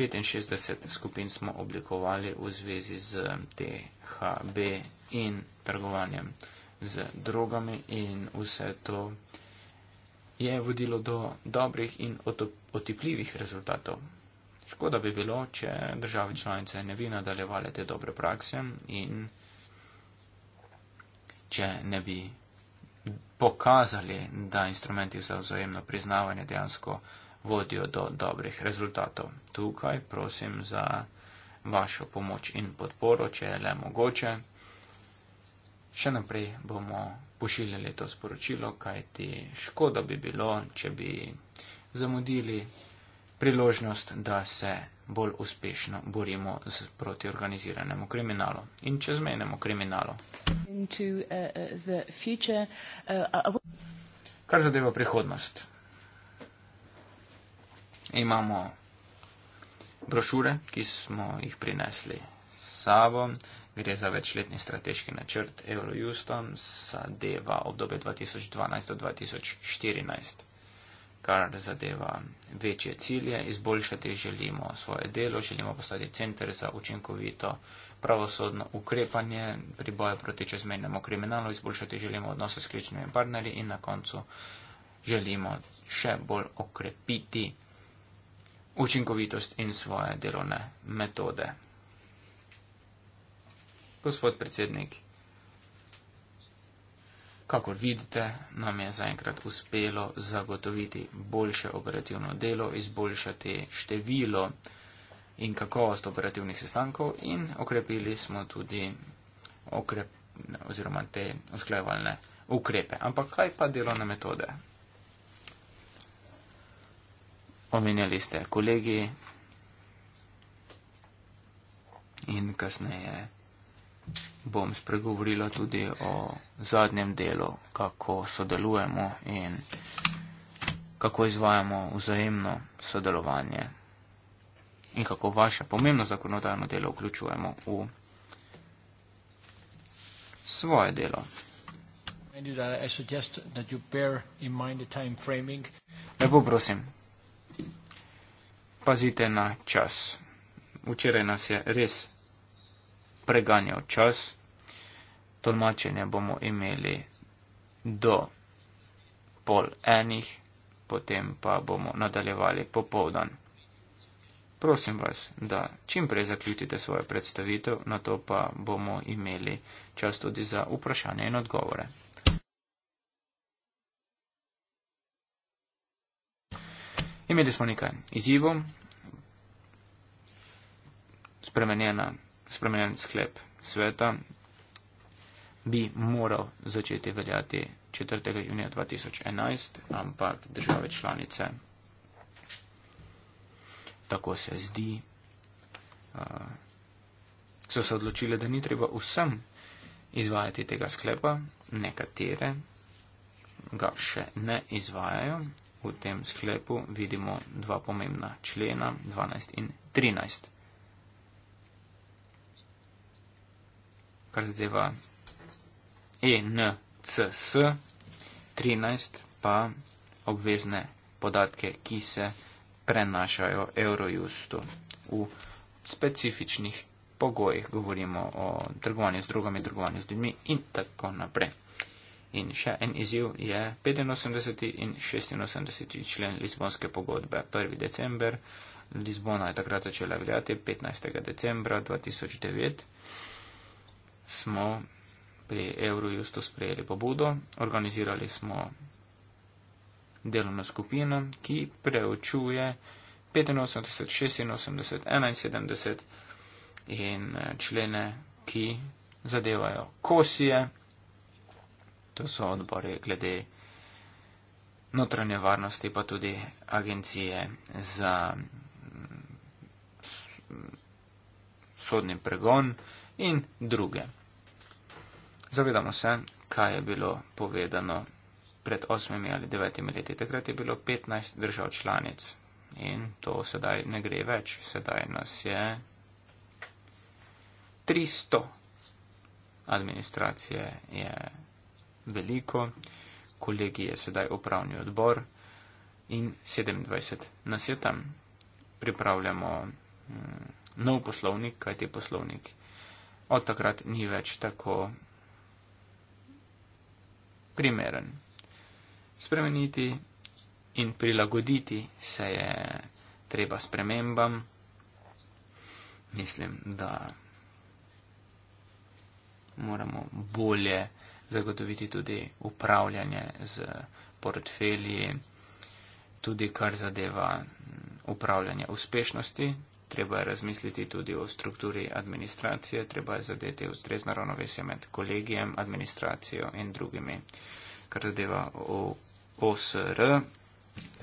65 skupin smo oblikovali v zvezi z THB in trgovanjem z drogami in vse to je vodilo do dobrih in otipljivih rezultatov. Škoda bi bilo, če države članice ne bi nadaljevale te dobre prakse in če ne bi pokazali, da instrumenti za vzajemno priznavanje dejansko vodijo do dobrih rezultatov. Tukaj prosim za vašo pomoč in podporo, če je le mogoče. Še naprej bomo pošiljali to sporočilo, kajti škoda bi bilo, če bi zamudili priložnost, da se bolj uspešno borimo z protiorganiziranemu kriminalu in čezmejnemu kriminalu. Into, uh, uh, future, uh, uh, Kar zadeva prihodnost imamo brošure, ki smo jih prinesli s sabo. Gre za večletni strateški načrt Eurojustom za deva obdobje 2012 do 2014, kar zadeva večje cilje. Izboljšati želimo svoje delo, želimo postati centr za učinkovito pravosodno ukrepanje pri boju proti čezmejnemu kriminalu, izboljšati želimo odnose s kličnimi partnerji in na koncu želimo še bolj okrepiti učinkovitost in svoje delovne metode. Gospod predsednik, kakor vidite, nam je zaenkrat uspelo zagotoviti boljše operativno delo, izboljšati število in kakovost operativnih sestankov in okrepili smo tudi okrep, oziroma te usklajevalne ukrepe. Ampak kaj pa delovne metode? omenjali ste kolegi in kasneje bom spregovorila tudi o zadnjem delu, kako sodelujemo in kako izvajamo vzajemno sodelovanje in kako vaše pomembno zakonodajno delo vključujemo v svoje delo. Lepo prosim, pazite na čas. Včeraj nas je res preganjal čas. Tolmačenje bomo imeli do pol enih, potem pa bomo nadaljevali popovdan. Prosim vas, da čim prej zaključite svojo predstavitev, na to pa bomo imeli čas tudi za vprašanje in odgovore. Imeli smo nekaj izzivov, spremenjen sklep sveta bi moral začeti veljati 4. junija 2011, ampak države članice, tako se zdi, eh, so se odločile, da ni treba vsem izvajati tega sklepa, nekatere ga še ne izvajajo v tem sklepu vidimo dva pomembna člena, 12 in 13. Kar zadeva ENCS, 13 pa obvezne podatke, ki se prenašajo Eurojustu v specifičnih pogojih, govorimo o trgovanju z drugami, trgovanju z ljudmi in tako naprej. In še en izjiv je 85. in 86. člen Lizbonske pogodbe. 1. december Lizbona je takrat začela veljati, 15. decembra 2009 smo pri Eurojustu sprejeli pobudo, organizirali smo delovno skupino, ki preučuje 85, 86, 71 in eh, člene, ki zadevajo kosije. To so odbori glede notranje varnosti, pa tudi agencije za mm, sodni pregon in druge. Zavedamo se, kaj je bilo povedano pred osmimi ali devetimi leti. Takrat je bilo 15 držav članic in to sedaj ne gre več. Sedaj nas je 300. Administracije je veliko, kolegi je sedaj upravni odbor in 27 nas je tam. Pripravljamo mm, nov poslovnik, kajti poslovnik od takrat ni več tako primeren. Spremeniti in prilagoditi se je treba spremembam. Mislim, da moramo bolje zagotoviti tudi upravljanje z portfelji, tudi kar zadeva mm, upravljanje uspešnosti. Treba je razmisliti tudi o strukturi administracije, treba je zadeti ustrezno ravnovesje med kolegijem, administracijo in drugimi, kar zadeva o OSR,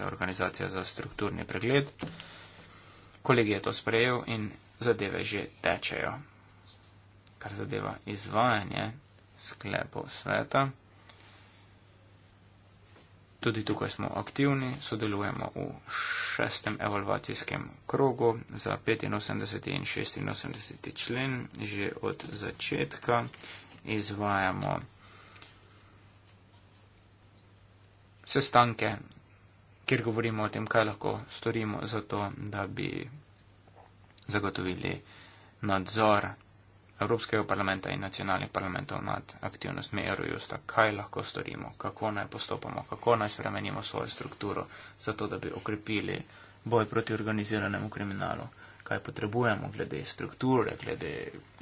organizacija za strukturni pregled. Kolegi je to sprejel in zadeve že tečejo. Kar zadeva izvajanje sklepov sveta. Tudi tukaj smo aktivni, sodelujemo v šestem evalvacijskem krogu za 85 in 86 člen. Že od začetka izvajamo sestanke, kjer govorimo o tem, kaj lahko storimo za to, da bi zagotovili nadzor Evropskega parlamenta in nacionalnih parlamentov nad aktivnostmi Eurojusta, kaj lahko storimo, kako naj postopamo, kako naj spremenimo svojo strukturo, zato da bi okrepili boj proti organiziranemu kriminalu, kaj potrebujemo glede strukture, glede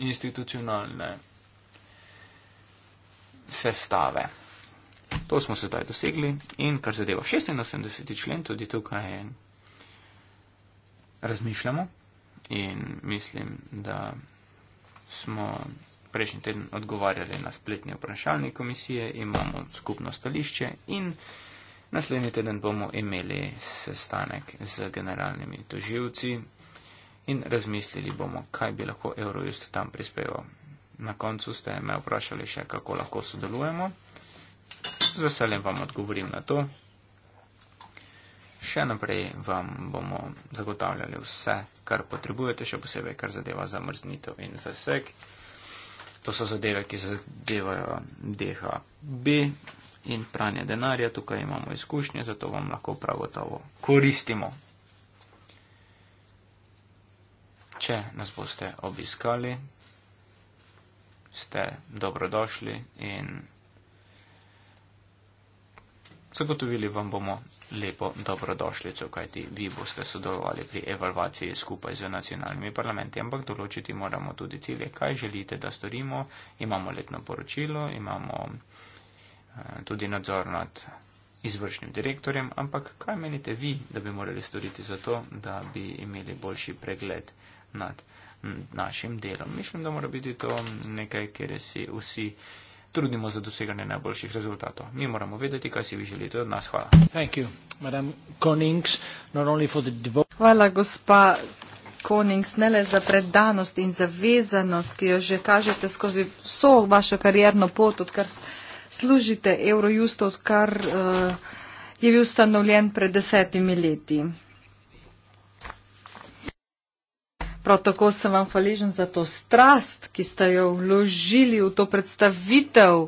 institucionalne sestave. To smo sedaj dosegli in kar zadeva 86. člen, tudi tukaj razmišljamo in mislim, da smo prejšnji teden odgovarjali na spletni vprašalni komisije, imamo skupno stališče in naslednji teden bomo imeli sestanek z generalnimi toživci in razmislili bomo, kaj bi lahko Eurojust tam prispeval. Na koncu ste me vprašali še, kako lahko sodelujemo. Z veseljem vam odgovorim na to še naprej vam bomo zagotavljali vse, kar potrebujete, še posebej, kar zadeva zamrznitev in zaseg. To so zadeve, ki zadevajo DHB in pranje denarja. Tukaj imamo izkušnje, zato vam lahko prav gotovo koristimo. Če nas boste obiskali, ste dobrodošli in zagotovili vam bomo lepo dobrodošljico, kajti vi boste sodelovali pri evalvaciji skupaj z nacionalnimi parlamenti, ampak določiti moramo tudi cilje, kaj želite, da storimo. Imamo letno poročilo, imamo eh, tudi nadzor nad izvršnim direktorjem, ampak kaj menite vi, da bi morali storiti za to, da bi imeli boljši pregled nad našim delom? Mislim, da mora biti to nekaj, kjer si vsi trudimo za doseganje najboljših rezultatov. Mi moramo vedeti, kaj si vi želite od nas. Hvala. Hvala, gospa Konings, ne le za predanost in zavezanost, ki jo že kažete skozi vso vašo karjerno pot, odkar služite Eurojust, odkar uh, je bil ustanovljen pred desetimi leti. Prav tako sem vam hvaležen za to strast, ki ste jo vložili v to predstavitev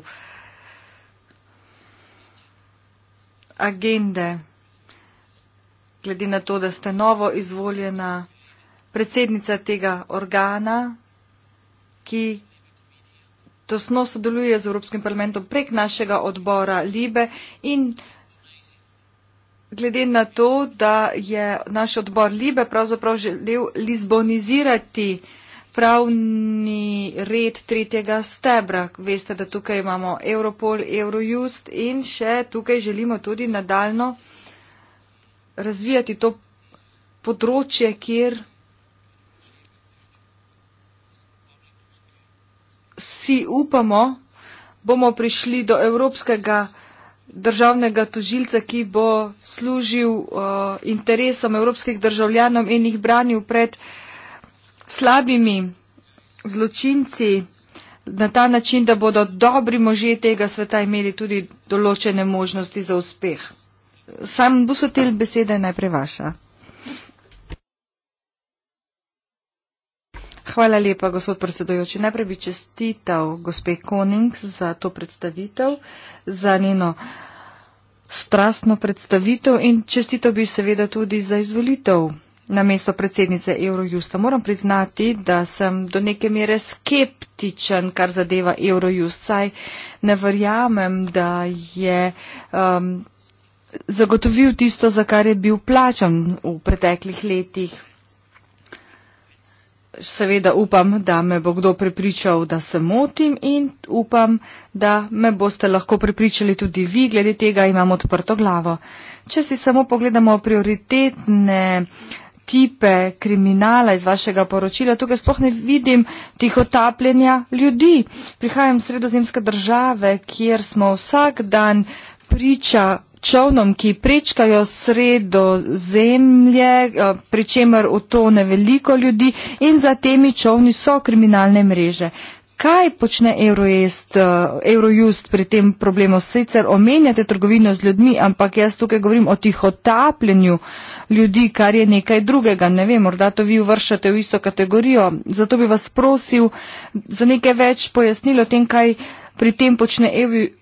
agende, glede na to, da ste novo izvoljena predsednica tega organa, ki tosno sodeluje z Evropskim parlamentom prek našega odbora Libe in glede na to, da je naš odbor Libe pravzaprav želel lizbonizirati pravni red tretjega stebra. Veste, da tukaj imamo Europol, Eurojust in še tukaj želimo tudi nadaljno razvijati to področje, kjer si upamo, bomo prišli do evropskega državnega tožilca, ki bo služil uh, interesom evropskih državljanov in jih branil pred slabimi zločinci na ta način, da bodo dobri možje tega sveta imeli tudi določene možnosti za uspeh. Sam busotel besede najprej vaša. Hvala lepa, gospod predsedojoči. Najprej bi čestital gospe Konings za to predstavitev, za njeno strastno predstavitev in čestital bi seveda tudi za izvolitev na mesto predsednice Eurojusta. Moram priznati, da sem do neke mere skeptičen, kar zadeva Eurojust. Saj ne verjamem, da je. Um, zagotovil tisto, za kar je bil plačan v preteklih letih seveda upam, da me bo kdo prepričal, da se motim in upam, da me boste lahko prepričali tudi vi, glede tega imam odprto glavo. Če si samo pogledamo prioritetne tipe kriminala iz vašega poročila, tukaj sploh ne vidim tihotapljenja ljudi. Prihajam sredozemske države, kjer smo vsak dan priča čovnom, ki prečkajo sredo zemlje, eh, pričemer v to ne veliko ljudi in za temi čovni so kriminalne mreže. Kaj počne Eurojust, eh, Eurojust pri tem problemu? Sicer omenjate trgovino z ljudmi, ampak jaz tukaj govorim o tihotapljenju ljudi, kar je nekaj drugega. Ne vem, morda to vi uvršate v isto kategorijo. Zato bi vas prosil za nekaj več pojasnilo o tem, kaj pri tem počne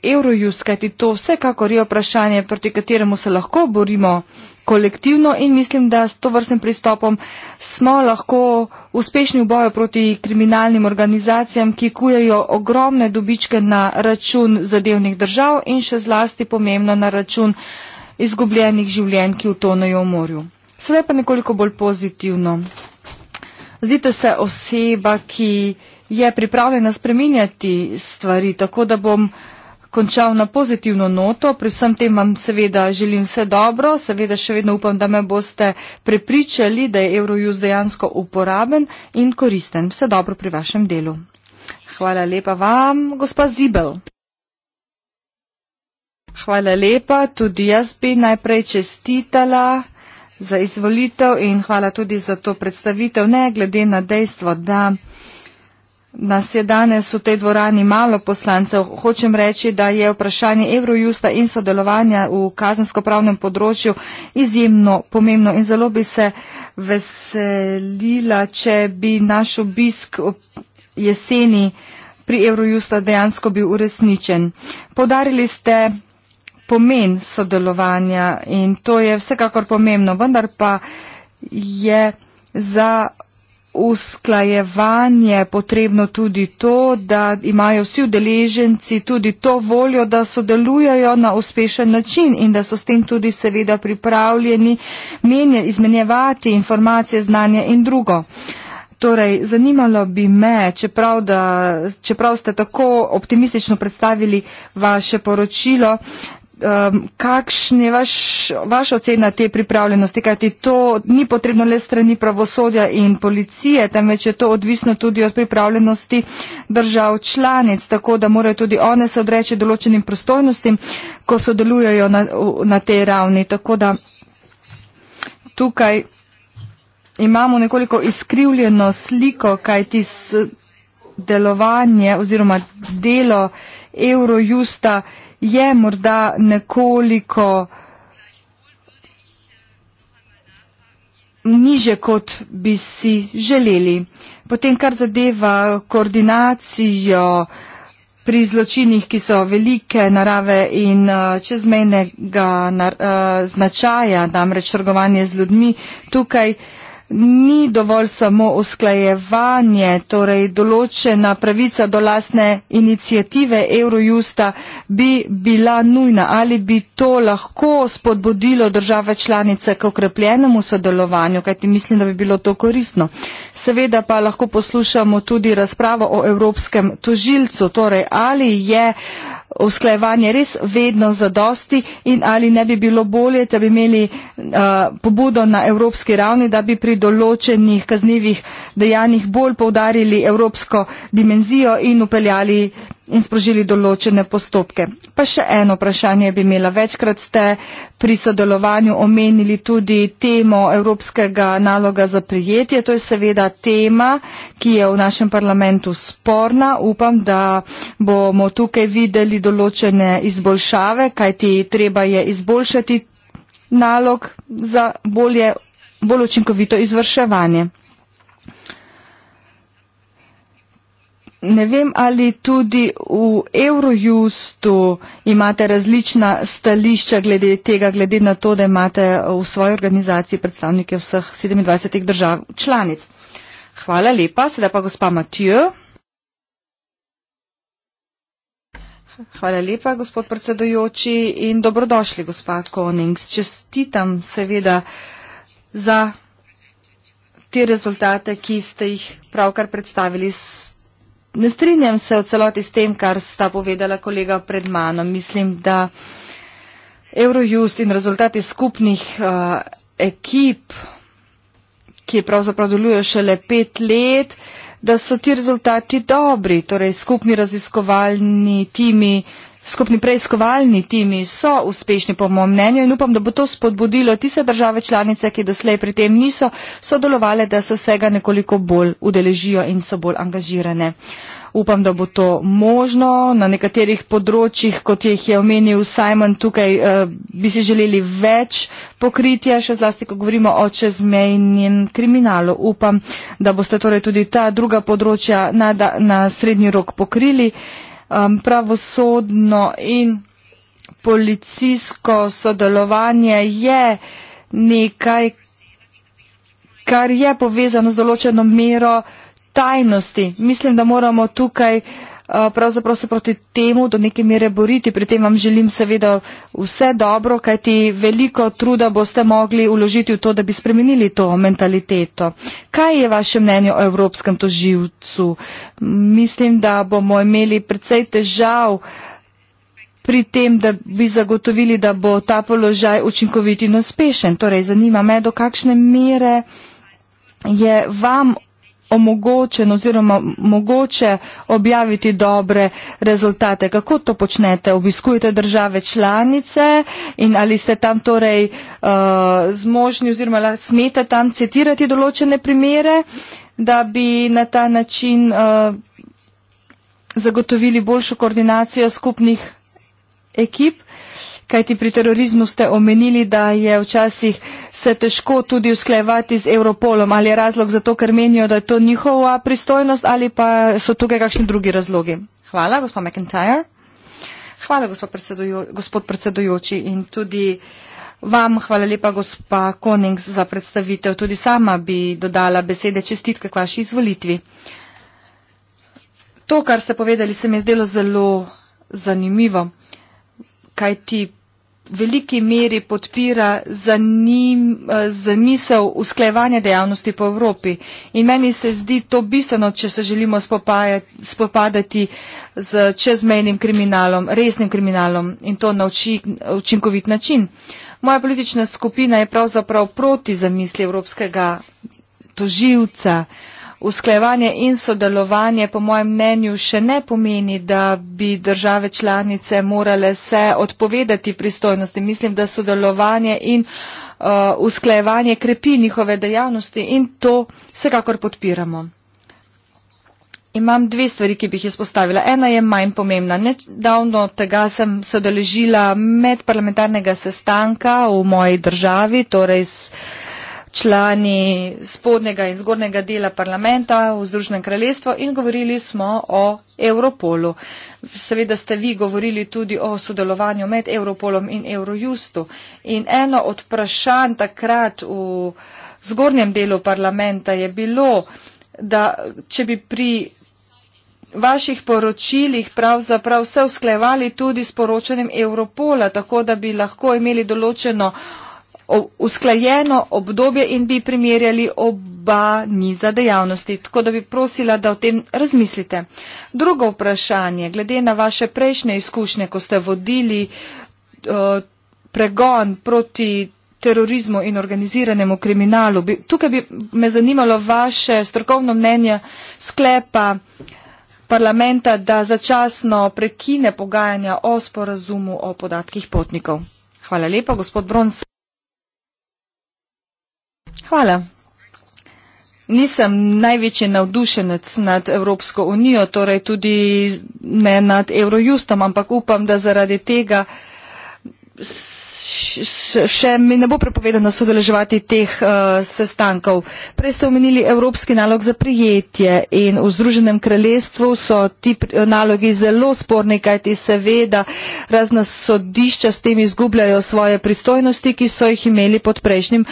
Eurojust, kajti to vsekakor je vprašanje, proti kateremu se lahko borimo kolektivno in mislim, da s to vrstnim pristopom smo lahko uspešni v boju proti kriminalnim organizacijam, ki kujejo ogromne dobičke na račun zadevnih držav in še zlasti pomembno na račun izgubljenih življenj, ki utonejo v morju. Sedaj pa nekoliko bolj pozitivno. Zdite se oseba, ki je pripravljena spreminjati stvari, tako da bom končal na pozitivno noto. Pri vsem tem vam seveda želim vse dobro, seveda še vedno upam, da me boste prepričali, da je Eurojust dejansko uporaben in koristen. Vse dobro pri vašem delu. Hvala lepa vam, gospa Zibel. Hvala lepa, tudi jaz bi najprej čestitala za izvolitev in hvala tudi za to predstavitev, ne glede na dejstvo, da. Nas je danes v tej dvorani malo poslancev. Hočem reči, da je vprašanje Eurojusta in sodelovanja v kazensko-pravnem področju izjemno pomembno in zelo bi se veselila, če bi naš obisk jeseni pri Eurojusta dejansko bil uresničen. Podarili ste pomen sodelovanja in to je vsekakor pomembno, vendar pa je za usklajevanje potrebno tudi to, da imajo vsi udeleženci tudi to voljo, da sodelujajo na uspešen način in da so s tem tudi seveda pripravljeni menje, izmenjevati informacije, znanje in drugo. Torej, zanimalo bi me, čeprav, da, čeprav ste tako optimistično predstavili vaše poročilo, um, kakšna je vaš, vaša ocena te pripravljenosti, kajti to ni potrebno le strani pravosodja in policije, temveč je to odvisno tudi od pripravljenosti držav članic, tako da morajo tudi one se odreči določenim prostojnostim, ko sodelujejo na, na tej ravni. Tako da tukaj imamo nekoliko izkrivljeno sliko, kajti delovanje oziroma delo Eurojusta je morda nekoliko niže, kot bi si želeli. Potem, kar zadeva koordinacijo pri zločinih, ki so velike narave in eh, čezmejnega eh, značaja, namreč trgovanje z ljudmi, tukaj ni dovolj samo usklajevanje, torej določena pravica do lastne inicijative Eurojusta bi bila nujna ali bi to lahko spodbudilo države članice k okrepljenemu sodelovanju, kajti mislim, da bi bilo to koristno. Seveda pa lahko poslušamo tudi razpravo o evropskem tožilcu, torej ali je usklajevanje res vedno zadosti in ali ne bi bilo bolje, da bi imeli uh, pobudo na evropski ravni, da bi pri določenih kaznivih dejanjih bolj povdarili evropsko dimenzijo in upeljali in sprožili določene postopke. Pa še eno vprašanje bi imela. Večkrat ste pri sodelovanju omenili tudi temo Evropskega naloga za prijetje. To je seveda tema, ki je v našem parlamentu sporna. Upam, da bomo tukaj videli določene izboljšave, kajti treba je izboljšati nalog za bolje, bolj učinkovito izvrševanje. Ne vem, ali tudi v Eurojustu imate različna stališča glede tega, glede na to, da imate v svoji organizaciji predstavnike vseh 27 držav članic. Hvala lepa, sedaj pa gospa Matijo. Hvala lepa, gospod predsedojoči in dobrodošli, gospa Konings. Čestitam seveda za te rezultate, ki ste jih pravkar predstavili s Ne strinjam se v celoti s tem, kar sta povedala kolega pred mano. Mislim, da Eurojust in rezultati skupnih uh, ekip, ki pravzaprav delujejo šele pet let, da so ti rezultati dobri, torej skupni raziskovalni timi Skupni preiskovalni timi so uspešni po mojem mnenju in upam, da bo to spodbudilo tiste države članice, ki doslej pri tem niso sodelovali, da se vsega nekoliko bolj udeležijo in so bolj angažirane. Upam, da bo to možno. Na nekaterih področjih, kot jih je omenil Simon, tukaj eh, bi si želeli več pokritja, še zlasti, ko govorimo o čezmejnjem kriminalu. Upam, da boste torej tudi ta druga področja na, da, na srednji rok pokrili. Eh, um, pravosodno in policijsko sodelovanje je nekaj, kar je povezano z določeno mero tajnosti. Mislim, da moramo tukaj Eh, pravzaprav se proti temu do neke mere boriti. Pri tem vam želim seveda vse dobro, kajti veliko truda boste mogli uložiti v to, da bi spremenili to mentaliteto. Kaj je vaše mnenje o evropskem toživcu? Mislim, da bomo imeli predvsej težav pri tem, da bi zagotovili, da bo ta položaj učinkovit in uspešen. Torej, zanima me, do kakšne mere je vam omogočen oziroma mogoče objaviti dobre rezultate. Kako to počnete? Obiskujete države članice in ali ste tam torej uh, zmožni oziroma smete tam citirati določene primere, da bi na ta način uh, zagotovili boljšo koordinacijo skupnih ekip? Kajti pri terorizmu ste omenili, da je včasih uh, se težko tudi usklajevati z Europolom. Ali je razlog za to, ker menijo, da je to njihova pristojnost ali pa so tukaj kakšni drugi razlogi? Hvala, gospod McIntyre. Hvala, gospod, predsedujo, gospod predsedujoči in tudi vam hvala lepa, gospa Konings, za predstavitev. Tudi sama bi dodala besede čestitke k vaši izvolitvi. To, kar ste povedali, se mi je zdelo zelo zanimivo, kaj ti veliki meri podpira zanim, eh, zamisel usklajevanja dejavnosti po Evropi. In meni se zdi to bistveno, če se želimo spopajati, spopadati z čezmejnim kriminalom, resnim kriminalom in to na učinkovit način. Moja politična skupina je pravzaprav proti zamisli evropskega toživca. Uh, usklajevanje in sodelovanje po mojem mnenju še ne pomeni, da bi države članice morale se odpovedati pristojnosti. Mislim, da sodelovanje in uh, usklajevanje krepi njihove dejavnosti in to vsekakor podpiramo. Imam dve stvari, ki bi jih izpostavila. Ena je manj pomembna. Nedavno tega sem se odeležila med parlamentarnega sestanka v moji državi, torej s uh, člani spodnega in zgornjega dela parlamenta v Združenem kraljestvu in govorili smo o Europolu. Seveda ste vi govorili tudi o sodelovanju med Europolom in Eurojustu. In eno od vprašanj takrat v zgornjem delu parlamenta je bilo, da če bi pri vaših poročilih pravzaprav vse usklejevali tudi s poročanjem Europola, tako da bi lahko imeli določeno usklajeno obdobje in bi primerjali oba niza dejavnosti. Tako da bi prosila, da o tem razmislite. Drugo vprašanje, glede na vaše prejšnje izkušnje, ko ste vodili uh, pregon proti terorizmu in organiziranemu kriminalu. Bi, tukaj bi me zanimalo vaše strokovno mnenje sklepa parlamenta, da začasno prekine pogajanja o sporazumu o podatkih potnikov. Hvala lepa, gospod Brons. Hvala. Nisem največji navdušenec nad Evropsko unijo, torej tudi ne nad Eurojustom, ampak upam, da zaradi tega še mi ne bo prepovedano sodeleževati teh uh, sestankov. Prej ste omenili evropski nalog za prijetje in v Združenem kraljestvu so ti eh, nalogi zelo sporni, kajti seveda razna sodišča s tem izgubljajo svoje pristojnosti, ki so jih imeli pod prejšnjim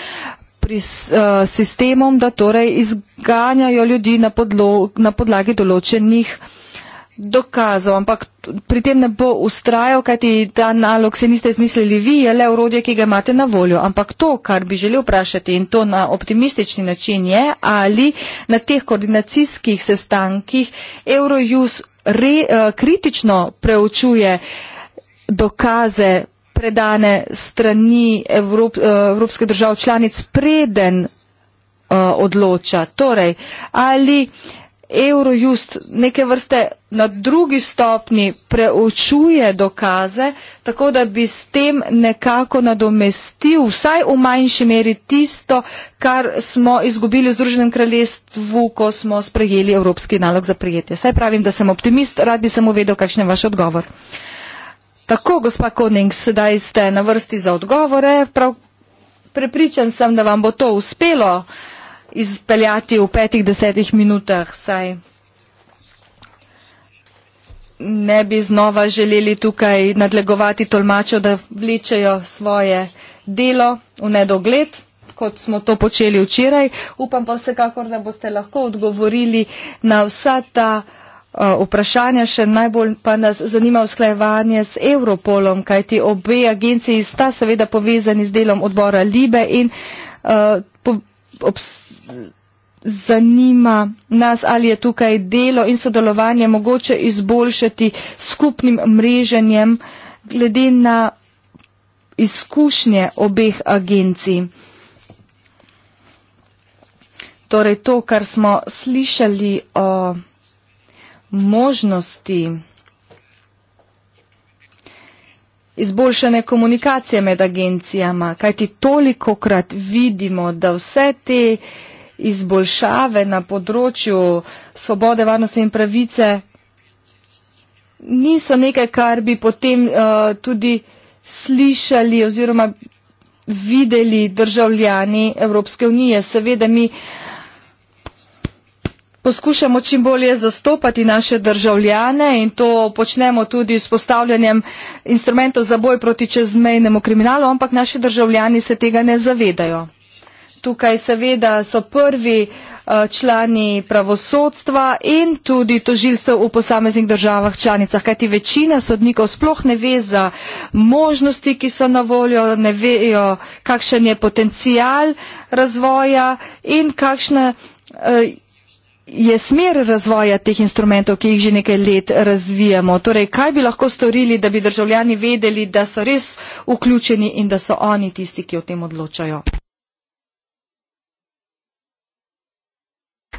pris, uh, eh, sistemom, da torej izganjajo ljudi na, podlo, na podlagi določenih dokazov. Ampak pri tem ne bo ustrajal, kajti ta nalog se niste izmislili vi, je le urodje, ki ga imate na voljo. Ampak to, kar bi želel vprašati in to na optimistični način je, ali na teh koordinacijskih sestankih Eurojust uh, kritično preučuje dokaze predane strani Evrop, eh, Evropske držav članic preden uh, odloča. Torej, ali Eurojust neke vrste na drugi stopni preučuje dokaze, tako da bi s tem nekako nadomestil vsaj v manjši meri tisto, kar smo izgubili v Združenem kraljestvu, ko smo sprejeli Evropski nalog za prijetje. Saj pravim, da sem optimist, rad bi samo vedel, kakšen je vaš odgovor. Uh, Tako, gospa Konings, sedaj ste na vrsti za odgovore. Prav prepričan sem, da vam bo to uspelo izpeljati v petih desetih minutah, saj ne bi znova želeli tukaj nadlegovati tolmačev, da vlečejo svoje delo v nedogled kot smo to počeli včeraj. Upam pa vsekakor, da boste lahko odgovorili na vsa ta uh, Eh, vprašanja, še najbolj pa nas zanima usklajevanje z Europolom, kajti obe agenciji sta seveda povezani z delom odbora Libe in eh, zanima nas, ali je tukaj delo in sodelovanje mogoče izboljšati skupnim mreženjem glede na izkušnje obeh agencij. Torej to, kar smo slišali o uh možnosti izboljšane komunikacije med agencijama, kajti toliko krat vidimo, da vse te izboljšave na področju svobode, varnosti in pravice niso nekaj, kar bi potem uh, tudi slišali oziroma videli državljani Evropske unije. Seveda mi uh, poskušamo čim bolje zastopati naše državljane in to počnemo tudi s postavljanjem instrumentov za boj proti čezmejnemu kriminalu, ampak naši državljani se tega ne zavedajo. Tukaj seveda so prvi eh, člani pravosodstva in tudi tožilstev v posameznih državah članicah, kajti večina sodnikov sploh ne ve za možnosti, ki so na voljo, ne vejo, kakšen je potencial razvoja in kakšna. Eh, je smer razvoja teh instrumentov, ki jih že nekaj let razvijamo? Torej, kaj bi lahko storili, da bi državljani vedeli, da so res vključeni in da so oni tisti, ki o tem odločajo?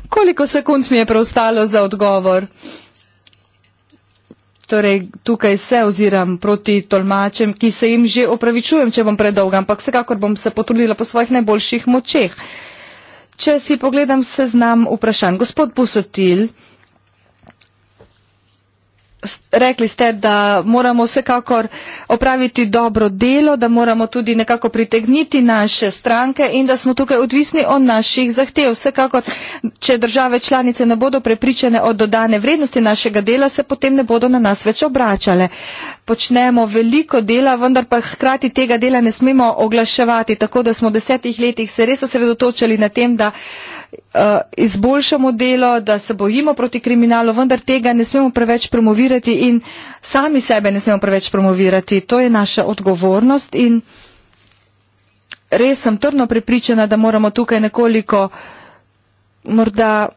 Koliko sekund mi je preostalo za odgovor? Torej, tukaj se oziram proti tolmačem, ki se jim že opravičujem, če bom predolga, ampak vsekakor bom se potrudila po svojih najboljših močeh. Če si pogledam seznam vprašanj, gospod Pusotil, rekli ste, da moramo vsekakor opraviti dobro delo, da moramo tudi nekako pritegniti naše stranke in da smo tukaj odvisni od naših zahtev. Vsekakor, če države članice ne bodo prepričane o dodane vrednosti našega dela, se potem ne bodo na nas več obračale. Počnemo veliko dela, vendar pa hkrati tega dela ne smemo oglaševati, tako da smo v desetih letih se res osredotočali na tem, da Eh, izboljšamo delo, da se bojimo proti kriminalu, vendar tega ne smemo preveč promovirati in sami sebe ne smemo preveč promovirati. To je naša odgovornost in res sem trdno prepričana, da moramo tukaj nekoliko morda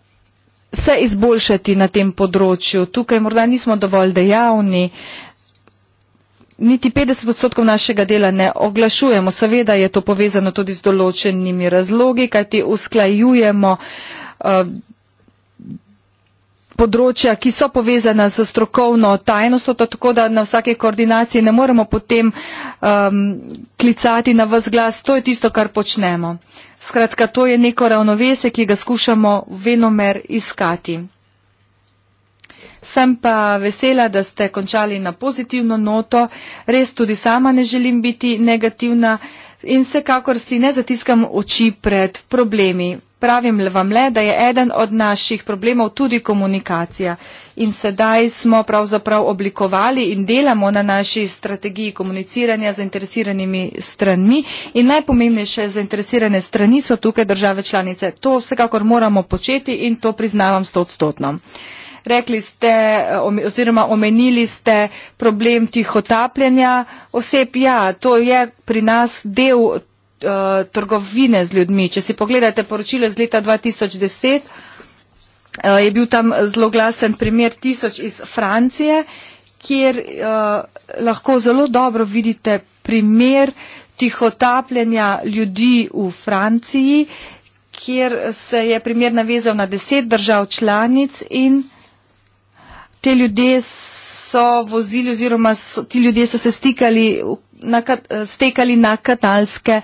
se izboljšati na tem področju. Tukaj morda nismo dovolj dejavni, uh, niti 50 odstotkov našega dela ne oglašujemo. Seveda je to povezano tudi z določenimi razlogi, kajti usklajujemo uh, področja, ki so povezana z strokovno tajnostjo, tako da na vsake koordinaciji ne moremo potem um, klicati na vas glas. To je tisto, kar počnemo. Skratka, to je neko ravnovese, ki ga skušamo venomer iskati. Sem pa vesela, da ste končali na pozitivno noto. Res tudi sama ne želim biti negativna in vsekakor si ne zatiskam oči pred problemi. Pravim vam le, da je eden od naših problemov tudi komunikacija. In sedaj smo pravzaprav oblikovali in delamo na naši strategiji komuniciranja z zainteresiranimi stranmi. In najpomembnejše zainteresirane strani so tukaj države članice. To vsekakor moramo početi in to priznavam stotstotno. 100 rekli ste oziroma omenili ste problem tihotapljenja oseb. Ja, to je pri nas del uh, trgovine z ljudmi. Če si pogledate poročilo iz leta 2010, uh, eh, je bil tam zelo glasen primer tisoč iz Francije, kjer uh, lahko zelo dobro vidite primer tihotapljenja ljudi v Franciji kjer se je primer navezal na deset držav članic in te ljudje so vozili oziroma so, ti ljudje so se stikali, na, eh, stekali na katalske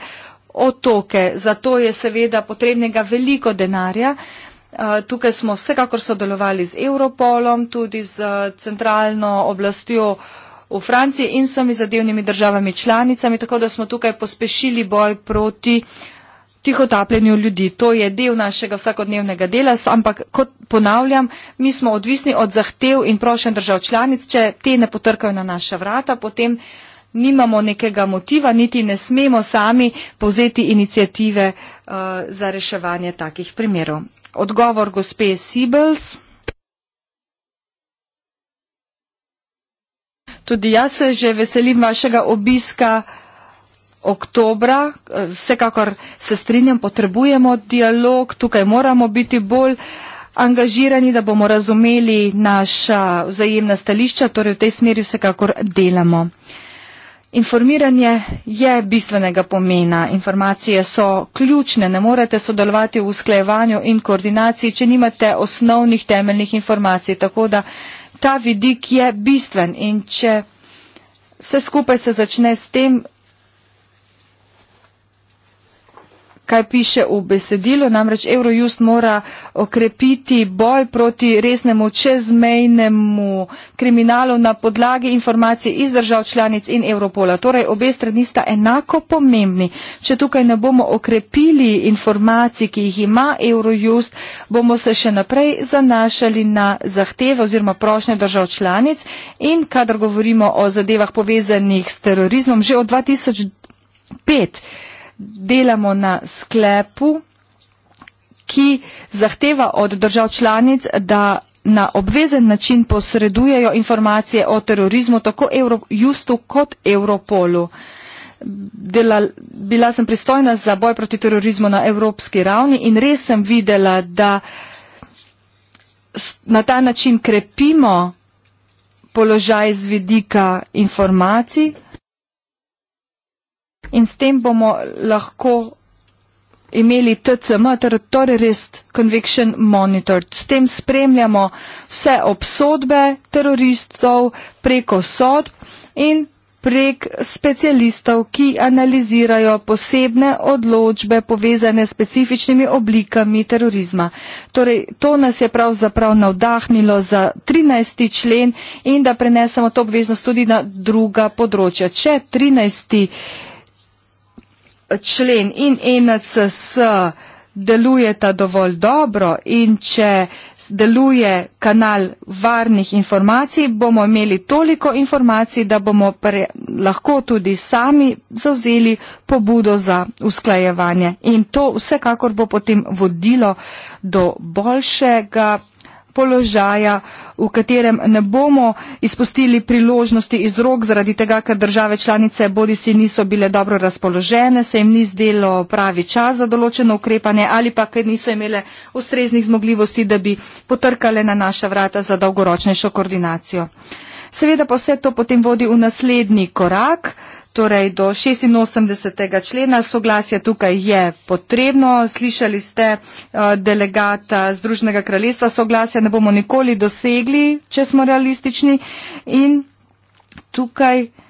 otoke. Zato je seveda potrebnega veliko denarja. Eh, tukaj smo vsekakor sodelovali z Europolom, tudi z eh, centralno oblastjo v Franciji in vsemi zadevnimi državami članicami, tako da smo tukaj pospešili boj proti uh, tihotapljenju ljudi. To je del našega vsakodnevnega dela, ampak kot ponavljam, mi smo odvisni od zahtev in prošen držav članic, če te ne potrkajo na naša vrata, potem nimamo nekega motiva, niti ne smemo sami povzeti inicijative uh, eh, za reševanje takih primerov. Odgovor gospe Sibels. Tudi jaz se že veselim vašega obiska oktobra, vsekakor se strinjam, potrebujemo dialog, tukaj moramo biti bolj angažirani, da bomo razumeli naša vzajemna stališča, torej v tej smeri vsekakor delamo. Informiranje je bistvenega pomena, informacije so ključne, ne morete sodelovati v usklajevanju in koordinaciji, če nimate osnovnih temeljnih informacij, tako da ta vidik je bistven in če vse skupaj se začne s tem, kaj piše v besedilu, namreč Eurojust mora okrepiti boj proti resnemu čezmejnemu kriminalu na podlagi informacij iz držav članic in Europola. Torej, obe strani sta enako pomembni. Če tukaj ne bomo okrepili informacij, ki jih ima Eurojust, bomo se še naprej zanašali na zahteve oziroma prošnje držav članic in kadar govorimo o zadevah povezanih s terorizmom, že od 2005 delamo na sklepu, ki zahteva od držav članic, da na obvezen način posredujejo informacije o terorizmu tako Eurojustu kot Europolu. Dela, bila sem pristojna za boj proti terorizmu na evropski ravni in res sem videla, da na ta način krepimo položaj z vidika informacij. In s tem bomo lahko imeli TCM, Terrorist torej Conviction Monitor. S tem spremljamo vse obsodbe teroristov preko sodb in prek specialistov, ki analizirajo posebne odločbe povezane s specifičnimi oblikami terorizma. Torej, to nas je pravzaprav navdahnilo za 13. člen in da prenesemo to obveznost tudi na druga področja. Če 13. člen člen in NCS delujeta dovolj dobro in če deluje kanal varnih informacij, bomo imeli toliko informacij, da bomo pre, lahko tudi sami zauzeli pobudo za usklajevanje. In to vsekakor bo potem vodilo do boljšega položaja, v katerem ne bomo izpustili priložnosti iz rok, zaradi tega, ker države članice bodi si niso bile dobro razpoložene, se jim ni zdelo pravi čas za določeno ukrepanje ali pa ker niso imele ustreznih zmogljivosti, da bi potrkale na naša vrata za dolgoročnejšo koordinacijo. Seveda pa vse to potem vodi v naslednji korak, torej do 86. člena. Soglasje tukaj je potrebno. Slišali ste eh, delegata Združnega kraljestva, soglasje ne bomo nikoli dosegli, če smo realistični. In tukaj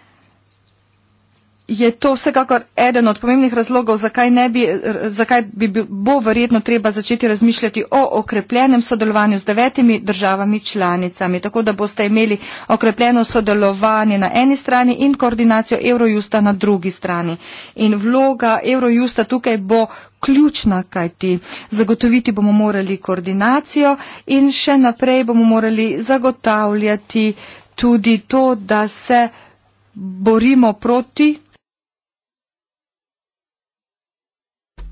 je to vsekakor eden od pomembnih razlogov, zakaj, ne bi, zakaj bi bo verjetno treba začeti razmišljati o okrepljenem sodelovanju z devetimi državami članicami, tako da boste imeli okrepljeno sodelovanje na eni strani in koordinacijo Eurojusta na drugi strani. In vloga Eurojusta tukaj bo ključna, kaj ti zagotoviti bomo morali koordinacijo in še naprej bomo morali zagotavljati tudi to, da se borimo proti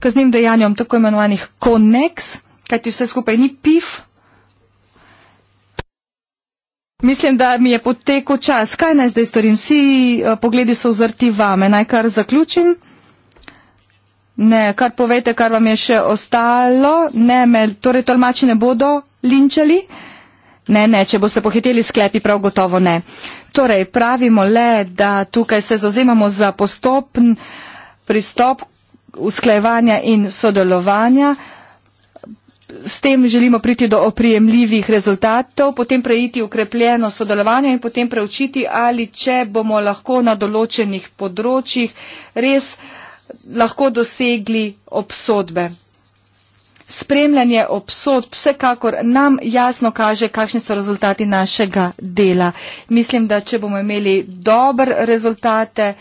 kaznim dejanjem tako imenovanih koneks, kajti vse skupaj ni pif. Mislim, da mi je potekel čas. Kaj naj zdaj storim? Vsi eh, pogledi so vzrti vame. Naj kar zaključim. Ne, kar povete, kar vam je še ostalo. Ne, me, torej tolmači ne bodo linčali. Ne, ne, če boste pohiteli sklepi, prav gotovo ne. Torej, pravimo le, da tukaj se zazemamo za postopn pristop usklajevanja in sodelovanja. S tem želimo priti do oprijemljivih rezultatov, potem preiti ukrepljeno sodelovanje in potem preučiti, ali če bomo lahko na določenih področjih res lahko dosegli obsodbe. Spremljanje obsodb vsekakor nam jasno kaže, kakšni so rezultati našega dela. Mislim, da če bomo imeli dobre rezultate,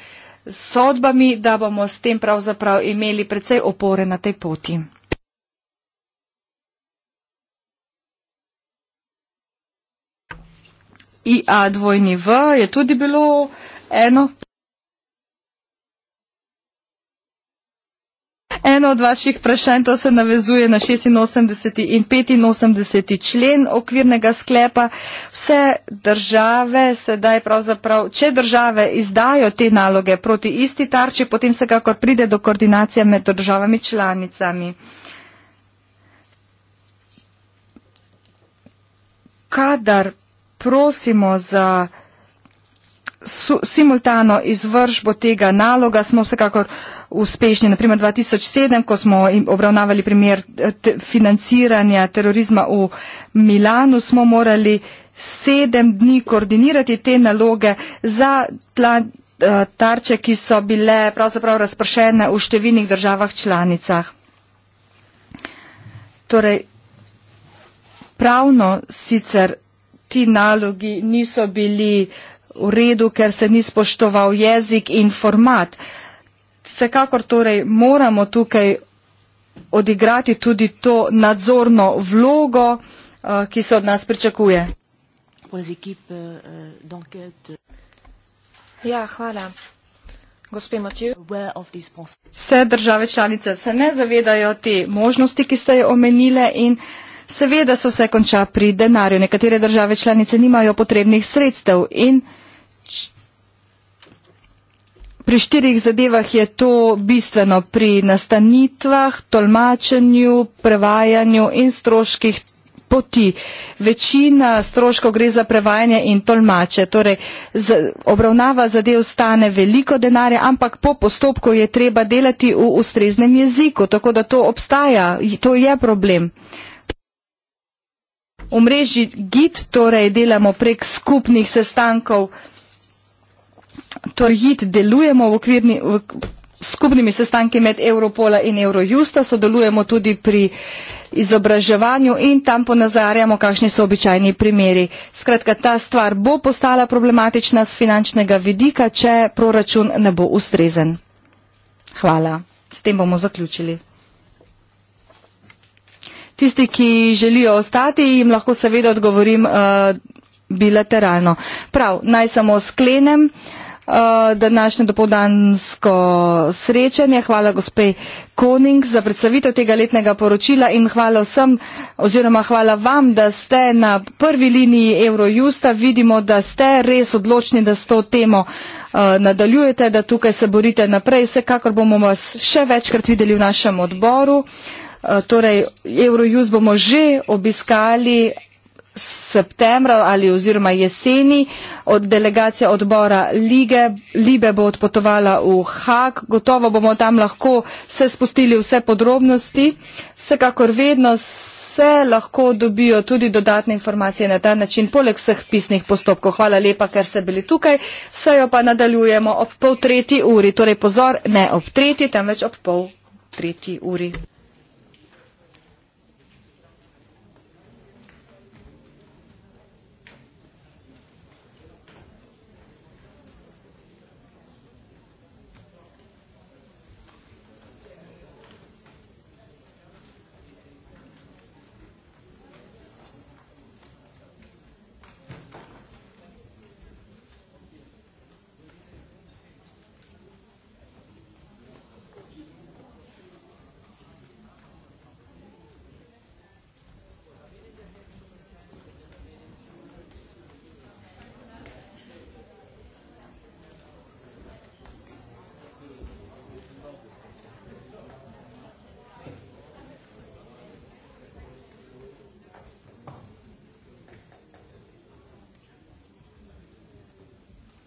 sodbami, da bomo s tem pravzaprav imeli precej opore na tej poti. IA dvojni V je tudi bilo eno. Eno od vaših vprašanj to se navezuje na 86 in 85 člen okvirnega sklepa. Vse države sedaj pravzaprav, če države izdajo te naloge proti isti tarči, potem se kakor pride do koordinacije med državami članicami. Kadar prosimo za su, simultano izvršbo tega naloga smo vsekakor uspešni. Naprimer 2007, ko smo obravnavali primer eh, te, financiranja terorizma v Milanu, smo morali sedem dni koordinirati te naloge za tla, eh, tarče, ki so bile pravzaprav razpršene v številnih državah članicah. Torej, pravno sicer ti nalogi niso bili uh, v redu, ker se ni spoštoval jezik in format. Vsekakor torej moramo tukaj odigrati tudi to nadzorno vlogo, eh, ki se od nas pričakuje. Euh, ja, hvala. Gospe Matiju, vse države članice se ne zavedajo te možnosti, ki ste jo omenile in seveda se vse konča pri denarju. Nekatere države članice nimajo potrebnih sredstev in pri štirih zadevah je to bistveno pri nastanitvah, tolmačenju, prevajanju in stroških poti. Večina stroškov gre za prevajanje in tolmače. Torej, obravnava zadev stane veliko denarja, ampak po postopku je treba delati v ustreznem jeziku, tako da to obstaja, to je problem. V mreži GIT torej delamo prek skupnih sestankov. Torjit delujemo v okvirni, v skupnimi sestanki med Europola in Eurojusta, sodelujemo tudi pri izobraževanju in tam ponazarjamo, kakšni so običajni primeri. Skratka, ta stvar bo postala problematična z finančnega vidika, če proračun ne bo ustrezen. Hvala. S tem bomo zaključili. Tisti, ki želijo ostati, jim lahko seveda odgovorim uh, bilateralno. Prav, naj samo sklenem. Uh, Eh, današnje dopoldansko srečanje. Hvala gospe Koning za predstavitev tega letnega poročila in hvala vsem oziroma hvala vam, da ste na prvi liniji Eurojusta. Vidimo, da ste res odločni, da s to temo eh, nadaljujete, da tukaj se borite naprej. Vsekakor bomo vas še večkrat videli v našem odboru. Eh, torej, Eurojust bomo že obiskali septembra ali oziroma jeseni. Od delegacija odbora Lige, Libe bo odpotovala v Hak. Gotovo bomo tam lahko se spustili vse podrobnosti. Vsekakor vedno se lahko dobijo tudi dodatne informacije na ta način, poleg vseh pisnih postopkov. Hvala lepa, ker ste bili tukaj. Sejo pa nadaljujemo ob pol tretji uri. Torej pozor, ne ob tretji, temveč ob pol tretji uri.